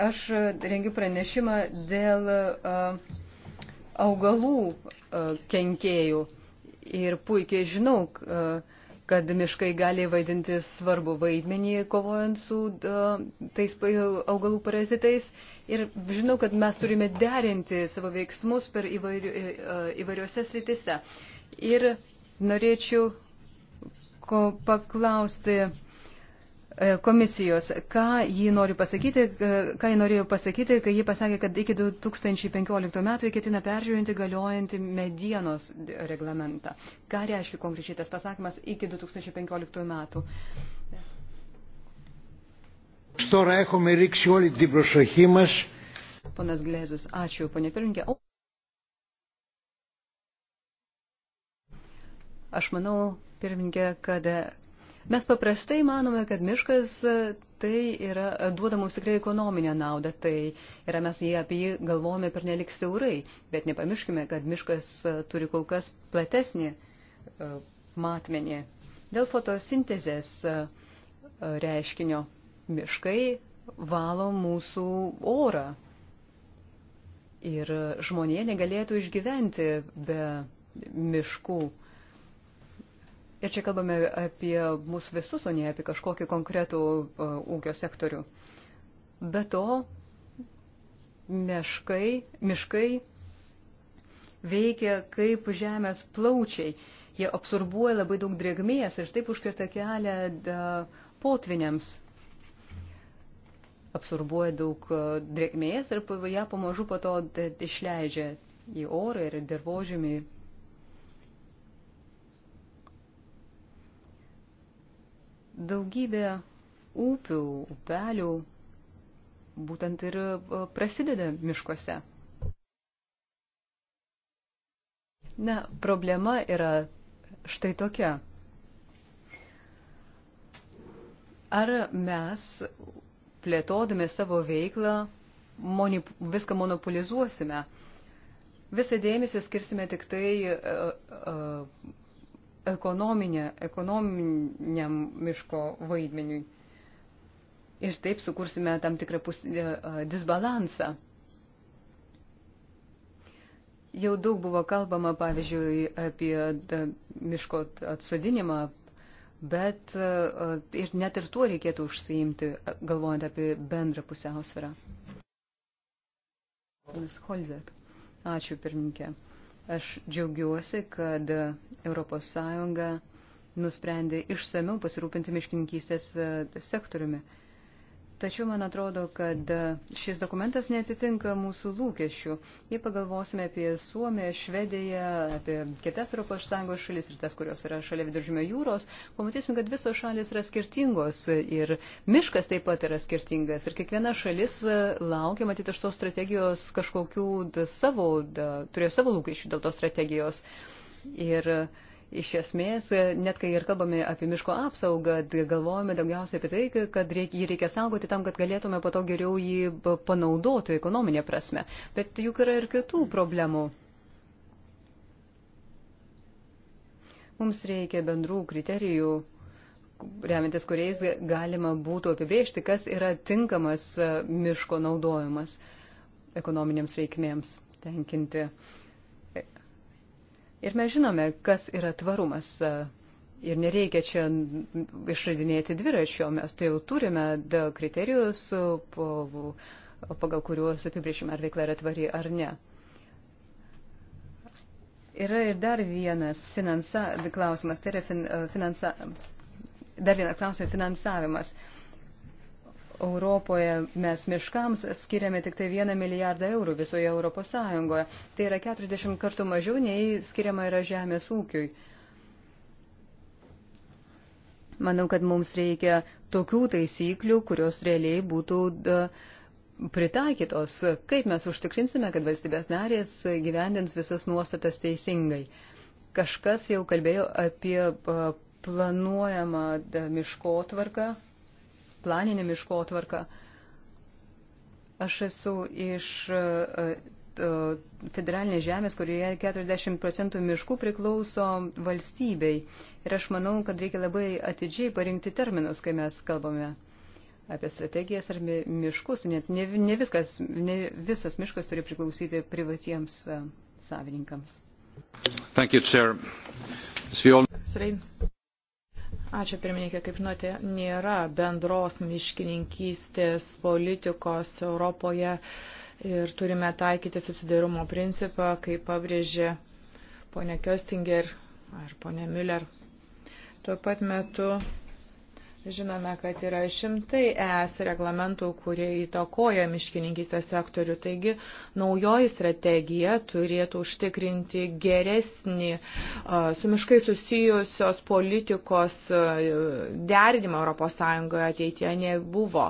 Aš e, rengiu pranešimą dėl uh, augalų uh, kenkėjų ir puikiai žinau, uh, kad miškai gali vaidinti svarbu vaidmenį kovojant su uh, tais augalų parazitais. Ir žinau, kad mes turime derinti savo veiksmus per įvairiu, uh, įvairiuose sritise. Ir norėčiau paklausti E, komisijos, ką ji, nori pasakyti, e, ką ji norėjo pasakyti, kai ji pasakė, kad iki 2015 metų jie ketina peržiūrinti galiojantį medienos reglamentą. Ką reiškia konkrečiai tas pasakymas iki 2015 metų? Τώρα έχουμε ρίξει όλη την προσοχή μας. Ponas Glezis, ačiū, ponė Pirinkė. Aš manau, pirmininkė, kad Mes paprastai manome, kad miškas e, tai yra, e, duoda mums tikrai ekonominę naudą, tai yra mes jį apie jį galvojame per nelik siaurai, bet nepamirškime, kad miškas e, turi kol kas platesnį matmenį. Dėl fotosintezės reiškinio miškai valo mūsų orą. Ir žmonė negalėtų išgyventi be miškų. Uh, Ir čia kalbame apie mūsų visus, o ne apie kažkokį konkretų ūkio sektorių. Be to, meškai, miškai veikia kaip žemės plaučiai. Jie absorbuoja labai daug drėgmės ir taip užkirta kelią potviniams. Absorbuoja daug drėgmės ir ją pamažu po to išleidžia į orą ir dirbožymį Daugybė upių, upelių būtent ir e, prasideda miškuose. Na, problema yra štai tokia. Ar mes, plėtodami savo veiklą, monip, viską monopolizuosime? Visą dėmesį skirsime tik tai uh, uh, ekonominiam miško vaidmeniui. Ir taip sukursime tam tikrą pus, e, e, disbalansą. Jau daug buvo kalbama, pavyzdžiui, apie e, miško atsodinimą, bet ir net ir tuo reikėtų užsiimti, galvojant apie bendrą pusiausvyrą. Holzer. Ačiū, pirmininkė. Aš džiaugiuosi, kad ES nusprendė išsameu pasirūpinti miškininkystės e, sektoriumi. Tačiau man atrodo, kad šis dokumentas netitinka mūsų lūkesčių. Jei pagalvosime apie Suomiją, Švediją, apie kitas ES šalis ir tas, kurios yra šalia viduržymio jūros, pamatysime, kad visos šalis yra skirtingos ir miškas taip pat yra skirtingas. Ir kiekviena šalis laukia, matyt, iš tos strategijos kažkokių savo, turėjo savo lūkesčių dėl tos strategijos. Ir uh, Iš esmės, net kai ir kalbame apie miško apsaugą, galvojame daugiausiai apie tai, kad reikia, jį reikia saugoti tam, kad galėtume po to geriau jį panaudoti ekonominė prasme. Bet juk yra ir kitų problemų. Mums reikia bendrų kriterijų, remintis kuriais galima būtų apibriežti, kas yra tinkamas miško naudojimas ekonominėms reikmėms tenkinti. Uh, Ir mes žinome, kas yra tvarumas. Ir nereikia čia išradinėti dviračio, mes tai jau turime kriterijus, pagal kuriuos apibrėžime, ar veikla yra tvari ar ne. Yra ir dar vienas finansa, klausimas, tai yra fin, finansa, dar vienas klausimas finansavimas. Uh, Europoje mes miškams skiriame tik tai vieną milijardą eurų visoje Europos Sąjungoje. Tai yra 40 kartų mažiau nei skiriama yra žemės ūkiui. Manau, kad mums reikia tokių taisyklių, kurios realiai būtų pritaikytos. Kaip mes užtikrinsime, kad valstybės narės gyvendins visas nuostatas teisingai. Kažkas jau kalbėjo apie planuojamą miškotvarką, planinė miškotvarka. Aš esu iš e, e, federalinės žemės, kurioje 40 procentų miškų priklauso valstybei. Ir aš manau, kad reikia labai atidžiai parinkti terminus, kai mes kalbame apie strategijas ar miškus. Net ne, ne, viskas, ne visas miškas turi priklausyti privatiems e, savininkams. Thank you, Chair. Svein. Ačiū pirmininkė, kaip žinote, nėra bendros miškininkystės politikos Europoje ir turime taikyti subsidiarumo principą, kaip pabrėžė ponia Köstinger ar ponia Müller. Tuo pat metu Žinome, kad yra šimtai ES reglamentų, kurie įtakoja miškininkystės sektorių. Taigi naujoji strategija turėtų užtikrinti geresnį su miškai susijusios politikos derinimą ES ateityje nebuvo.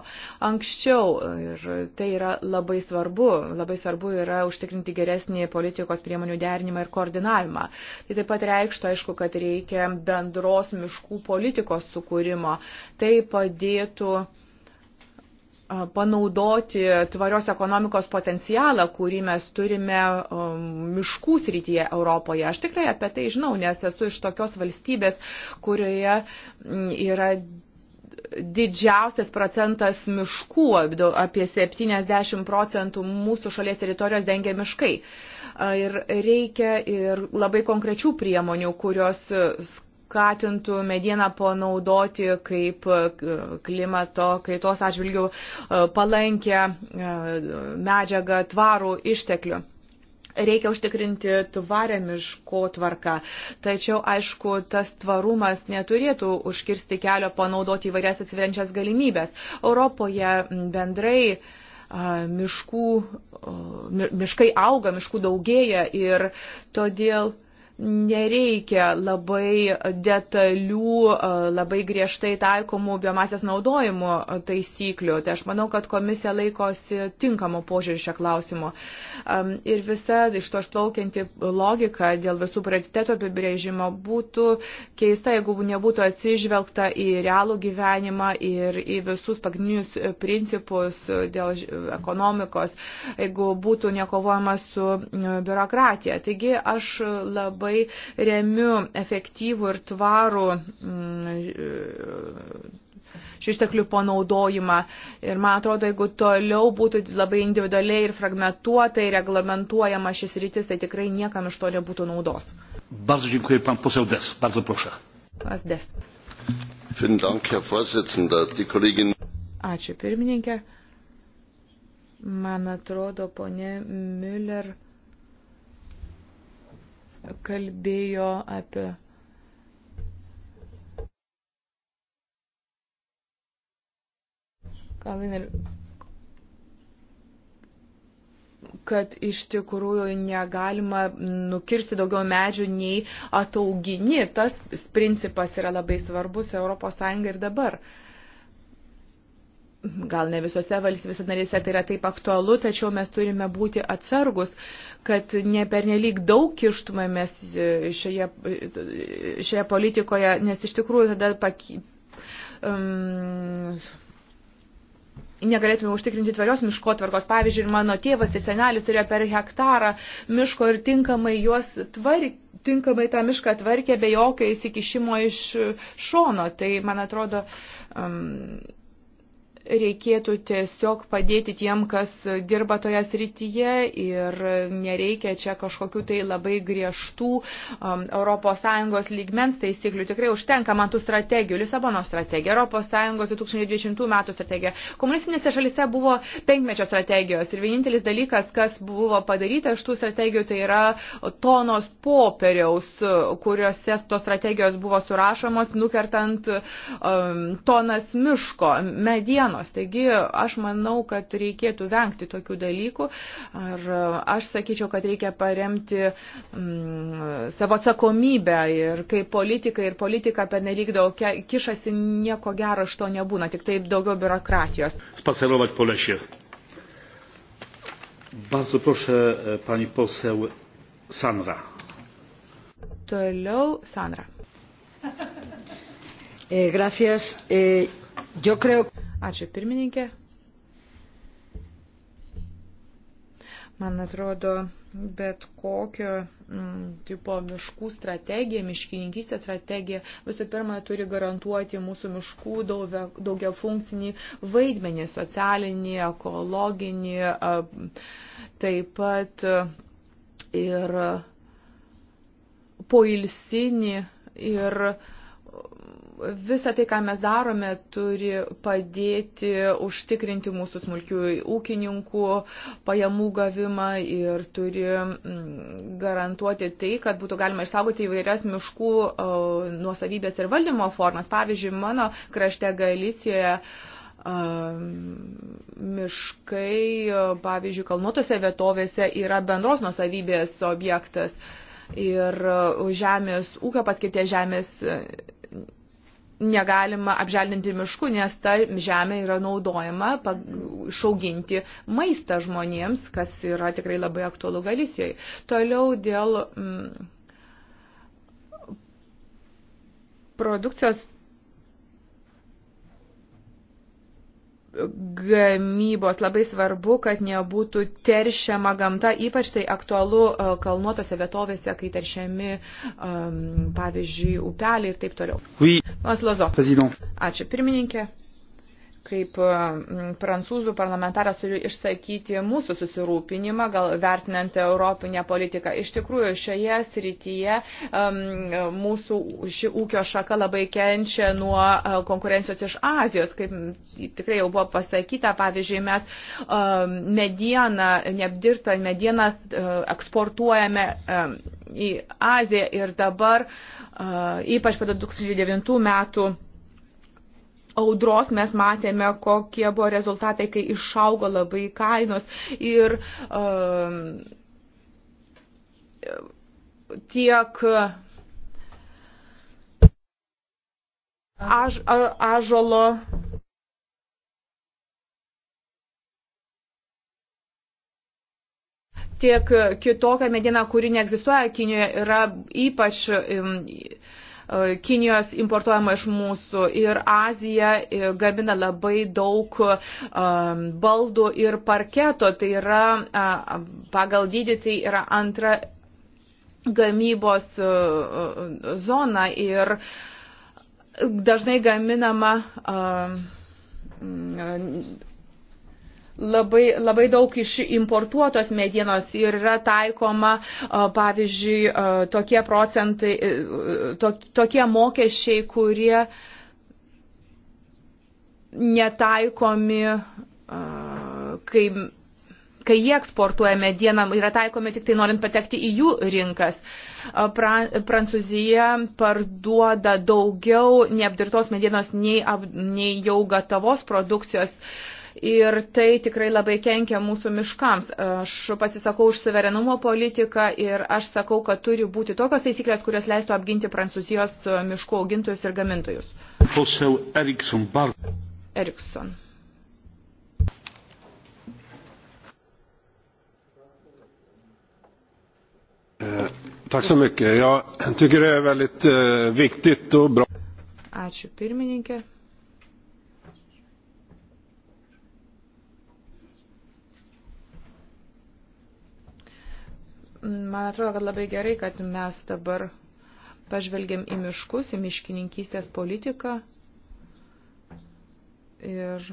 Anksčiau ir tai yra labai svarbu. Labai svarbu yra užtikrinti geresnį politikos priemonių derinimą ir koordinavimą. Tai taip pat reikštų, aišku, kad reikia bendros miškų politikos sukūrimo Tai padėtų panaudoti tvarios ekonomikos potencialą, kurį mes turime miškų srityje Europoje. Aš tikrai apie tai žinau, nes esu iš tokios valstybės, kurioje yra didžiausias procentas miškų, apie 70 procentų mūsų šalies teritorijos dengia miškai. Ir reikia ir labai konkrečių priemonių, kurios skatintų medieną panaudoti kaip e, klimato kaitos atžvilgių e, palankę e, medžiagą tvarų išteklių reikia užtikrinti tvarę miško tvarką. Tačiau, aišku, tas tvarumas neturėtų užkirsti kelio panaudoti įvairias atsiveriančias galimybės. Europoje bendrai miškų, miškai auga, miškų daugėja ir todėl nereikia labai detalių, labai griežtai taikomų biomasės naudojimo taisyklių. Tai aš manau, kad komisija laikosi tinkamo požiūrį šią klausimą. Ir visa iš to išplaukianti logika dėl visų prioritetų apibrėžimo būtų keista, jeigu nebūtų atsižvelgta į realų gyvenimą ir į visus pagrindinius principus dėl ekonomikos, jeigu būtų nekovojama su biurokratija. Taigi aš labai labai remiu efektyvų ir tvarų šių mm, išteklių panaudojimą. Ir man atrodo, jeigu toliau būtų labai individualiai ir fragmentuotai reglamentuojama šis rytis, tai tikrai niekam iš to nebūtų naudos. Bardzo dziękuję, pan poseł Des. Bardzo proszę. Pas Des. Vielen Dank, Herr Vorsitzender. Die Kollegin... Ačiū, pirmininkė. Man atrodo, ponė Müller kalbėjo apie Kaliner, kad iš tikrųjų negalima nukirsti daugiau medžių nei ataugini. Tas principas yra labai svarbus ES ir dabar. Uh, gal ne visose valstybės narėse tai yra taip aktualu, tačiau mes turime būti atsargus, kad ne pernelyg daug kištumėmės e, šioje, e, šioje politikoje, nes iš tikrųjų tada paky, um, negalėtume užtikrinti tvarios miško tvarkos. Pavyzdžiui, ir mano tėvas ir senelis turėjo per hektarą miško ir tinkamai juos tvarkyti tinkamai tą mišką tvarkė be jokio įsikišimo iš šono. Tai, man atrodo, um, reikėtų tiesiog padėti tiem, kas dirba toje srityje ir nereikia čia kažkokių tai labai griežtų um, ES lygmens taisyklių. Tikrai užtenka man tų strategijų. Lisabono strategija, ES 2020 metų strategija. Komunistinėse šalise buvo penkmečio strategijos ir vienintelis dalykas, kas buvo padaryta iš tų strategijų, tai yra tonos popieriaus, kuriuose tos strategijos buvo surašomos, nukertant um, tonas miško, medienos problemos. Taigi aš manau, kad reikėtų vengti tokių dalykų. Ar aš sakyčiau, kad reikia paremti mm, savo atsakomybę ir kai politikai ir politika pernelyg daug kišasi, nieko gero iš to nebūna, tik taip daugiau biurokratijos. Spacerować po lesie. Bardzo proszę e, pani poseł Sandra. Toliau Sandra. Eh, gracias. Eh, yo creo. Ačiū pirmininkė. man atrodo, bet kokio m, mm, tipo miškų strategija, miškininkystės strategija visų pirma turi garantuoti mūsų miškų daugia, daugia funkcinį vaidmenį, socialinį, ekologinį, a, taip pat ir poilsinį ir a, Visą tai, ką mes darome, turi padėti užtikrinti mūsų smulkių ūkininkų pajamų gavimą ir turi mm, garantuoti tai, kad būtų galima išsaugoti įvairias miškų nuosavybės ir valdymo formas. Pavyzdžiui, mano krašte Galicijoje miškai, pavyzdžiui, kalnuotose vietovėse yra bendros nuosavybės objektas ir e, žemės ūkio paskirties žemės e, negalima apželdinti miškų, nes ta žemė yra naudojama išauginti maistą žmonėms, kas yra tikrai labai aktualu Galisijoje. Toliau dėl mm, produkcijos gamybos labai svarbu, kad nebūtų teršiama gamta, ypač tai aktualu e, kalnuotose vietovėse, kai teršiami, um, pavyzdžiui, upeliai ir taip toliau. Oui. Ačiū, pirmininkė kaip mm, prancūzų parlamentaras turiu išsakyti mūsų susirūpinimą, gal vertinant europinę politiką. Iš tikrųjų, šioje srityje mm, mūsų ši ūkio šaka labai kenčia nuo e, konkurencijos iš Azijos. Kaip tikrai jau buvo pasakyta, pavyzdžiui, mes e, medieną, neapdirbtą medieną e, eksportuojame į Aziją ir dabar, ypač po 2009 metų, audros mes matėme, kokie buvo rezultatai, kai išaugo labai kainos. Ir um, tiek Aš, a, ažolo. Tiek kitokia medina, kuri neegzistuoja Kinijoje, yra ypač. Um, E, Kinijos importuojama iš mūsų ir Azija e, gamina labai daug e, baldų ir parketo, tai yra pagal dydį tai yra antra gamybos zona ir dažnai gaminama labai, labai daug iš importuotos medienos ir yra taikoma, pavyzdžiui, tokie procentai, e, tokie mokesčiai, kurie netaikomi, kai, kai jie eksportuoja medieną, yra taikomi tik tai norint patekti į jų rinkas. Pra, Prancūzija parduoda daugiau neapdirtos medienos nei, nei jau gatavos produkcijos. Uh, ir tai tikrai labai kenkia mūsų miškams. Aš pasisakau už suverenumo politiką ir aš sakau, kad turi būti tokios taisyklės, kurios leistų apginti prancūzijos miškų augintojus ir gamintojus. Erikson. Erikson. Eh, tack så mycket. Jag tycker det är väldigt eh, viktigt och bra. Ačiū pirmininkė. Man atrodo, kad labai gerai, kad mes dabar pažvelgiam į miškus, į miškininkystės politiką. Ir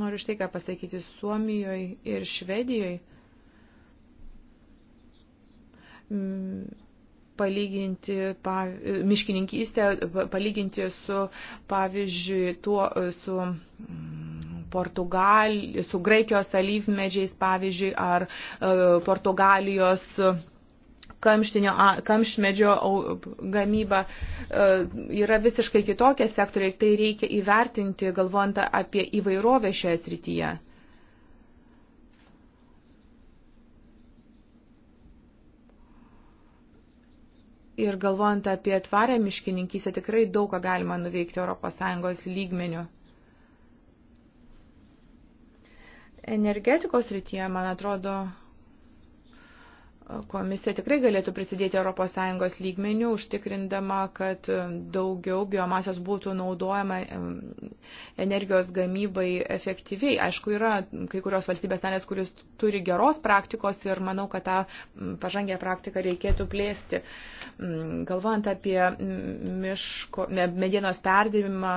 noriu štai ką pasakyti Suomijoje ir Švedijoje. Mm, palyginti pa, miškininkystę, palyginti su, pavyzdžiui, tuo, su. Mm, Portugal, su Graikijos alyvmedžiais, pavyzdžiui, ar e, Portugalijos kamšmedžio gamyba e, yra visiškai kitokie sektoriai ir tai reikia įvertinti, galvojant apie įvairovę šioje srityje. Ir galvojant apie tvarę miškininkysę, tikrai daug ką galima nuveikti ES lygmeniu. Energetikos rytyje, man atrodo, komisija tikrai galėtų prisidėti ES lygmenių, užtikrindama, kad daugiau biomasės būtų naudojama energijos gamybai efektyviai. Aišku, yra kai kurios valstybės narės, kuris turi geros praktikos ir manau, kad tą pažangę praktiką reikėtų plėsti. Galvojant apie miško, medienos perdirbimą,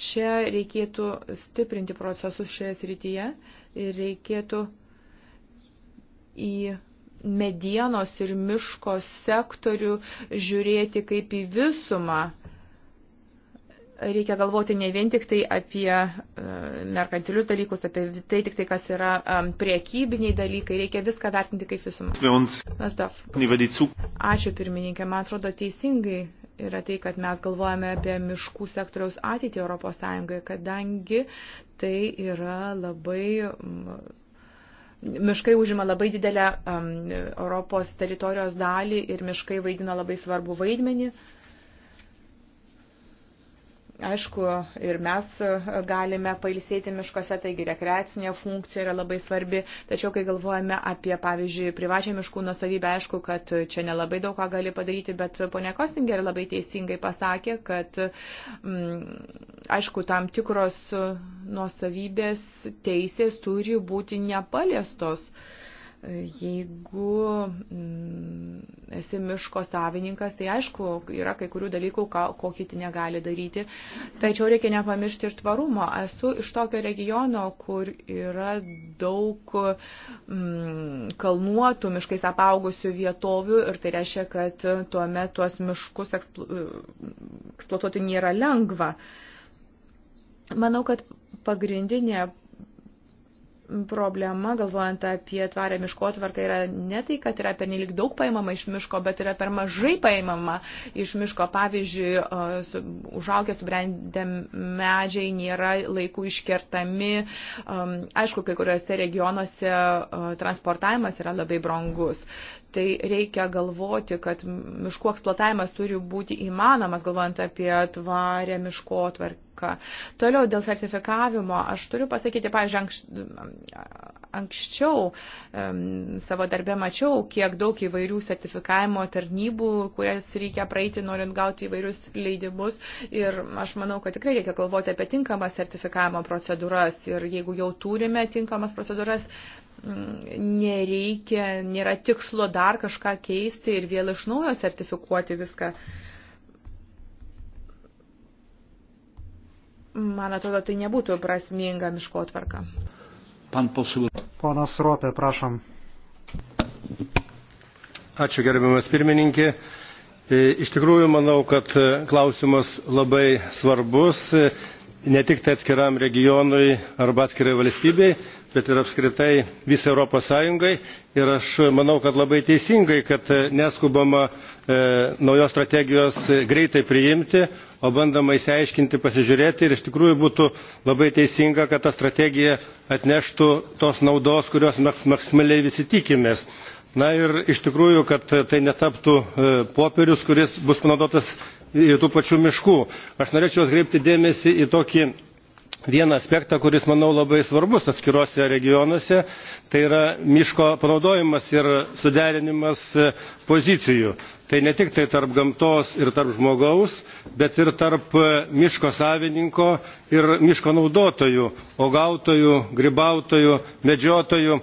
čia reikėtų stiprinti procesus šioje srityje ir reikėtų į medienos ir miško sektorių žiūrėti kaip į visumą. Reikia galvoti ne vien tik tai apie e, merkantilius dalykus, apie tai tik tai, kas yra e, priekybiniai dalykai, reikia viską vertinti kaip visumą. Ačiū pirmininkė, man atrodo teisingai yra tai, kad mes galvojame apie miškų sektoriaus ateitį ES, kadangi tai yra labai. Mm, miškai užima labai didelę um, Europos teritorijos dalį ir miškai vaidina labai svarbų vaidmenį. Uh, Aišku, ir mes galime pailsėti miškuose, taigi rekreacinė funkcija yra labai svarbi, tačiau kai galvojame apie, pavyzdžiui, privačią miškų nusavybę, aišku, kad čia nelabai daug ką gali padaryti, bet ponė Kostinger labai teisingai pasakė, kad, m, mm, aišku, tam tikros nusavybės teisės turi būti nepaliestos. Uh, Jeigu mm, esi miško savininkas, tai aišku, yra kai kurių dalykų, ko kiti negali daryti. Tačiau reikia nepamiršti ir tvarumo. Esu iš tokio regiono, kur yra daug mm, kalnuotų, miškais apaugusių vietovių ir tai reiškia, kad tuo metu tuos miškus eksplo, eksploatuoti nėra lengva. Manau, kad pagrindinė problema, galvojant apie tvarę miškotvarką, yra ne tai, kad yra pernelik daug paimama iš miško, bet yra per mažai paimama iš miško. Pavyzdžiui, su, užaugę subrendę medžiai nėra laikų iškertami. Um, aišku, kai kuriuose regionuose transportavimas yra labai brangus. Tai reikia galvoti, kad miškų eksploatavimas turi būti įmanomas, galvojant apie tvarę miškotvarkę rinką. Toliau dėl sertifikavimo, aš turiu pasakyti, pavyzdžiui, anks, anksčiau um, savo darbę mačiau, kiek daug įvairių sertifikavimo tarnybų, kurias reikia praeiti, norint gauti įvairius leidimus. Ir aš manau, kad tikrai reikia galvoti apie tinkamas sertifikavimo procedūras. Ir jeigu jau turime tinkamas procedūras, mm, nereikia, nėra tikslo dar kažką keisti ir vėl iš naujo sertifikuoti viską. Uh, Man atrodo, tai nebūtų prasminga miškotvarka. Pan posul. Ponas Ropė, prašom. Ačiū gerbiamas pirmininkė. E, iš tikrųjų, manau, kad e, klausimas labai svarbus ne tik tai atskiram regionui arba atskirai valstybei bet ir apskritai visai europos sąjungai ir aš manau kad labai teisingai kad neskubama e, naujos strategijos greitai priimti o bandoma išsiaiškinti pasižiūrėti ir iš tikrųjų būtų labai teisinga kad ta strategija atneštų tos naudos kurios mes maksimaliai visi tikimės na ir iš tikrųjų kad tai netaptų e, popierius kuris bus panaudotas ir tų pačių miškų. Aš norėčiau atkreipti dėmesį į tokį vieną aspektą kuris manau labai svarbus atskiruose regionuose tai yra miško panaudojimas ir suderinimas pozicijų tai ne tik tai tarp gamtos ir tarp žmogaus bet ir tarp miško savininko ir miško naudotojų uogautojų grybautojų medžiotojų e,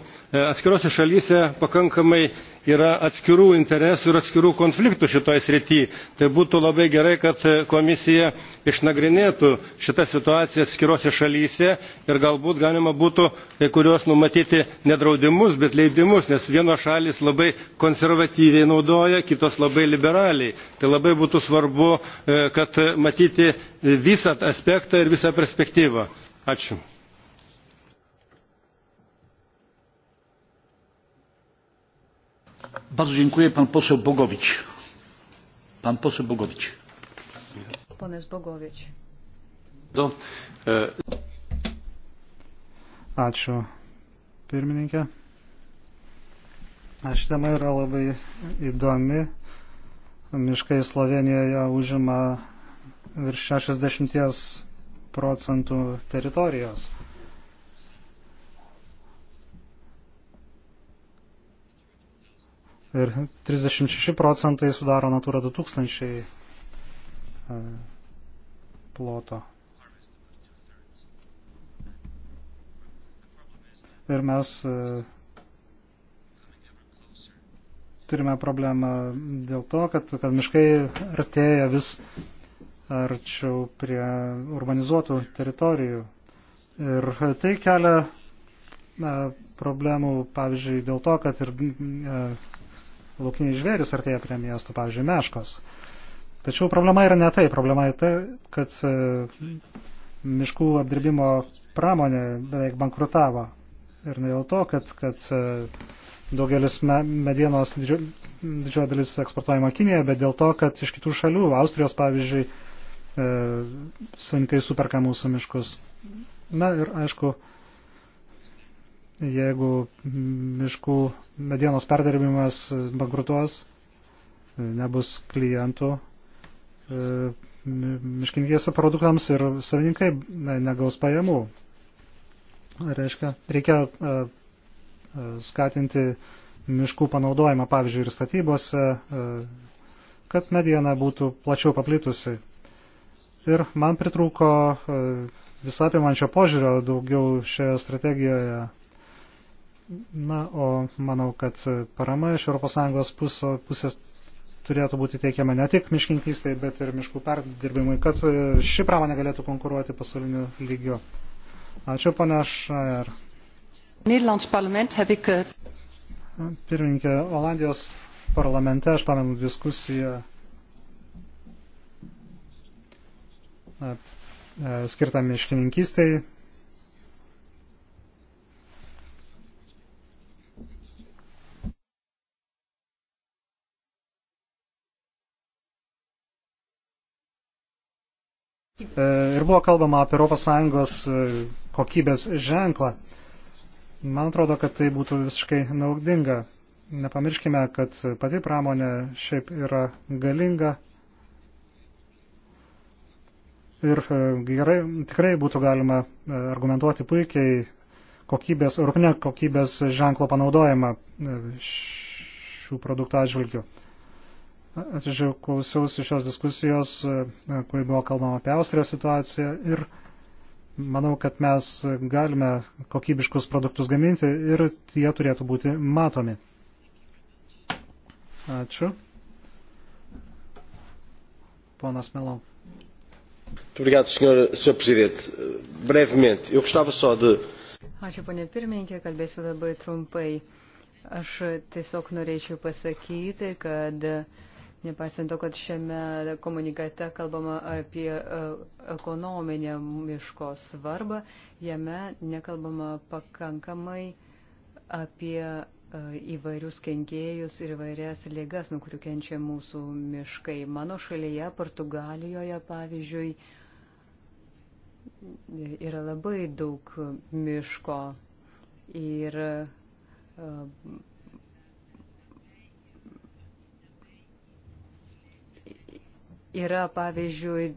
atskirose šalyse pakankamai yra atskirų interesų ir atskirų konfliktų šitoje srityje tai būtų labai gerai kad komisija išnagrinėtų šitas situacijas atskirose šalyse ir galbūt galima būtų kai kuriuos numatyti ne draudimus bet leidimus nes vienos šalys labai konservatyviai naudoja kitos labai liberaliai. tai labai būtų svarbu e, kad matyti visą aspektą ir visą perspektyvą. ačiū. Bardzo dziękuję. Pan poseł Bogowicz. Pan poseł Bogowicz. Ponas Bogovič. Du. E, Ačiū, pirmininkė. Aš tema yra labai įdomi. Miškai Slovenijoje užima virš 60 procentų teritorijos. ir 36 procentai sudaro Natura 2000 e, ploto. Ir mes e, turime problemą dėl to, kad, kad miškai artėja vis arčiau prie urbanizuotų teritorijų. Ir tai kelia e, problemų, pavyzdžiui, dėl to, kad ir laukiniai žvėris artėja prie miestų, pavyzdžiui, meškos. Tačiau problema yra ne tai. Problema yra tai, kad e, miškų apdirbimo pramonė beveik bankrutavo. Ir ne dėl to, kad, kad e, daugelis medienos didžioji dalis eksportuojama Kinėje, bet dėl to, kad iš kitų šalių, Austrijos pavyzdžiui, e, savininkai superka mūsų miškus. Na ir aišku, jeigu miškų medienos perdarbimas bankrutuos, nebus klientų e, miškininkėse produktams ir savininkai negaus pajamų. Reiškia, reikia e, e, skatinti miškų panaudojimą, pavyzdžiui, ir statybose, kad mediena būtų plačiau paplitusi. Ir man pritrūko visapimančio požiūrio daugiau šioje strategijoje Na, o manau, kad parama iš ES pusės turėtų būti teikiama ne tik miškininkystai, bet ir miškų perdirbimui, kad ši pramonė galėtų konkuruoti pasauliniu lygiu. Ačiū, ponia Šajer. Nederlands parlament heb ik... Eh, Pirmininkė, Olandijos parlamente, aš pamenu diskusiją eh, eh, skirtą miškininkystai E, ir buvo kalbama apie ES e, kokybės ženklą. Man atrodo, kad tai būtų visiškai naudinga. Nepamirškime, kad pati pramonė šiaip yra galinga ir e, gerai, tikrai būtų galima argumentuoti puikiai kokybės, europinio kokybės ženklo panaudojimą šių produktų atžvilgių. Atidžiau klausiausi šios diskusijos, e, kai buvo kalbama apie Austrijos situaciją ir manau, kad mes galime kokybiškus produktus gaminti ir jie turėtų būti matomi. Ačiū. Ponas Melon. Obrigado, senhor, senhor Presidente. Brevemente, eu gostava só de. Ačiū, ponė pirmininkė, kalbėsiu labai trumpai. Aš tiesiog norėčiau pasakyti, kad uh, Nepaisant to, kad šiame komunikate kalbama apie e, ekonominę miško svarbą, jame nekalbama pakankamai apie e, įvairius kenkėjus ir įvairias lygas, nuo kurių kenčia mūsų miškai. Mano šalyje, Portugalijoje, pavyzdžiui, yra labai daug miško ir e, yra, pavyzdžiui,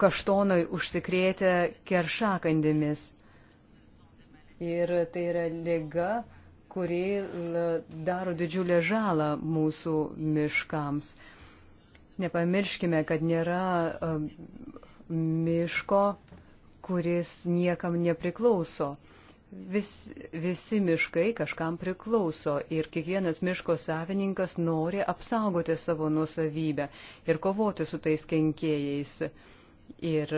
kaštonai užsikrėtę keršakandėmis. Ir tai yra lyga, kuri daro didžiulę žalą mūsų miškams. Nepamirškime, kad nėra miško, kuris niekam nepriklauso vis, visi miškai kažkam priklauso ir kiekvienas miško savininkas nori apsaugoti savo nuosavybę ir kovoti su tais kenkėjais. Ir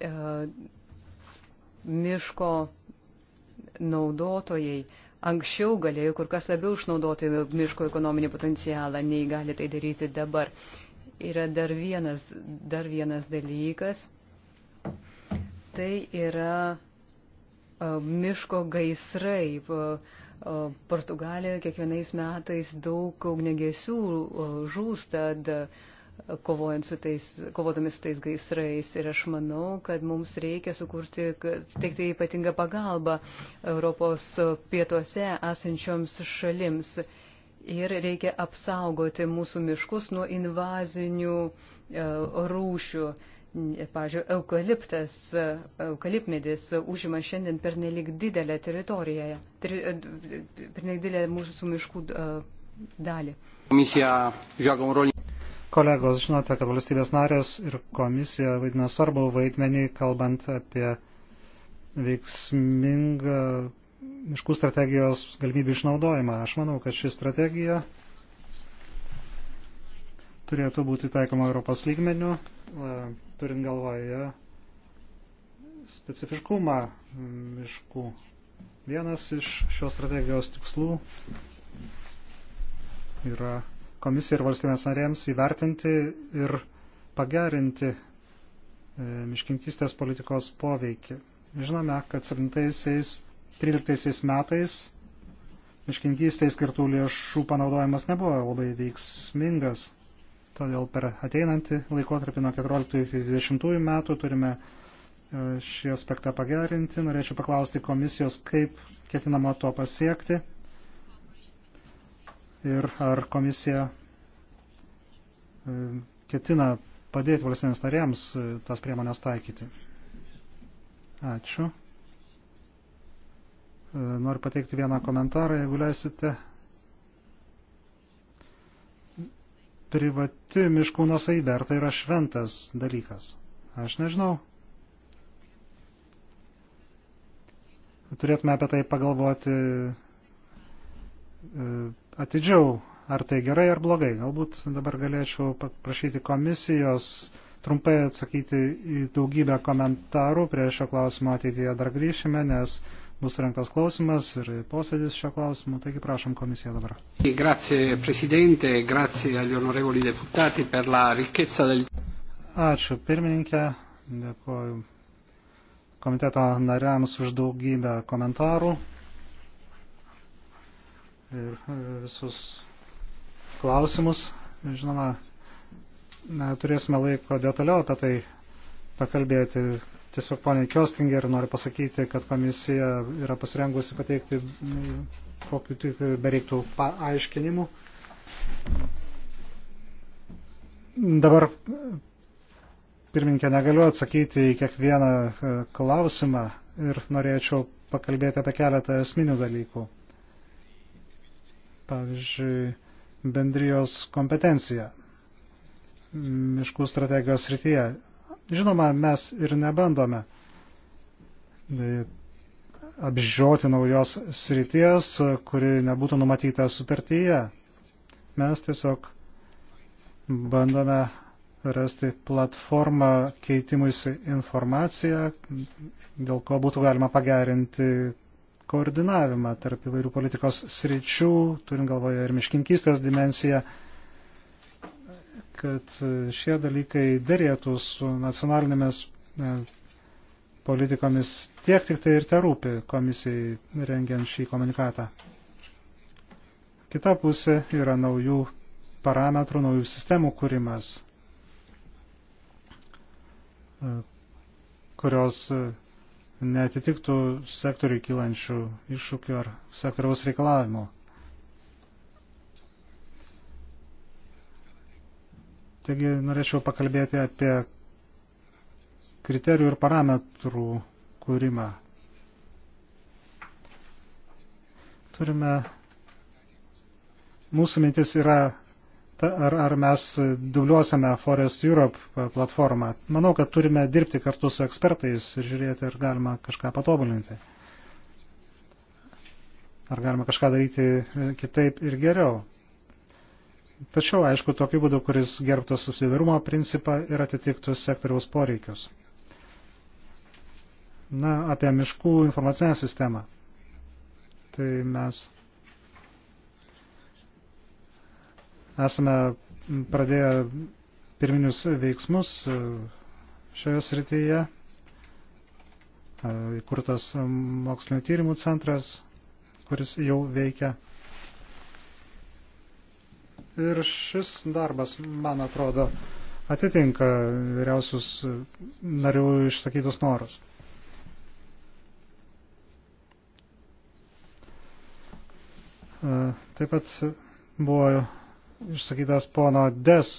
e, miško naudotojai anksčiau galėjo kur kas labiau išnaudoti miško ekonominį potencialą, nei gali tai daryti dabar. Yra dar vienas, dar vienas dalykas, tai yra miško gaisrai. Portugalijoje kiekvienais metais daug ugnegesių žūsta kovojant su tais, kovodami su tais gaisrais. Ir aš manau, kad mums reikia sukurti, teikti ypatingą pagalbą Europos pietuose esančioms šalims. Ir reikia apsaugoti mūsų miškus nuo invazinių rūšių. Pavyzdžiui, eukaliptas, eukalipmedis užima šiandien per nelik didelę teritoriją, per nelik didelę mūsų miškų dalį. Kolegos, žinote, kad valstybės narės ir komisija vaidina svarbu vaidmenį, kalbant apie veiksmingą miškų strategijos galimybių išnaudojimą. Aš manau, kad ši strategija turėtų būti taikoma Europos lygmenių turint galvoje specifiškumą mm, miškų. Vienas iš šios strategijos tikslų yra komisija ir valstybės narėms įvertinti ir pagerinti e, miškinkystės politikos poveikį. Žinome, kad 17-13 metais miškinkystės skirtų lėšų panaudojimas nebuvo labai veiksmingas Todėl per ateinantį laikotarpį nuo 14 iki 20 metų turime e, šį aspektą pagerinti. Norėčiau paklausti komisijos, kaip ketinama to pasiekti ir ar komisija e, ketina padėti valstybėms narėms e, tas priemonės taikyti. Ačiū. Noriu pateikti vieną komentarą, jeigu leisite. privati miškų nusaibė, ar tai yra šventas dalykas? Aš nežinau. Turėtume apie tai pagalvoti e, atidžiau, ar tai gerai ar blogai. Galbūt dabar galėčiau paprašyti komisijos trumpai atsakyti į daugybę komentarų. Prie šio klausimo ateityje dar grįšime, nes bus rengtas klausimas ir posėdis šio klausimu. Taigi prašom komisiją dabar. Grazie, prezidente, grazie agli onorevoli deputati per la ricchezza del... Ačiū pirmininkė, dėkoju komiteto nariams už daugybę komentarų ir e, visus klausimus. Žinoma, turėsime laiko detaliau apie tai pakalbėti Tiesiog poniai Kjostinger noriu pasakyti, kad komisija yra pasirengusi pateikti kokiu tik bereiktų paaiškinimu. Dabar pirminkė negaliu atsakyti į kiekvieną e, klausimą ir norėčiau pakalbėti apie keletą esminių dalykų. Pavyzdžiui, bendrijos kompetencija miškų strategijos srityje. Žinoma, mes ir nebandome e, apžiūrėti naujos srities, kuri nebūtų numatyta sutartyje. Mes tiesiog bandome rasti platformą keitimus informaciją, dėl ko būtų galima pagerinti koordinavimą tarp įvairių politikos sričių, turint galvoje ir miškinkystės dimenciją kad šie dalykai dėrėtų su nacionalinėmis e, politikomis tiek tik tai ir te rūpi komisijai rengiant šį komunikatą. Kita pusė yra naujų parametrų, naujų sistemų kūrimas, e, kurios e, netitiktų sektoriui kylančių iššūkių ar sektoriaus reikalavimų. Taigi norėčiau pakalbėti apie kriterijų ir parametrų kūrimą. Turime, mūsų mintis yra, ta, ar, ar mes dubliuosime Forest Europe platformą. Manau, kad turime dirbti kartu su ekspertais ir žiūrėti, ar galima kažką patobulinti. Ar galima kažką daryti kitaip ir geriau. Tačiau, aišku, tokiu būdu, kuris gerbtų subsidarumo principą ir atitiktų sektoriaus poreikius. Na, apie miškų informacinę sistemą. Tai mes esame pradėję pirminius veiksmus e, šioje srityje. E, įkurtas mokslinio tyrimų centras, kuris jau veikia Ir šis darbas, man atrodo, atitinka vyriausius narių išsakytus norus. E, taip pat buvo išsakytas pono Des,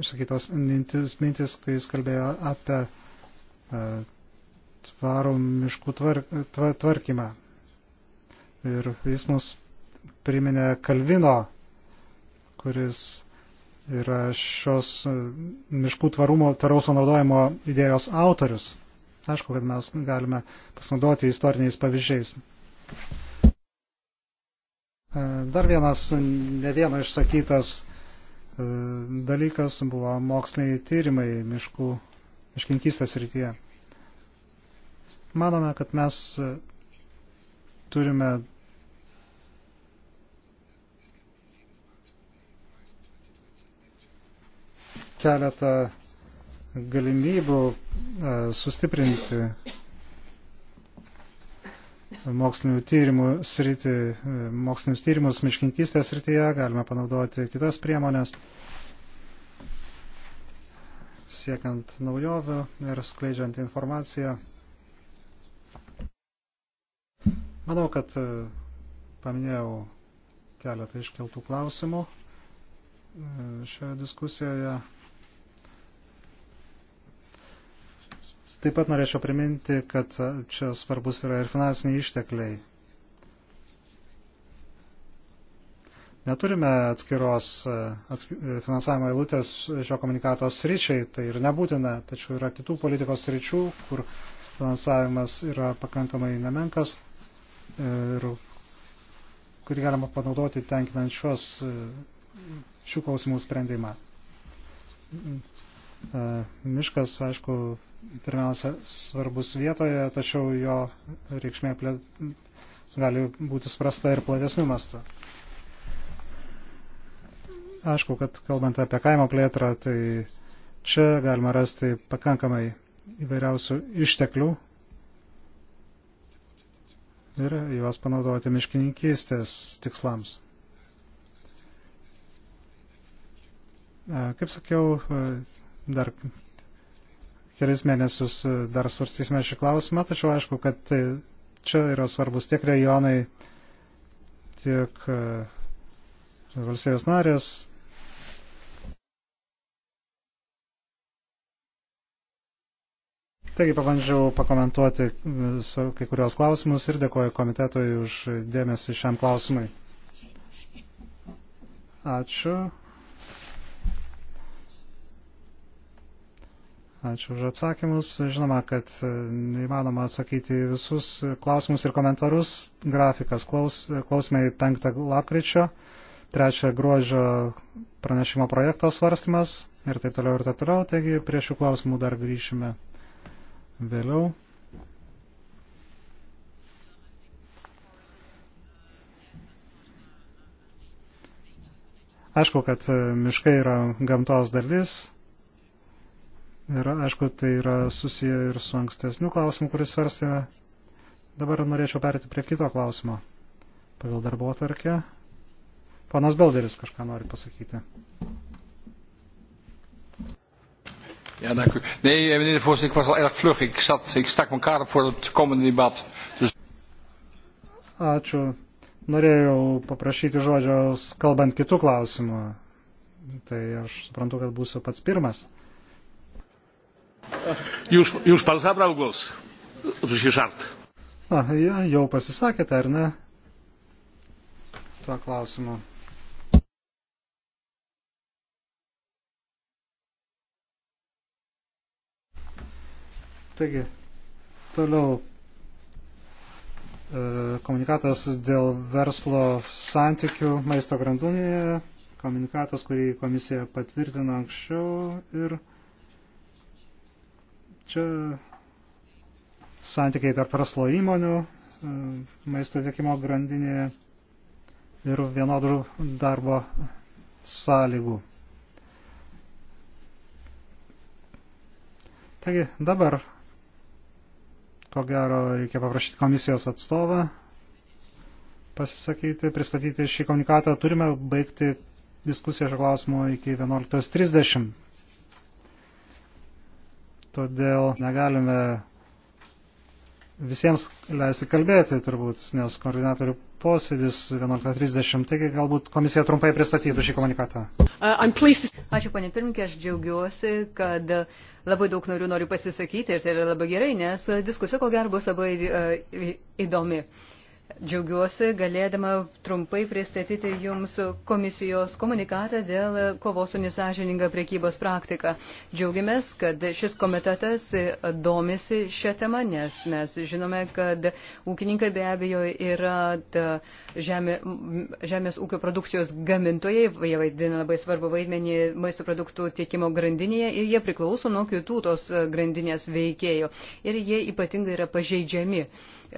išsakytos mintis, mintis kai jis kalbėjo apie e, tvarų miškų tvar, tvar, tvarkymą. Ir jis mus priminė Kalvino kuris yra šios e, miškų tvarumo, taraus naudojimo idėjos autorius. Aišku, kad mes galime pasinaudoti istoriniais pavyzdžiais. E, dar vienas, ne vieno išsakytas e, dalykas buvo moksliniai tyrimai miškų, miškinkystės rytyje. Manome, kad mes turime keletą galimybių e, sustiprinti mokslinių tyrimų sritį, e, mokslinius tyrimus miškinkystės srityje, galime panaudoti kitas priemonės, siekiant naujovių ir skleidžiant informaciją. Manau, kad e, paminėjau keletą iškeltų klausimų šioje diskusijoje. Taip pat norėčiau priminti, kad čia svarbus yra ir finansiniai ištekliai. Neturime atskiros e, atsk e, finansavimo eilutės šio komunikato sričiai, tai ir nebūtina, tačiau yra kitų politikos sričių, kur finansavimas yra pakankamai nemenkas e, ir kurį galima panaudoti tenkinant šios šių klausimų sprendimą. E, miškas, aišku, pirmiausia svarbus vietoje, tačiau jo reikšmė gali būti sprasta ir platesnių mastų. Aišku, kad kalbant apie kaimo plėtrą, tai čia galima rasti pakankamai įvairiausių išteklių ir juos panaudoti miškininkystės tikslams. E, kaip sakiau, dar kelis mėnesius e, dar svarstysime šį klausimą, tačiau aišku, kad tai čia yra svarbus tiek regionai, tiek e, valstybės narės. Taigi pabandžiau pakomentuoti e, kai kurios klausimus ir dėkoju komitetui už dėmesį šiam klausimui. Ačiū. Ačiū už atsakymus. Žinoma, kad e, neįmanoma atsakyti visus klausimus ir komentarus. Grafikas klaus, klausimai 5 lapkričio, 3 gruodžio pranešimo projekto svarstymas ir taip toliau ir taip toliau. Taigi prie šių klausimų dar grįšime vėliau. Aišku, kad e, miškai yra gamtos dalis Ir aišku, tai yra susiję ir su ankstesniu klausimu, kuris svarstėme. Dabar norėčiau perėti prie kito klausimo. Pagal darbo tarkę. Panas Belderis kažką nori pasakyti. Ja, dank u. Nee, eh, meneer de voorzitter, ik was al erg vlug. Ik, zat, ik stak mijn kaart op voor het komende debat. Dus... Ačiū. Norėjau paprašyti žodžio, kalbant kitų klausimų. Tai aš suprantu, kad būsiu pats pirmas. Jūs, jūs pan zabral głos. Oczywiście żart. A, ja, jau pasisakėte, ar ne? Tuo klausimu. Taigi, toliau e, komunikatas dėl verslo santykių maisto grandinėje, komunikatas, kurį komisija patvirtino anksčiau ir Čia santykiai tarp verslo įmonių, e, maisto tiekimo grandinėje ir vienodų darbo sąlygų. Taigi dabar, ko gero, reikia paprašyti komisijos atstovą pasisakyti, pristatyti šį komunikatą. Turime baigti diskusiją šio klausimo iki 11.30 todėl negalime visiems leisti kalbėti turbūt, nes koordinatorių posėdis 11.30, taigi galbūt komisija trumpai pristatytų šį komunikatą. Uh, Ačiū, ponė pirmininkė, aš džiaugiuosi, kad labai daug norių noriu pasisakyti ir tai yra labai gerai, nes diskusija ko gero bus labai uh, įdomi. Uh, Džiaugiuosi galėdama trumpai pristatyti Jums komisijos komunikatą dėl kovos su nesažininga priekybos praktika. Džiaugiamės, kad šis komitetas domisi šią temą, nes mes žinome, kad ūkininkai be abejo yra žemė, žemės ūkio produkcijos gamintojai, jie vaidina labai svarbu vaidmenį maisto produktų tiekimo grandinėje ir jie priklauso nuo kitų tos grandinės veikėjų ir jie ypatingai yra pažeidžiami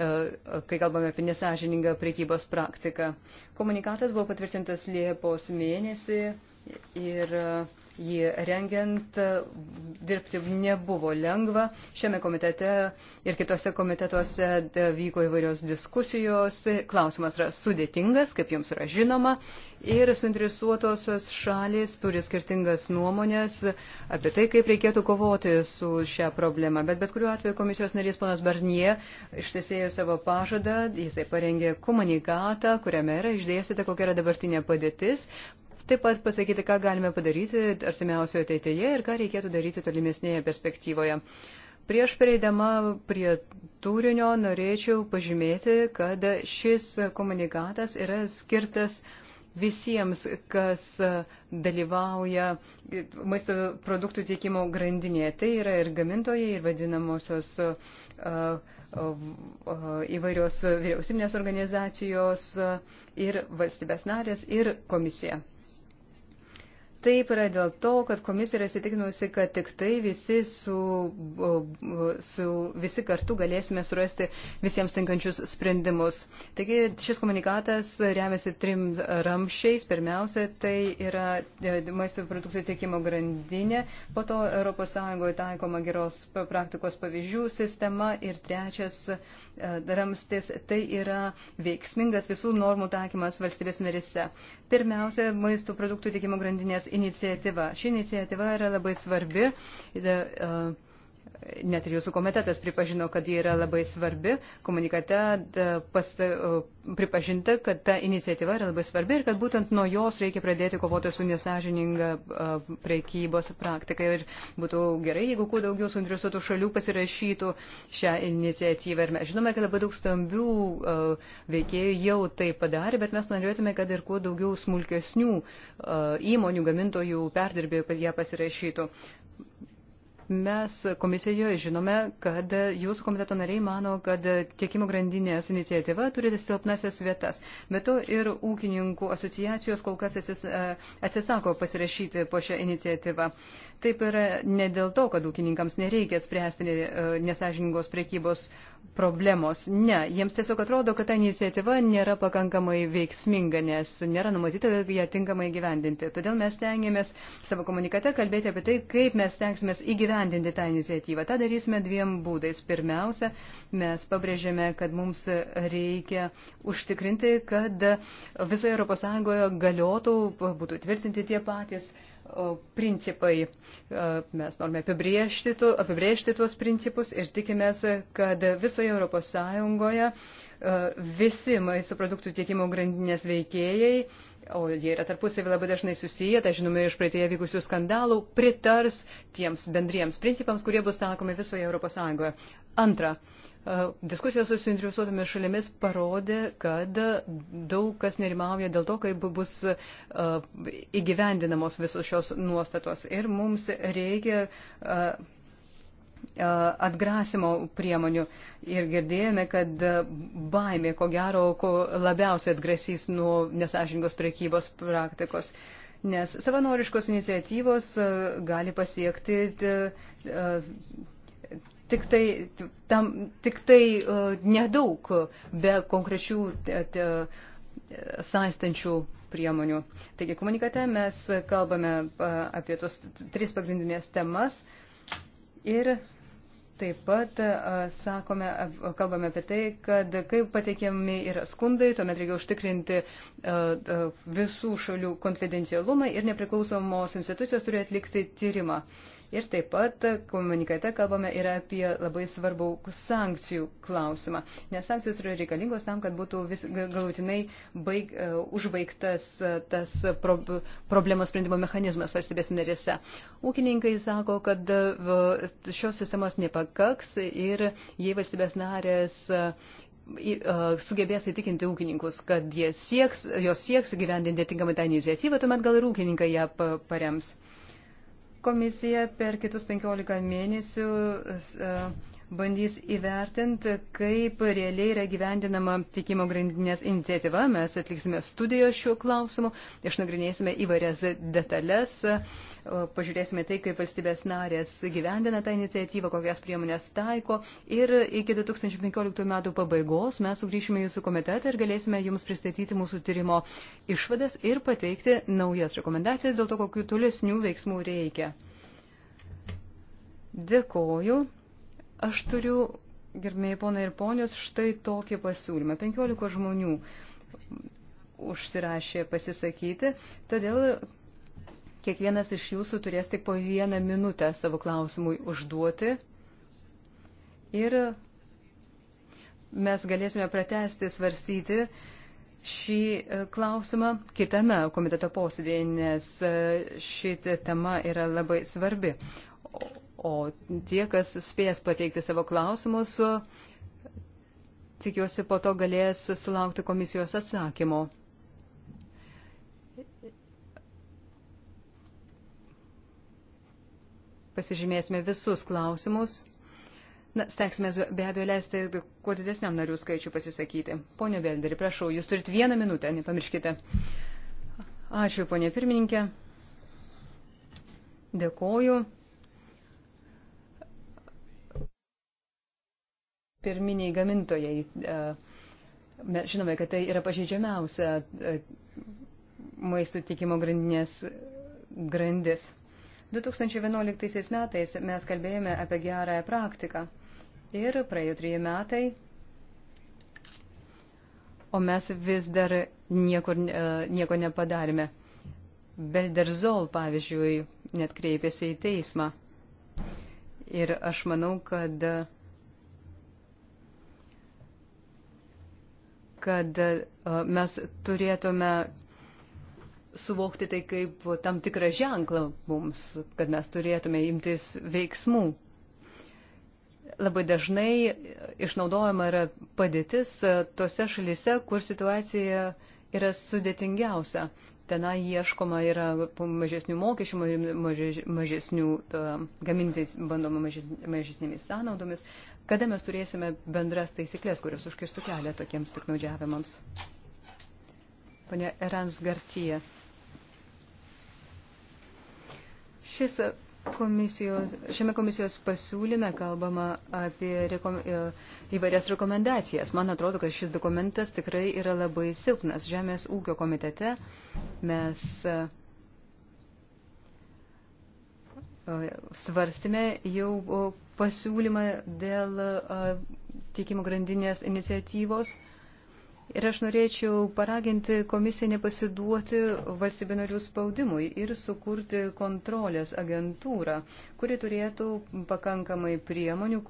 E, kai kalbame apie nesažiningą priekybos praktiką. Komunikatas buvo patvirtintas Liepos mėnesį ir uh, jį rengiant. Dirbti nebuvo lengva. Šiame komitete ir kitose komitetuose vyko įvairios diskusijos. Klausimas yra sudėtingas, kaip jums yra žinoma. Ir suinteresuotosios šalis turi skirtingas nuomonės apie tai, kaip reikėtų kovoti su šią problemą. Bet bet kuriuo atveju komisijos narys ponas Barnie ištesėjo savo pažadą, jisai parengė komunikatą, kuriame yra išdėstyta, kokia yra dabartinė padėtis, Taip pat pasakyti, ką galime padaryti artimiausioje ateityje ir ką reikėtų daryti tolimesnėje perspektyvoje. Prieš pereidama prie turinio norėčiau pažymėti, kad šis komunikatas yra skirtas visiems, kas dalyvauja maisto produktų tiekimo grandinėje. Tai yra ir gamintojai, ir vadinamosios įvairios vyriausybinės organizacijos, ir valstybės narės, ir komisija. Taip yra dėl to, kad komisija yra įsitikinusi, kad tik tai visi, su, su, visi kartu galėsime surasti visiems tinkančius sprendimus. Taigi šis komunikatas remiasi trim ramšiais. Pirmiausia, tai yra e, maisto produktų tiekimo grandinė, po to ES taikoma geros praktikos pavyzdžių sistema ir trečias e, ramstis, tai yra veiksmingas visų normų taikymas valstybės narise. Pirmiausia, maisto produktų tiekimo grandinės iniciatyva. Ši iniciatyva yra labai svarbi. Da, uh, Net ir jūsų komitetas pripažino, kad ji yra labai svarbi. Komunikate pasta, e, pripažinta, kad ta iniciatyva yra labai svarbi ir kad būtent nuo jos reikia pradėti kovoti su nesažininga e, priekybos praktika. Ir būtų gerai, jeigu kuo daugiau suinteresuotų šalių pasirašytų šią iniciatyvą. Ir mes žinome, kad labai daug stambių e, veikėjų jau tai padarė, bet mes norėtume, kad ir kuo daugiau smulkesnių įmonių, gamintojų, perdirbėjų ją pasirašytų. Mes komisijoje žinome, kad jūsų komiteto nariai mano, kad tiekimo grandinės iniciatyva turi silpnasias vietas. Bet to ir ūkininkų asociacijos kol kas e, atsisako pasirašyti po šią iniciatyvą. Taip yra ne dėl to, kad ūkininkams nereikia spręsti e, nesažiningos priekybos problemos. Ne, jiems tiesiog atrodo, kad ta iniciatyva nėra pakankamai veiksminga, nes nėra numatyta ją tinkamai gyvendinti. Todėl mes tengiamės savo komunikate kalbėti apie tai, kaip mes tenksimės įgyvendinti tą iniciatyvą. Ta darysime dviem būdais. Pirmiausia, mes pabrėžėme, kad mums reikia užtikrinti, kad visoje ES galiotų, būtų tvirtinti tie patys principai. Mes norime apibriežti, tu, apibriežti tuos principus ir tikimės, kad visoje Europos Sąjungoje visi maisto produktų tiekimo grandinės veikėjai, o jie yra tarpusavį labai dažnai susiję, tai žinome iš praeitėje vykusių skandalų, pritars tiems bendriems principams, kurie bus taikomi visoje Europos Sąjungoje. Antra, uh, Diskusijos su suinteresuotomis šalimis parodė, kad daug kas nerimauja dėl to, kaip bus įgyvendinamos visos šios nuostatos. Ir mums reikia atgrasimo priemonių. Ir girdėjome, kad baimė, ko gero, ko labiausiai atgrasys nuo nesažingos prekybos praktikos. Nes savanoriškos iniciatyvos gali pasiekti. T, t, t, tik tai, tam, tik tai e, nedaug be konkrečių saistančių priemonių. Taigi komunikate mes kalbame e, apie tos tris pagrindinės temas ir Taip pat e, sakome, kalbame apie tai, kad kaip pateikiami yra skundai, tuomet reikia užtikrinti visų šalių konfidencialumą ir nepriklausomos institucijos turi atlikti tyrimą. Ir taip pat komunikate kalbame ir apie labai svarbų sankcijų klausimą, nes sankcijos yra reikalingos tam, kad būtų vis, galutinai baig, uh, užbaigtas uh, tas pro, problemos sprendimo mechanizmas valstybės narėse. Ūkininkai sako, kad uh, šios sistemos nepakaks ir jei valstybės narės uh, sugebės įtikinti ūkininkus, kad jie sieks, jos sieks gyvendinti tinkamai tą iniciatyvą, tuomet gal ir ūkininkai ją parems. Komisija per kitus 15 mėnesių e, bandys įvertinti, kaip realiai yra gyvendinama tikimo grandinės iniciatyva. Mes atliksime studijos šiuo klausimu, išnagrinėsime įvairias detalės, pažiūrėsime tai, kaip valstybės narės gyvendina tą iniciatyvą, kokias priemonės taiko. Ir iki 2015 metų pabaigos mes sugrįšime jūsų komitetą ir galėsime jums pristatyti mūsų tyrimo išvadas ir pateikti naujas rekomendacijas dėl to, kokiu tolesnių veiksmų reikia. Dėkoju. Aš turiu, gerbėjai ponai ir ponios, štai tokį pasiūlymą. 15 žmonių užsirašė pasisakyti, todėl kiekvienas iš jūsų turės tik po vieną minutę savo klausimui užduoti. Ir mes galėsime pratesti svarstyti šį e, klausimą kitame komiteto posėdėje, nes e, ši tema yra labai svarbi. O tie, kas spės pateikti savo klausimus, tikiuosi po to galės sulaukti komisijos atsakymo. Pasižymėsime visus klausimus. Na, stengsime be abejo leisti kuo didesniam narių skaičių pasisakyti. Pone Belderi, prašau, jūs turit vieną minutę, nepamirškite. Ačiū, ponė pirmininkė. Dėkoju. pirminiai gamintojai. E, mes žinome, kad tai yra pažeidžiamiausia e, maisto tikimo grandinės grandis. 2011 metais mes kalbėjome apie gerąją praktiką ir praėjo trijai metai, o mes vis dar niekur, e, nieko nepadarėme. Belderzol, pavyzdžiui, net kreipėsi į teismą. Ir aš manau, kad kad e, mes turėtume suvokti tai kaip tam tikrą ženklą mums, kad mes turėtume imtis veiksmų. Labai dažnai išnaudojama yra padėtis e, tose šalise, kur situacija yra sudėtingiausia. Tenai ieškoma yra mažesnių mokesčių, mažesnių e, gamintis bandoma mažesnėmis sąnaudomis, Kada mes turėsime bendras taisyklės, kurios užkirstų kelią tokiems piknaudžiavimams? Pane Erans Garcija. Šis komisijos, šiame komisijos pasiūlyme kalbama apie rekom, e, įvairias rekomendacijas. Man atrodo, kad šis dokumentas tikrai yra labai silpnas. Žemės ūkio komitete mes. Uh, E, svarstėme jau pasiūlymą dėl e, tiekimo grandinės iniciatyvos. Ir aš norėčiau paraginti komisiją nepasiduoti valstybė narių spaudimui ir sukurti kontrolės agentūrą, kuri turėtų pakankamai priemonių,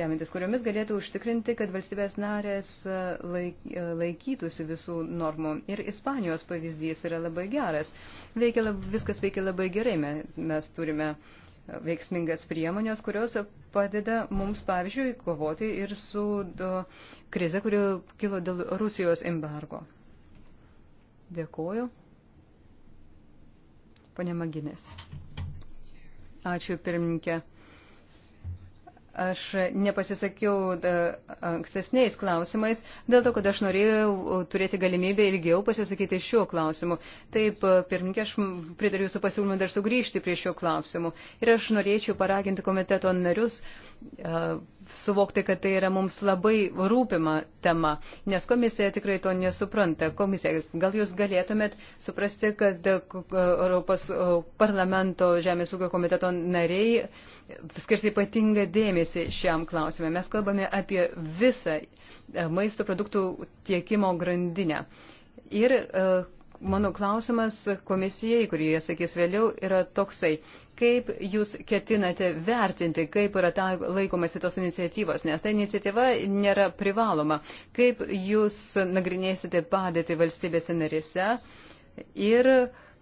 remintis kuriomis galėtų užtikrinti, kad valstybės narės e, laik, e, laikytųsi visų normų. Ir Ispanijos pavyzdys yra labai geras. Veikia, lab, viskas veikia labai gerai. Mes turime e, veiksmingas priemonės, kurios padeda mums, pavyzdžiui, kovoti ir su do, krize, kuri kilo dėl Rusijos embargo. Dėkuoju. Pane Maginės. Ačiū pirmininkė. Aš nepasisakiau e, ankstesniais klausimais, dėl to, kad aš norėjau e, turėti galimybę ilgiau pasisakyti šiuo klausimu. Taip, e, pirmininkė, aš pritariu jūsų pasiūlymą dar sugrįžti prie šio klausimu. Ir aš norėčiau paraginti komiteto narius suvokti, kad tai yra mums labai rūpima tema, nes komisija tikrai to nesupranta. Komisija, gal jūs galėtumėt suprasti, kad e, e, Europos e, parlamento Žemės ūkio komiteto nariai skirs ypatingą dėmesį šiam klausimui. Mes kalbame apie visą maisto produktų tiekimo grandinę. Ir mano klausimas komisijai, kurį jie sakys vėliau, yra toksai. Kaip jūs ketinate vertinti, kaip yra ta, laikomasi tos iniciatyvos, nes ta iniciatyva nėra privaloma. Kaip jūs nagrinėsite padėti valstybėse narėse ir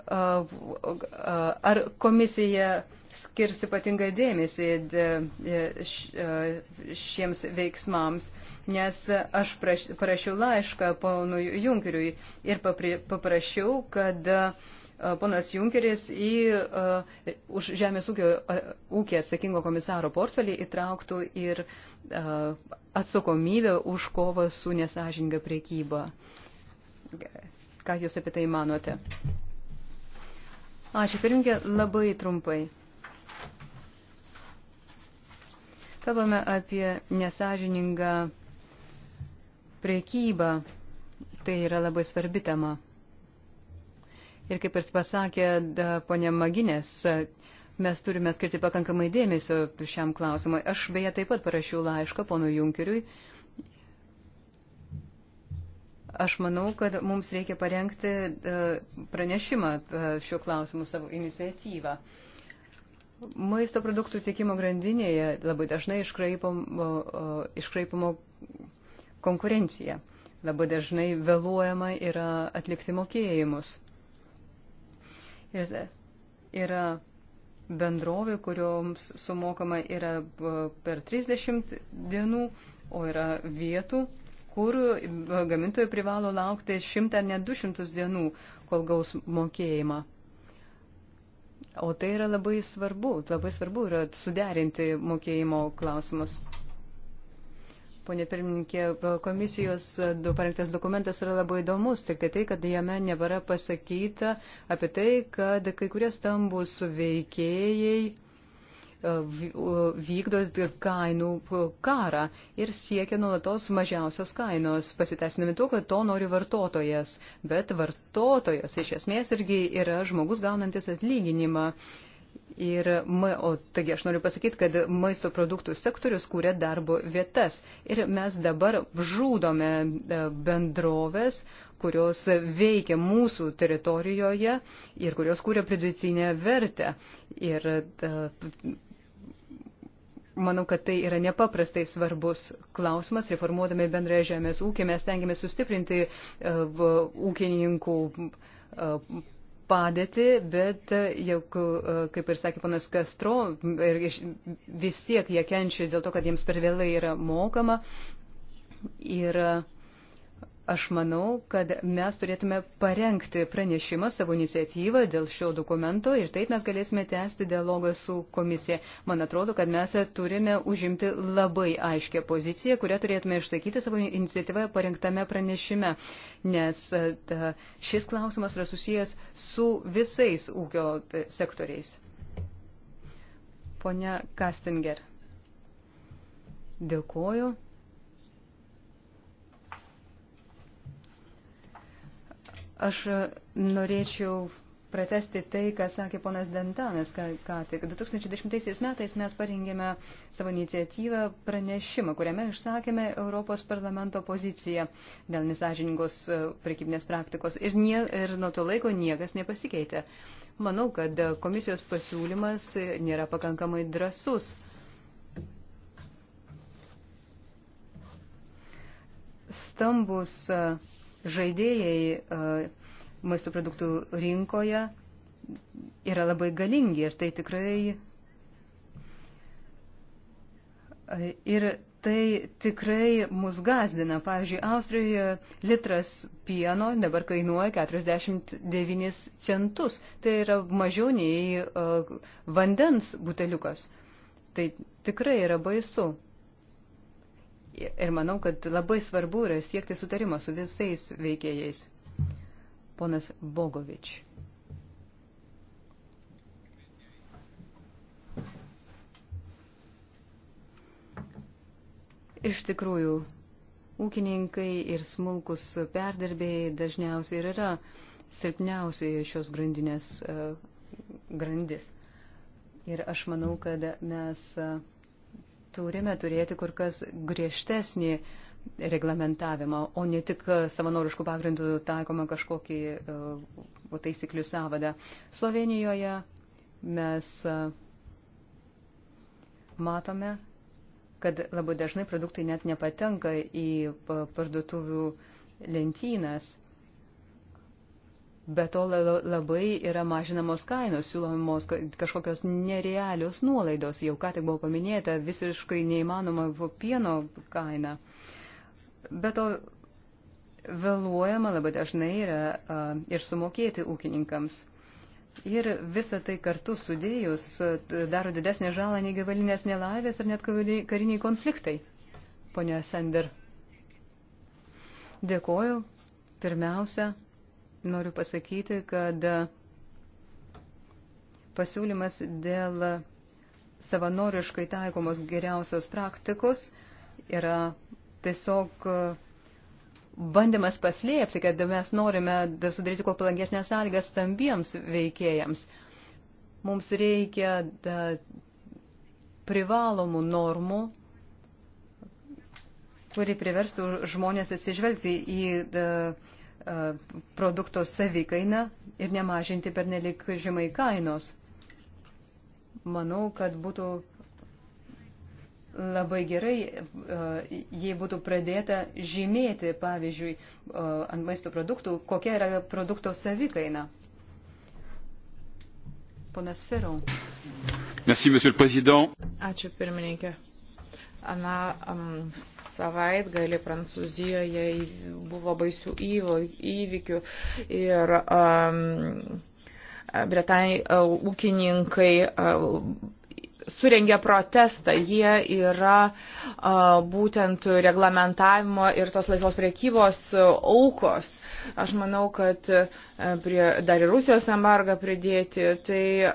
ar komisija skirs ypatingą dėmesį e, šiems veiksmams, nes aš prašiau laišką ponui Junkeriui ir paprašiau, kad uh, E, ponas Junkeris į uh, už žemės ūkio, uh, ūkį atsakingo komisaro portfelį įtrauktų ir uh, atsakomybę už kovą su nesažinga priekyba. Ką Jūs apie tai manote? Ačiū, pirmininkė, labai trumpai. Kalbame apie nesažiningą priekybą. Tai yra labai svarbi tema. Ir kaip ir pasakė ponė Maginės, mes turime skirti pakankamai dėmesio šiam klausimui. Aš beje taip pat parašiau laišką pono Junkeriui. Aš manau, kad mums reikia parengti pranešimą šiuo klausimu savo iniciatyvą. Maisto produktų tiekimo grandinėje labai dažnai iškraipoma, iškraipoma konkurencija. Labai dažnai vėluojama yra atlikti mokėjimus. Ir yra bendrovių, kurioms sumokama yra e, per 30 dienų, o yra vietų, kur e, gamintojai privalo laukti 100 ar net 200 dienų, kol gaus mokėjimą. O tai yra labai svarbu, labai svarbu yra suderinti mokėjimo klausimus. Pone pirmininkė, komisijos parengtas dokumentas yra labai įdomus, tik tai tai, kad jame nebėra pasakyta apie tai, kad kai kurie stambus veikėjai e, vykdo kainų karą ir siekia nuolatos mažiausios kainos, pasiteisinami tuo, kad to nori vartotojas. Bet vartotojas iš esmės irgi yra žmogus gaunantis atlyginimą. Ir, o taigi aš noriu pasakyti, kad maisto produktų sektorius kūrė darbo vietas. Ir mes dabar žūdome e, bendrovės, kurios veikia mūsų teritorijoje ir kurios kūrė pridėtinę vertę. Ir e, manau, kad tai yra nepaprastai svarbus klausimas. Reformuodami bendrąją žemės ūkį mes tengiamės sustiprinti e, ūkininkų padėtį, bet e, jau, e, kaip ir sakė ponas Kastro, vis tiek jie kenčia dėl to, kad jiems per vėlai yra mokama. Ir uh, Aš manau, kad mes turėtume parengti pranešimą savo iniciatyvą dėl šio dokumento ir taip mes galėsime tęsti dialogą su komisija. Man atrodo, kad mes turime užimti labai aiškę poziciją, kurią turėtume išsakyti savo iniciatyvą parengtame pranešime, nes e, ta, šis klausimas yra susijęs su visais ūkio e, sektoriais. Pone Kastinger. Dėkuoju. Aš norėčiau pratesti tai, ką sakė ponas Dentanas, ką, ką tik. 2010 metais mes parengėme savo iniciatyvą pranešimą, kuriame išsakėme Europos parlamento poziciją dėl nesažiningos e, prekybinės praktikos. Ir, nie, ir nuo to laiko niekas nepasikeitė. Manau, kad komisijos pasiūlymas nėra pakankamai drasus. Stambus uh, žaidėjai e, maisto produktų rinkoje yra labai galingi ir tai tikrai. E, ir tai tikrai mus gazdina. Pavyzdžiui, Austrijoje litras pieno dabar kainuoja 49 centus. Tai yra mažiau nei uh, vandens buteliukas. Tai tikrai yra baisu. Ir manau, kad labai svarbu yra siekti sutarimą su visais veikėjais. Ponas Bogovič. Iš tikrųjų, ūkininkai ir smulkus perdirbėjai dažniausiai ir yra silpniausiai šios grandinės e, grandis. Ir aš manau, kad mes. Uh, turime turėti kur kas griežtesnį reglamentavimą, o ne tik savanoriškų pagrindų taikoma kažkokį uh, taisyklių savadą. Slovenijoje mes uh, matome, kad labai dažnai produktai net nepatenka į e, parduotuvių lentynas. Be to labai yra mažinamos kainos, siūlomos kažkokios nerealios nuolaidos. Jau ką tik buvo paminėta visiškai neįmanoma pieno kaina. Be to vėluojama labai dažnai yra a, ir sumokėti ūkininkams. Ir visą tai kartu sudėjus daro didesnį žalą nei gyvalinės nelaivės ar net kariniai konfliktai. Pone Sender. Dėkoju. Pirmiausia, noriu pasakyti, kad pasiūlymas dėl savanoriškai taikomos geriausios praktikos yra tiesiog bandymas paslėpti, kad mes norime sudaryti kuo palangesnės sąlygas stambiems veikėjams. Mums reikia da, privalomų normų, kuri priverstų žmonės atsižvelgti į da, E, produkto savikainą ir nemažinti per nelik žemai kainos. Manau, kad būtų labai gerai, e, jei būtų pradėta žymėti, pavyzdžiui, e, ant maisto produktų, kokia yra produkto savikaina. Ponas Ferron. Merci, monsieur le président. Ačiū, pirmininkė. Ana, um, savaitgalį Prancūzijoje buvo baisių įvykių ir um, Bretai uh, ūkininkai uh, surengė protestą. Jie yra uh, būtent reglamentavimo ir tos laisvos priekybos aukos. Uh, Aš manau, kad e, prie, dar ir Rusijos embargą pridėti. Tai e,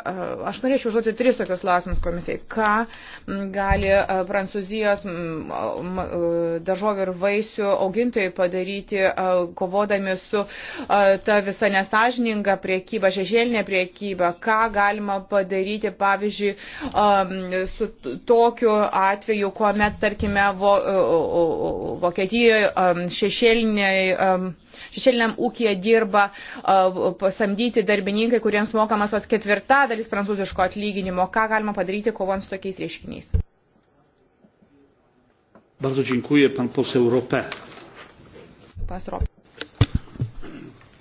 aš norėčiau užduoti tris tokius klausimus komisijai. Ką gali e, Prancūzijos daržovių ir vaisių augintojai padaryti, kovodami su ta visa nesažininga priekyba, šešėlinė priekyba? Ką galima padaryti, pavyzdžiui, su tokiu atveju, kuomet, tarkime, Vokietijoje šešėliniai šešėliniam ūkija dirba pasamdyti darbininkai, kuriems mokamas vos ketvirtadalis prancūziško atlyginimo. Ką galima padaryti, kovant su tokiais reiškiniais? Bardzo dziękuję, pan poseł Rope.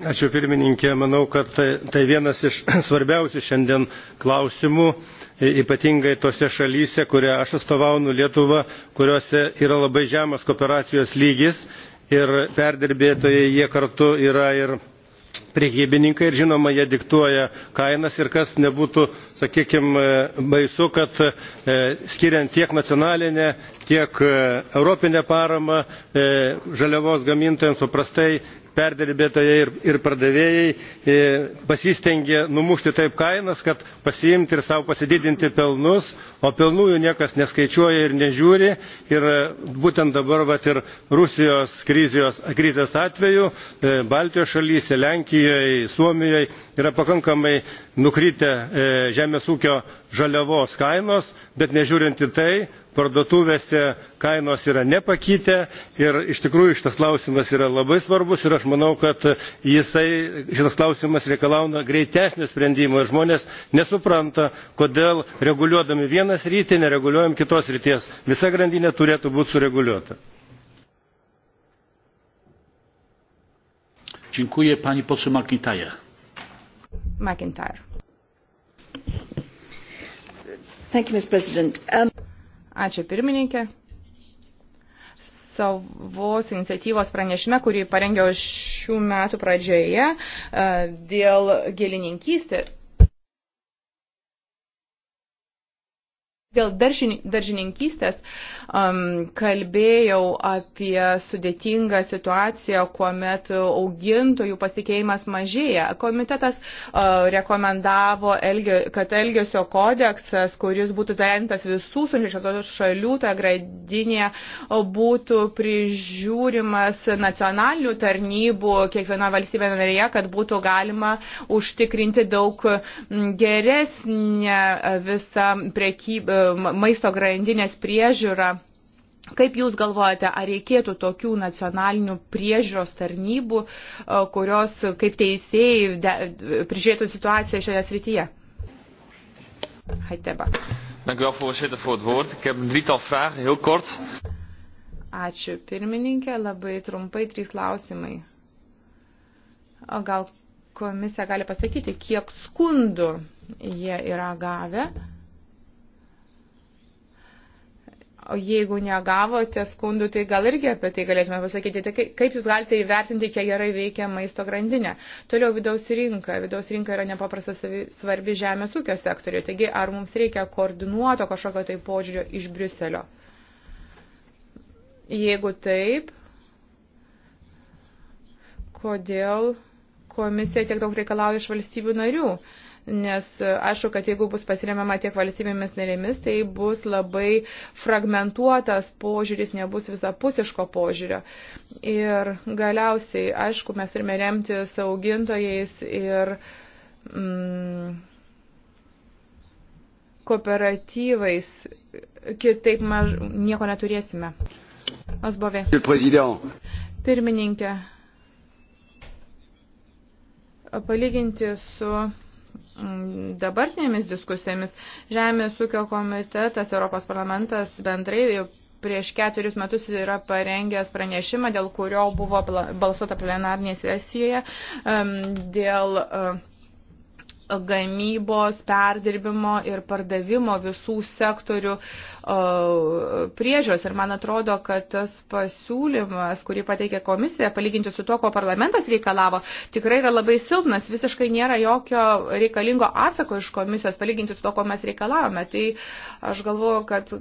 Ačiū pirmininkė, manau, kad tai, tai vienas iš svarbiausių šiandien klausimų ypatingai tose šalyse kurią aš atstovaunu lietuvą kuriose yra labai žemas kooperacijos lygis ir perdirbėtojai jie kartu yra ir prekybininkai ir žinoma jie diktuoja kainas ir kas nebūtų sakykime baisu kad e, skiriant tiek nacionalinę tiek e, europinę paramą e, žaliavos gamintojams paprastai perdirbėtojai ir, ir pardavėjai e, pasistengė numušti taip kainas kad pasiimti ir savo pasididinti pelnus o pelnų jų niekas neskaičiuoja ir nežiūri ir e, būtent dabar vat, ir rusijos krizės, krizės atveju e, baltijos šalyse lenkijoje suomijoje yra pakankamai nukritę žemės ūkio žaliavos kainos bet nežiūrint į tai parduotuvėse kainos yra nepakitę ir iš tikrųjų šitas klausimas yra labai svarbus ir aš manau kad jisai, šitas klausimas reikalauja greitesnio sprendimo ir žmonės nesupranta kodėl reguliuodami vieną sritį nereguliuojam kitos srities visa grandinė turėtų būti sureguliuota. Dziękuję pani poseł McIntyre. McIntyre. Thank you, Mr. President. Um, Ačiū pirmininkė. Savos iniciatyvos pranešime, kurį parengiau šių metų pradžioje e, dėl gėlininkystės Dėl daržin, daržininkystės um, kalbėjau apie sudėtingą situaciją, kuomet augintojų pasikeimas mažėja. Komitetas uh, rekomendavo, elgio, kad Elgesio kodeksas, kuris būtų tarintas visų sunlišiotos šalių, ta gradinė uh, būtų prižiūrimas nacionalinių tarnybų kiekvieno valstybė narėje, kad būtų galima užtikrinti daug mm, geresnę uh, visą prekybą maisto grandinės priežiūrą. Kaip Jūs galvojate, ar reikėtų tokių nacionalinių priežiūros tarnybų, kurios kaip teisėjai prižiūrėtų situaciją šioje srityje? Haiteba. Dank u wel, voorzitter, voor het woord. Ik heb een drietal vragen, heel kort. Ačiū, pirmininkė, labai trumpai trys klausimai. O gal komisija gali pasakyti, kiek skundų jie yra gavę? jeigu negavote skundų, tai gal irgi apie tai galėtume pasakyti. Tai kaip jūs galite įvertinti, kiek gerai veikia maisto grandinė? Toliau vidaus rinka. Vidaus rinka yra nepaprastai svarbi žemės ūkio sektoriuje. Taigi, ar mums reikia koordinuoto kažkokio tai požiūrio iš Briuselio? Jeigu taip, kodėl komisija tiek daug reikalauja iš valstybių narių? nes e, aišku, kad jeigu bus pasiremiama tiek valstybėmis narėmis, tai bus labai fragmentuotas požiūris, nebus visapusiško požiūrio. Ir galiausiai, aišku, mes turime remtis augintojais ir mm, kooperatyvais, kitaip maž, nieko neturėsime. Osbovė. Pirmininkė. Palyginti su dabartinėmis diskusijomis. Žemės ūkio komitetas, Europos parlamentas bendrai prieš ketverius metus yra parengęs pranešimą, dėl kurio buvo balsuota plenarnėje sesijoje, dėl e, gamybos, perdirbimo ir pardavimo visų sektorių priežios. Ir man atrodo, kad tas pasiūlymas, kurį pateikė komisija, palyginti su tuo, ko parlamentas reikalavo, tikrai yra labai silpnas. Visiškai nėra jokio reikalingo atsako iš komisijos, palyginti su to, ko mes reikalavome. Tai aš galvoju, kad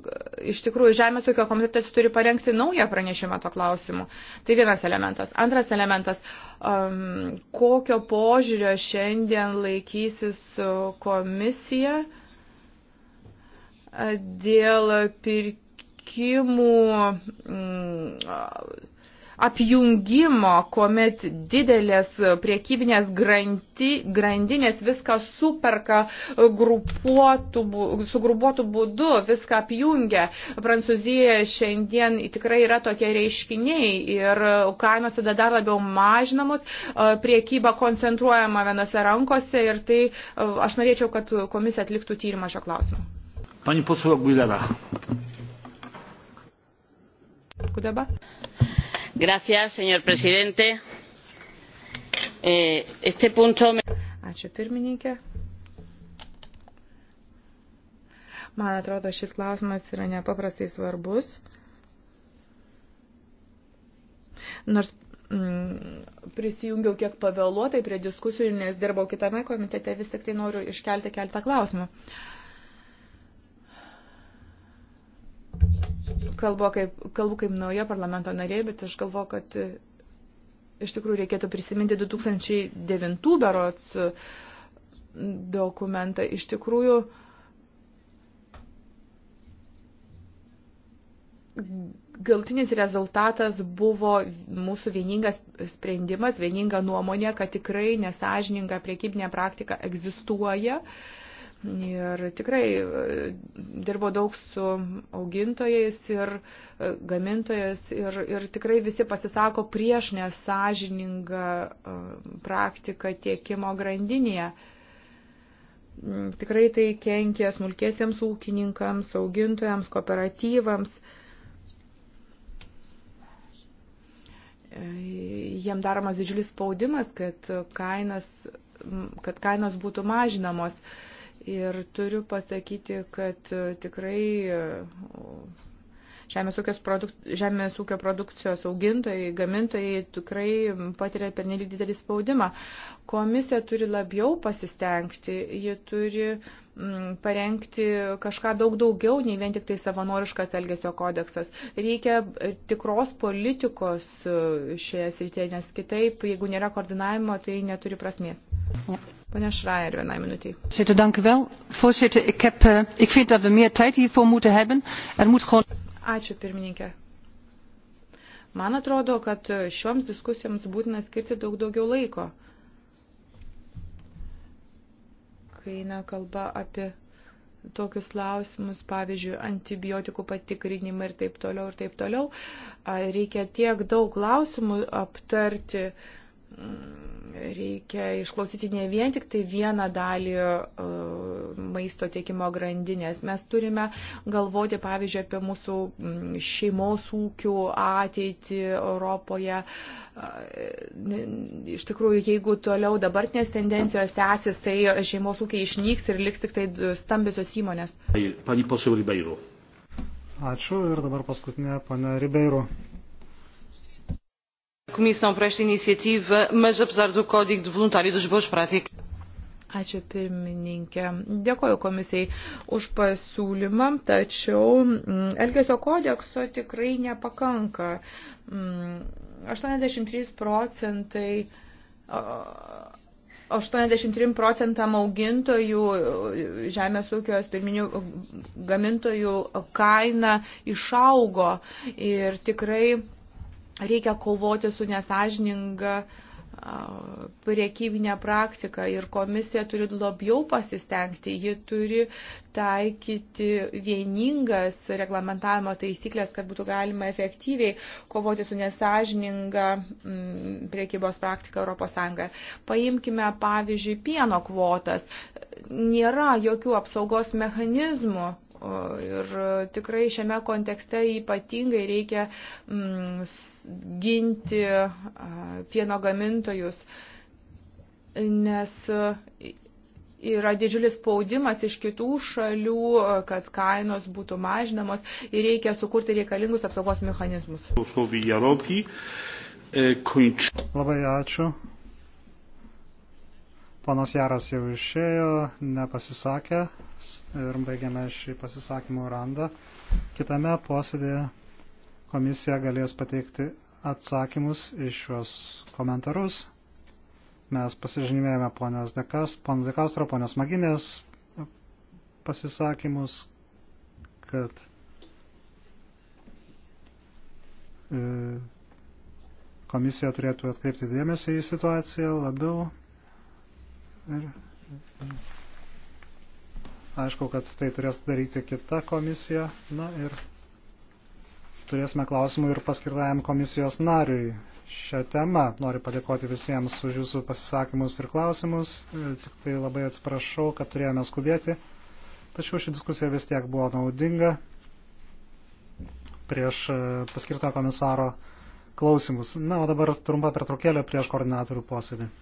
iš tikrųjų Žemės ūkio komitetas turi parengti naują pranešimą to klausimu. Tai vienas elementas. Antras elementas um, kokio požiūrio šiandien laikysis uh, komisija. Uh, dėl pirkimų mm, apjungimo, kuomet didelės priekybinės granti, grandinės viską superka grupuotų, sugrupuotų būdu, viską apjungia. Prancūzijoje šiandien tikrai yra tokie reiškiniai ir kainos tada dar labiau mažinamos, priekyba koncentruojama vienose rankose ir tai aš norėčiau, kad komisija atliktų tyrimą šio klausimu. Pani poseł Aguilera. Gracias, señor presidente. Eh, este punto. Ačiū pirmininkė. Man atrodo, šis klausimas yra nepaprastai svarbus. Nors mm, prisijungiau kiek pavėluotai prie diskusijų, nes dirbau kitame komitete, vis tik tai noriu iškelti keltą klausimą. Uh, Kalbu kaip, kalbu kaip nauja parlamento narė, bet aš galvoju, kad e, iš tikrųjų reikėtų prisiminti 2009 berots e, dokumentą. Iš tikrųjų, galtinis rezultatas buvo mūsų vieningas sprendimas, vieninga nuomonė, kad tikrai nesažininga priekybinė praktika egzistuoja. Uh, Ir tikrai e, dirbo daug su augintojais ir e, gamintojais ir, ir tikrai visi pasisako prieš nesažiningą e, praktiką tiekimo grandinėje. Mm, tikrai tai kenkia smulkėsiems ūkininkams, augintojams, kooperatyvams. Jiem daromas didžiulis spaudimas, kad kainas kad kainos būtų mažinamos. Uh, Ir turiu pasakyti, kad e, tikrai e, žemės, produk, žemės ūkio produkcijos augintojai, gamintojai tikrai patiria pernelyg didelį spaudimą. Komisija turi labiau pasistengti, ji turi mm, parengti kažką daug daugiau nei vien tik tai savanoriškas elgesio kodeksas. Reikia e, tikros politikos šioje srityje, nes kitaip, jeigu nėra koordinavimo, tai neturi prasmės. Ja. Pane Schreier, vienai minutiai. Voorzitter, dank u wel. Voorzitter, ik, heb, uh, ik vind dat we meer tijd hiervoor moeten hebben. Er moet gewoon... Ačiū, pirmininkė. Man atrodo, kad eh, šioms diskusijoms būtina skirti daug daugiau laiko. Kai eina kalba apie tokius klausimus, pavyzdžiui, antibiotikų patikrinimą ir taip toliau, ir taip toliau, reikia tiek daug klausimų aptarti. Uh, Mm, reikia išklausyti ne vien tik tai vieną dalį uh, maisto tiekimo grandinės. Mes turime galvoti, pavyzdžiui, apie mūsų mm, šeimos ūkių ateitį Europoje. Uh, iš tikrųjų, jeigu toliau dabartinės tendencijos tęsis, tai šeimos ūkiai išnyks ir liks tik tai stambiosios įmonės. Pani Ribeiro. Ačiū ir dabar paskutinė, pana Ribeiro. Komisijom prieš iniciatyvą, mes apsar du kodik voluntarijų dos boas práticas. Ačiū pirmininkė. Dėkoju komisijai už pasiūlymą, tačiau mm, Elgesio kodekso tikrai nepakanka. 83 mm, procentai 83 procentam augintojų žemės ūkio pirminių gamintojų kaina išaugo ir tikrai reikia kovoti su nesažininga priekybinė praktika ir komisija turi labiau pasistengti, ji turi taikyti vieningas reglamentavimo taisyklės, kad būtų galima efektyviai kovoti su nesažininga mm, priekybos praktika ES. Paimkime pavyzdžiui pieno kvotas. Nėra jokių apsaugos mechanizmų Ir tikrai šiame kontekste ypatingai reikia mm, ginti pieno gamintojus, nes yra didžiulis spaudimas iš kitų šalių, kad kainos būtų mažinamos ir reikia sukurti reikalingus apsaugos mechanizmus. Labai ačiū. Panas Jaras jau išėjo, nepasisakė ir baigiame šį pasisakymų randą. Kitame posėdėje komisija galės pateikti atsakymus iš šios komentarus. Mes pasižymėjome ponios Dekas, pon Dekastro, ponios Maginės pasisakymus, kad e, komisija turėtų atkreipti dėmesį į situaciją labiau. Ir, aišku, kad tai turės daryti kita komisija. Na ir turėsime klausimų ir paskirtajam komisijos nariui šią temą. Noriu padėkoti visiems už jūsų pasisakymus ir klausimus. E, tik tai labai atsiprašau, kad turėjome skubėti. Tačiau ši diskusija vis tiek buvo naudinga prieš e, paskirtojo komisaro klausimus. Na, o dabar trumpa pertraukėlė prieš koordinatorių posėdį.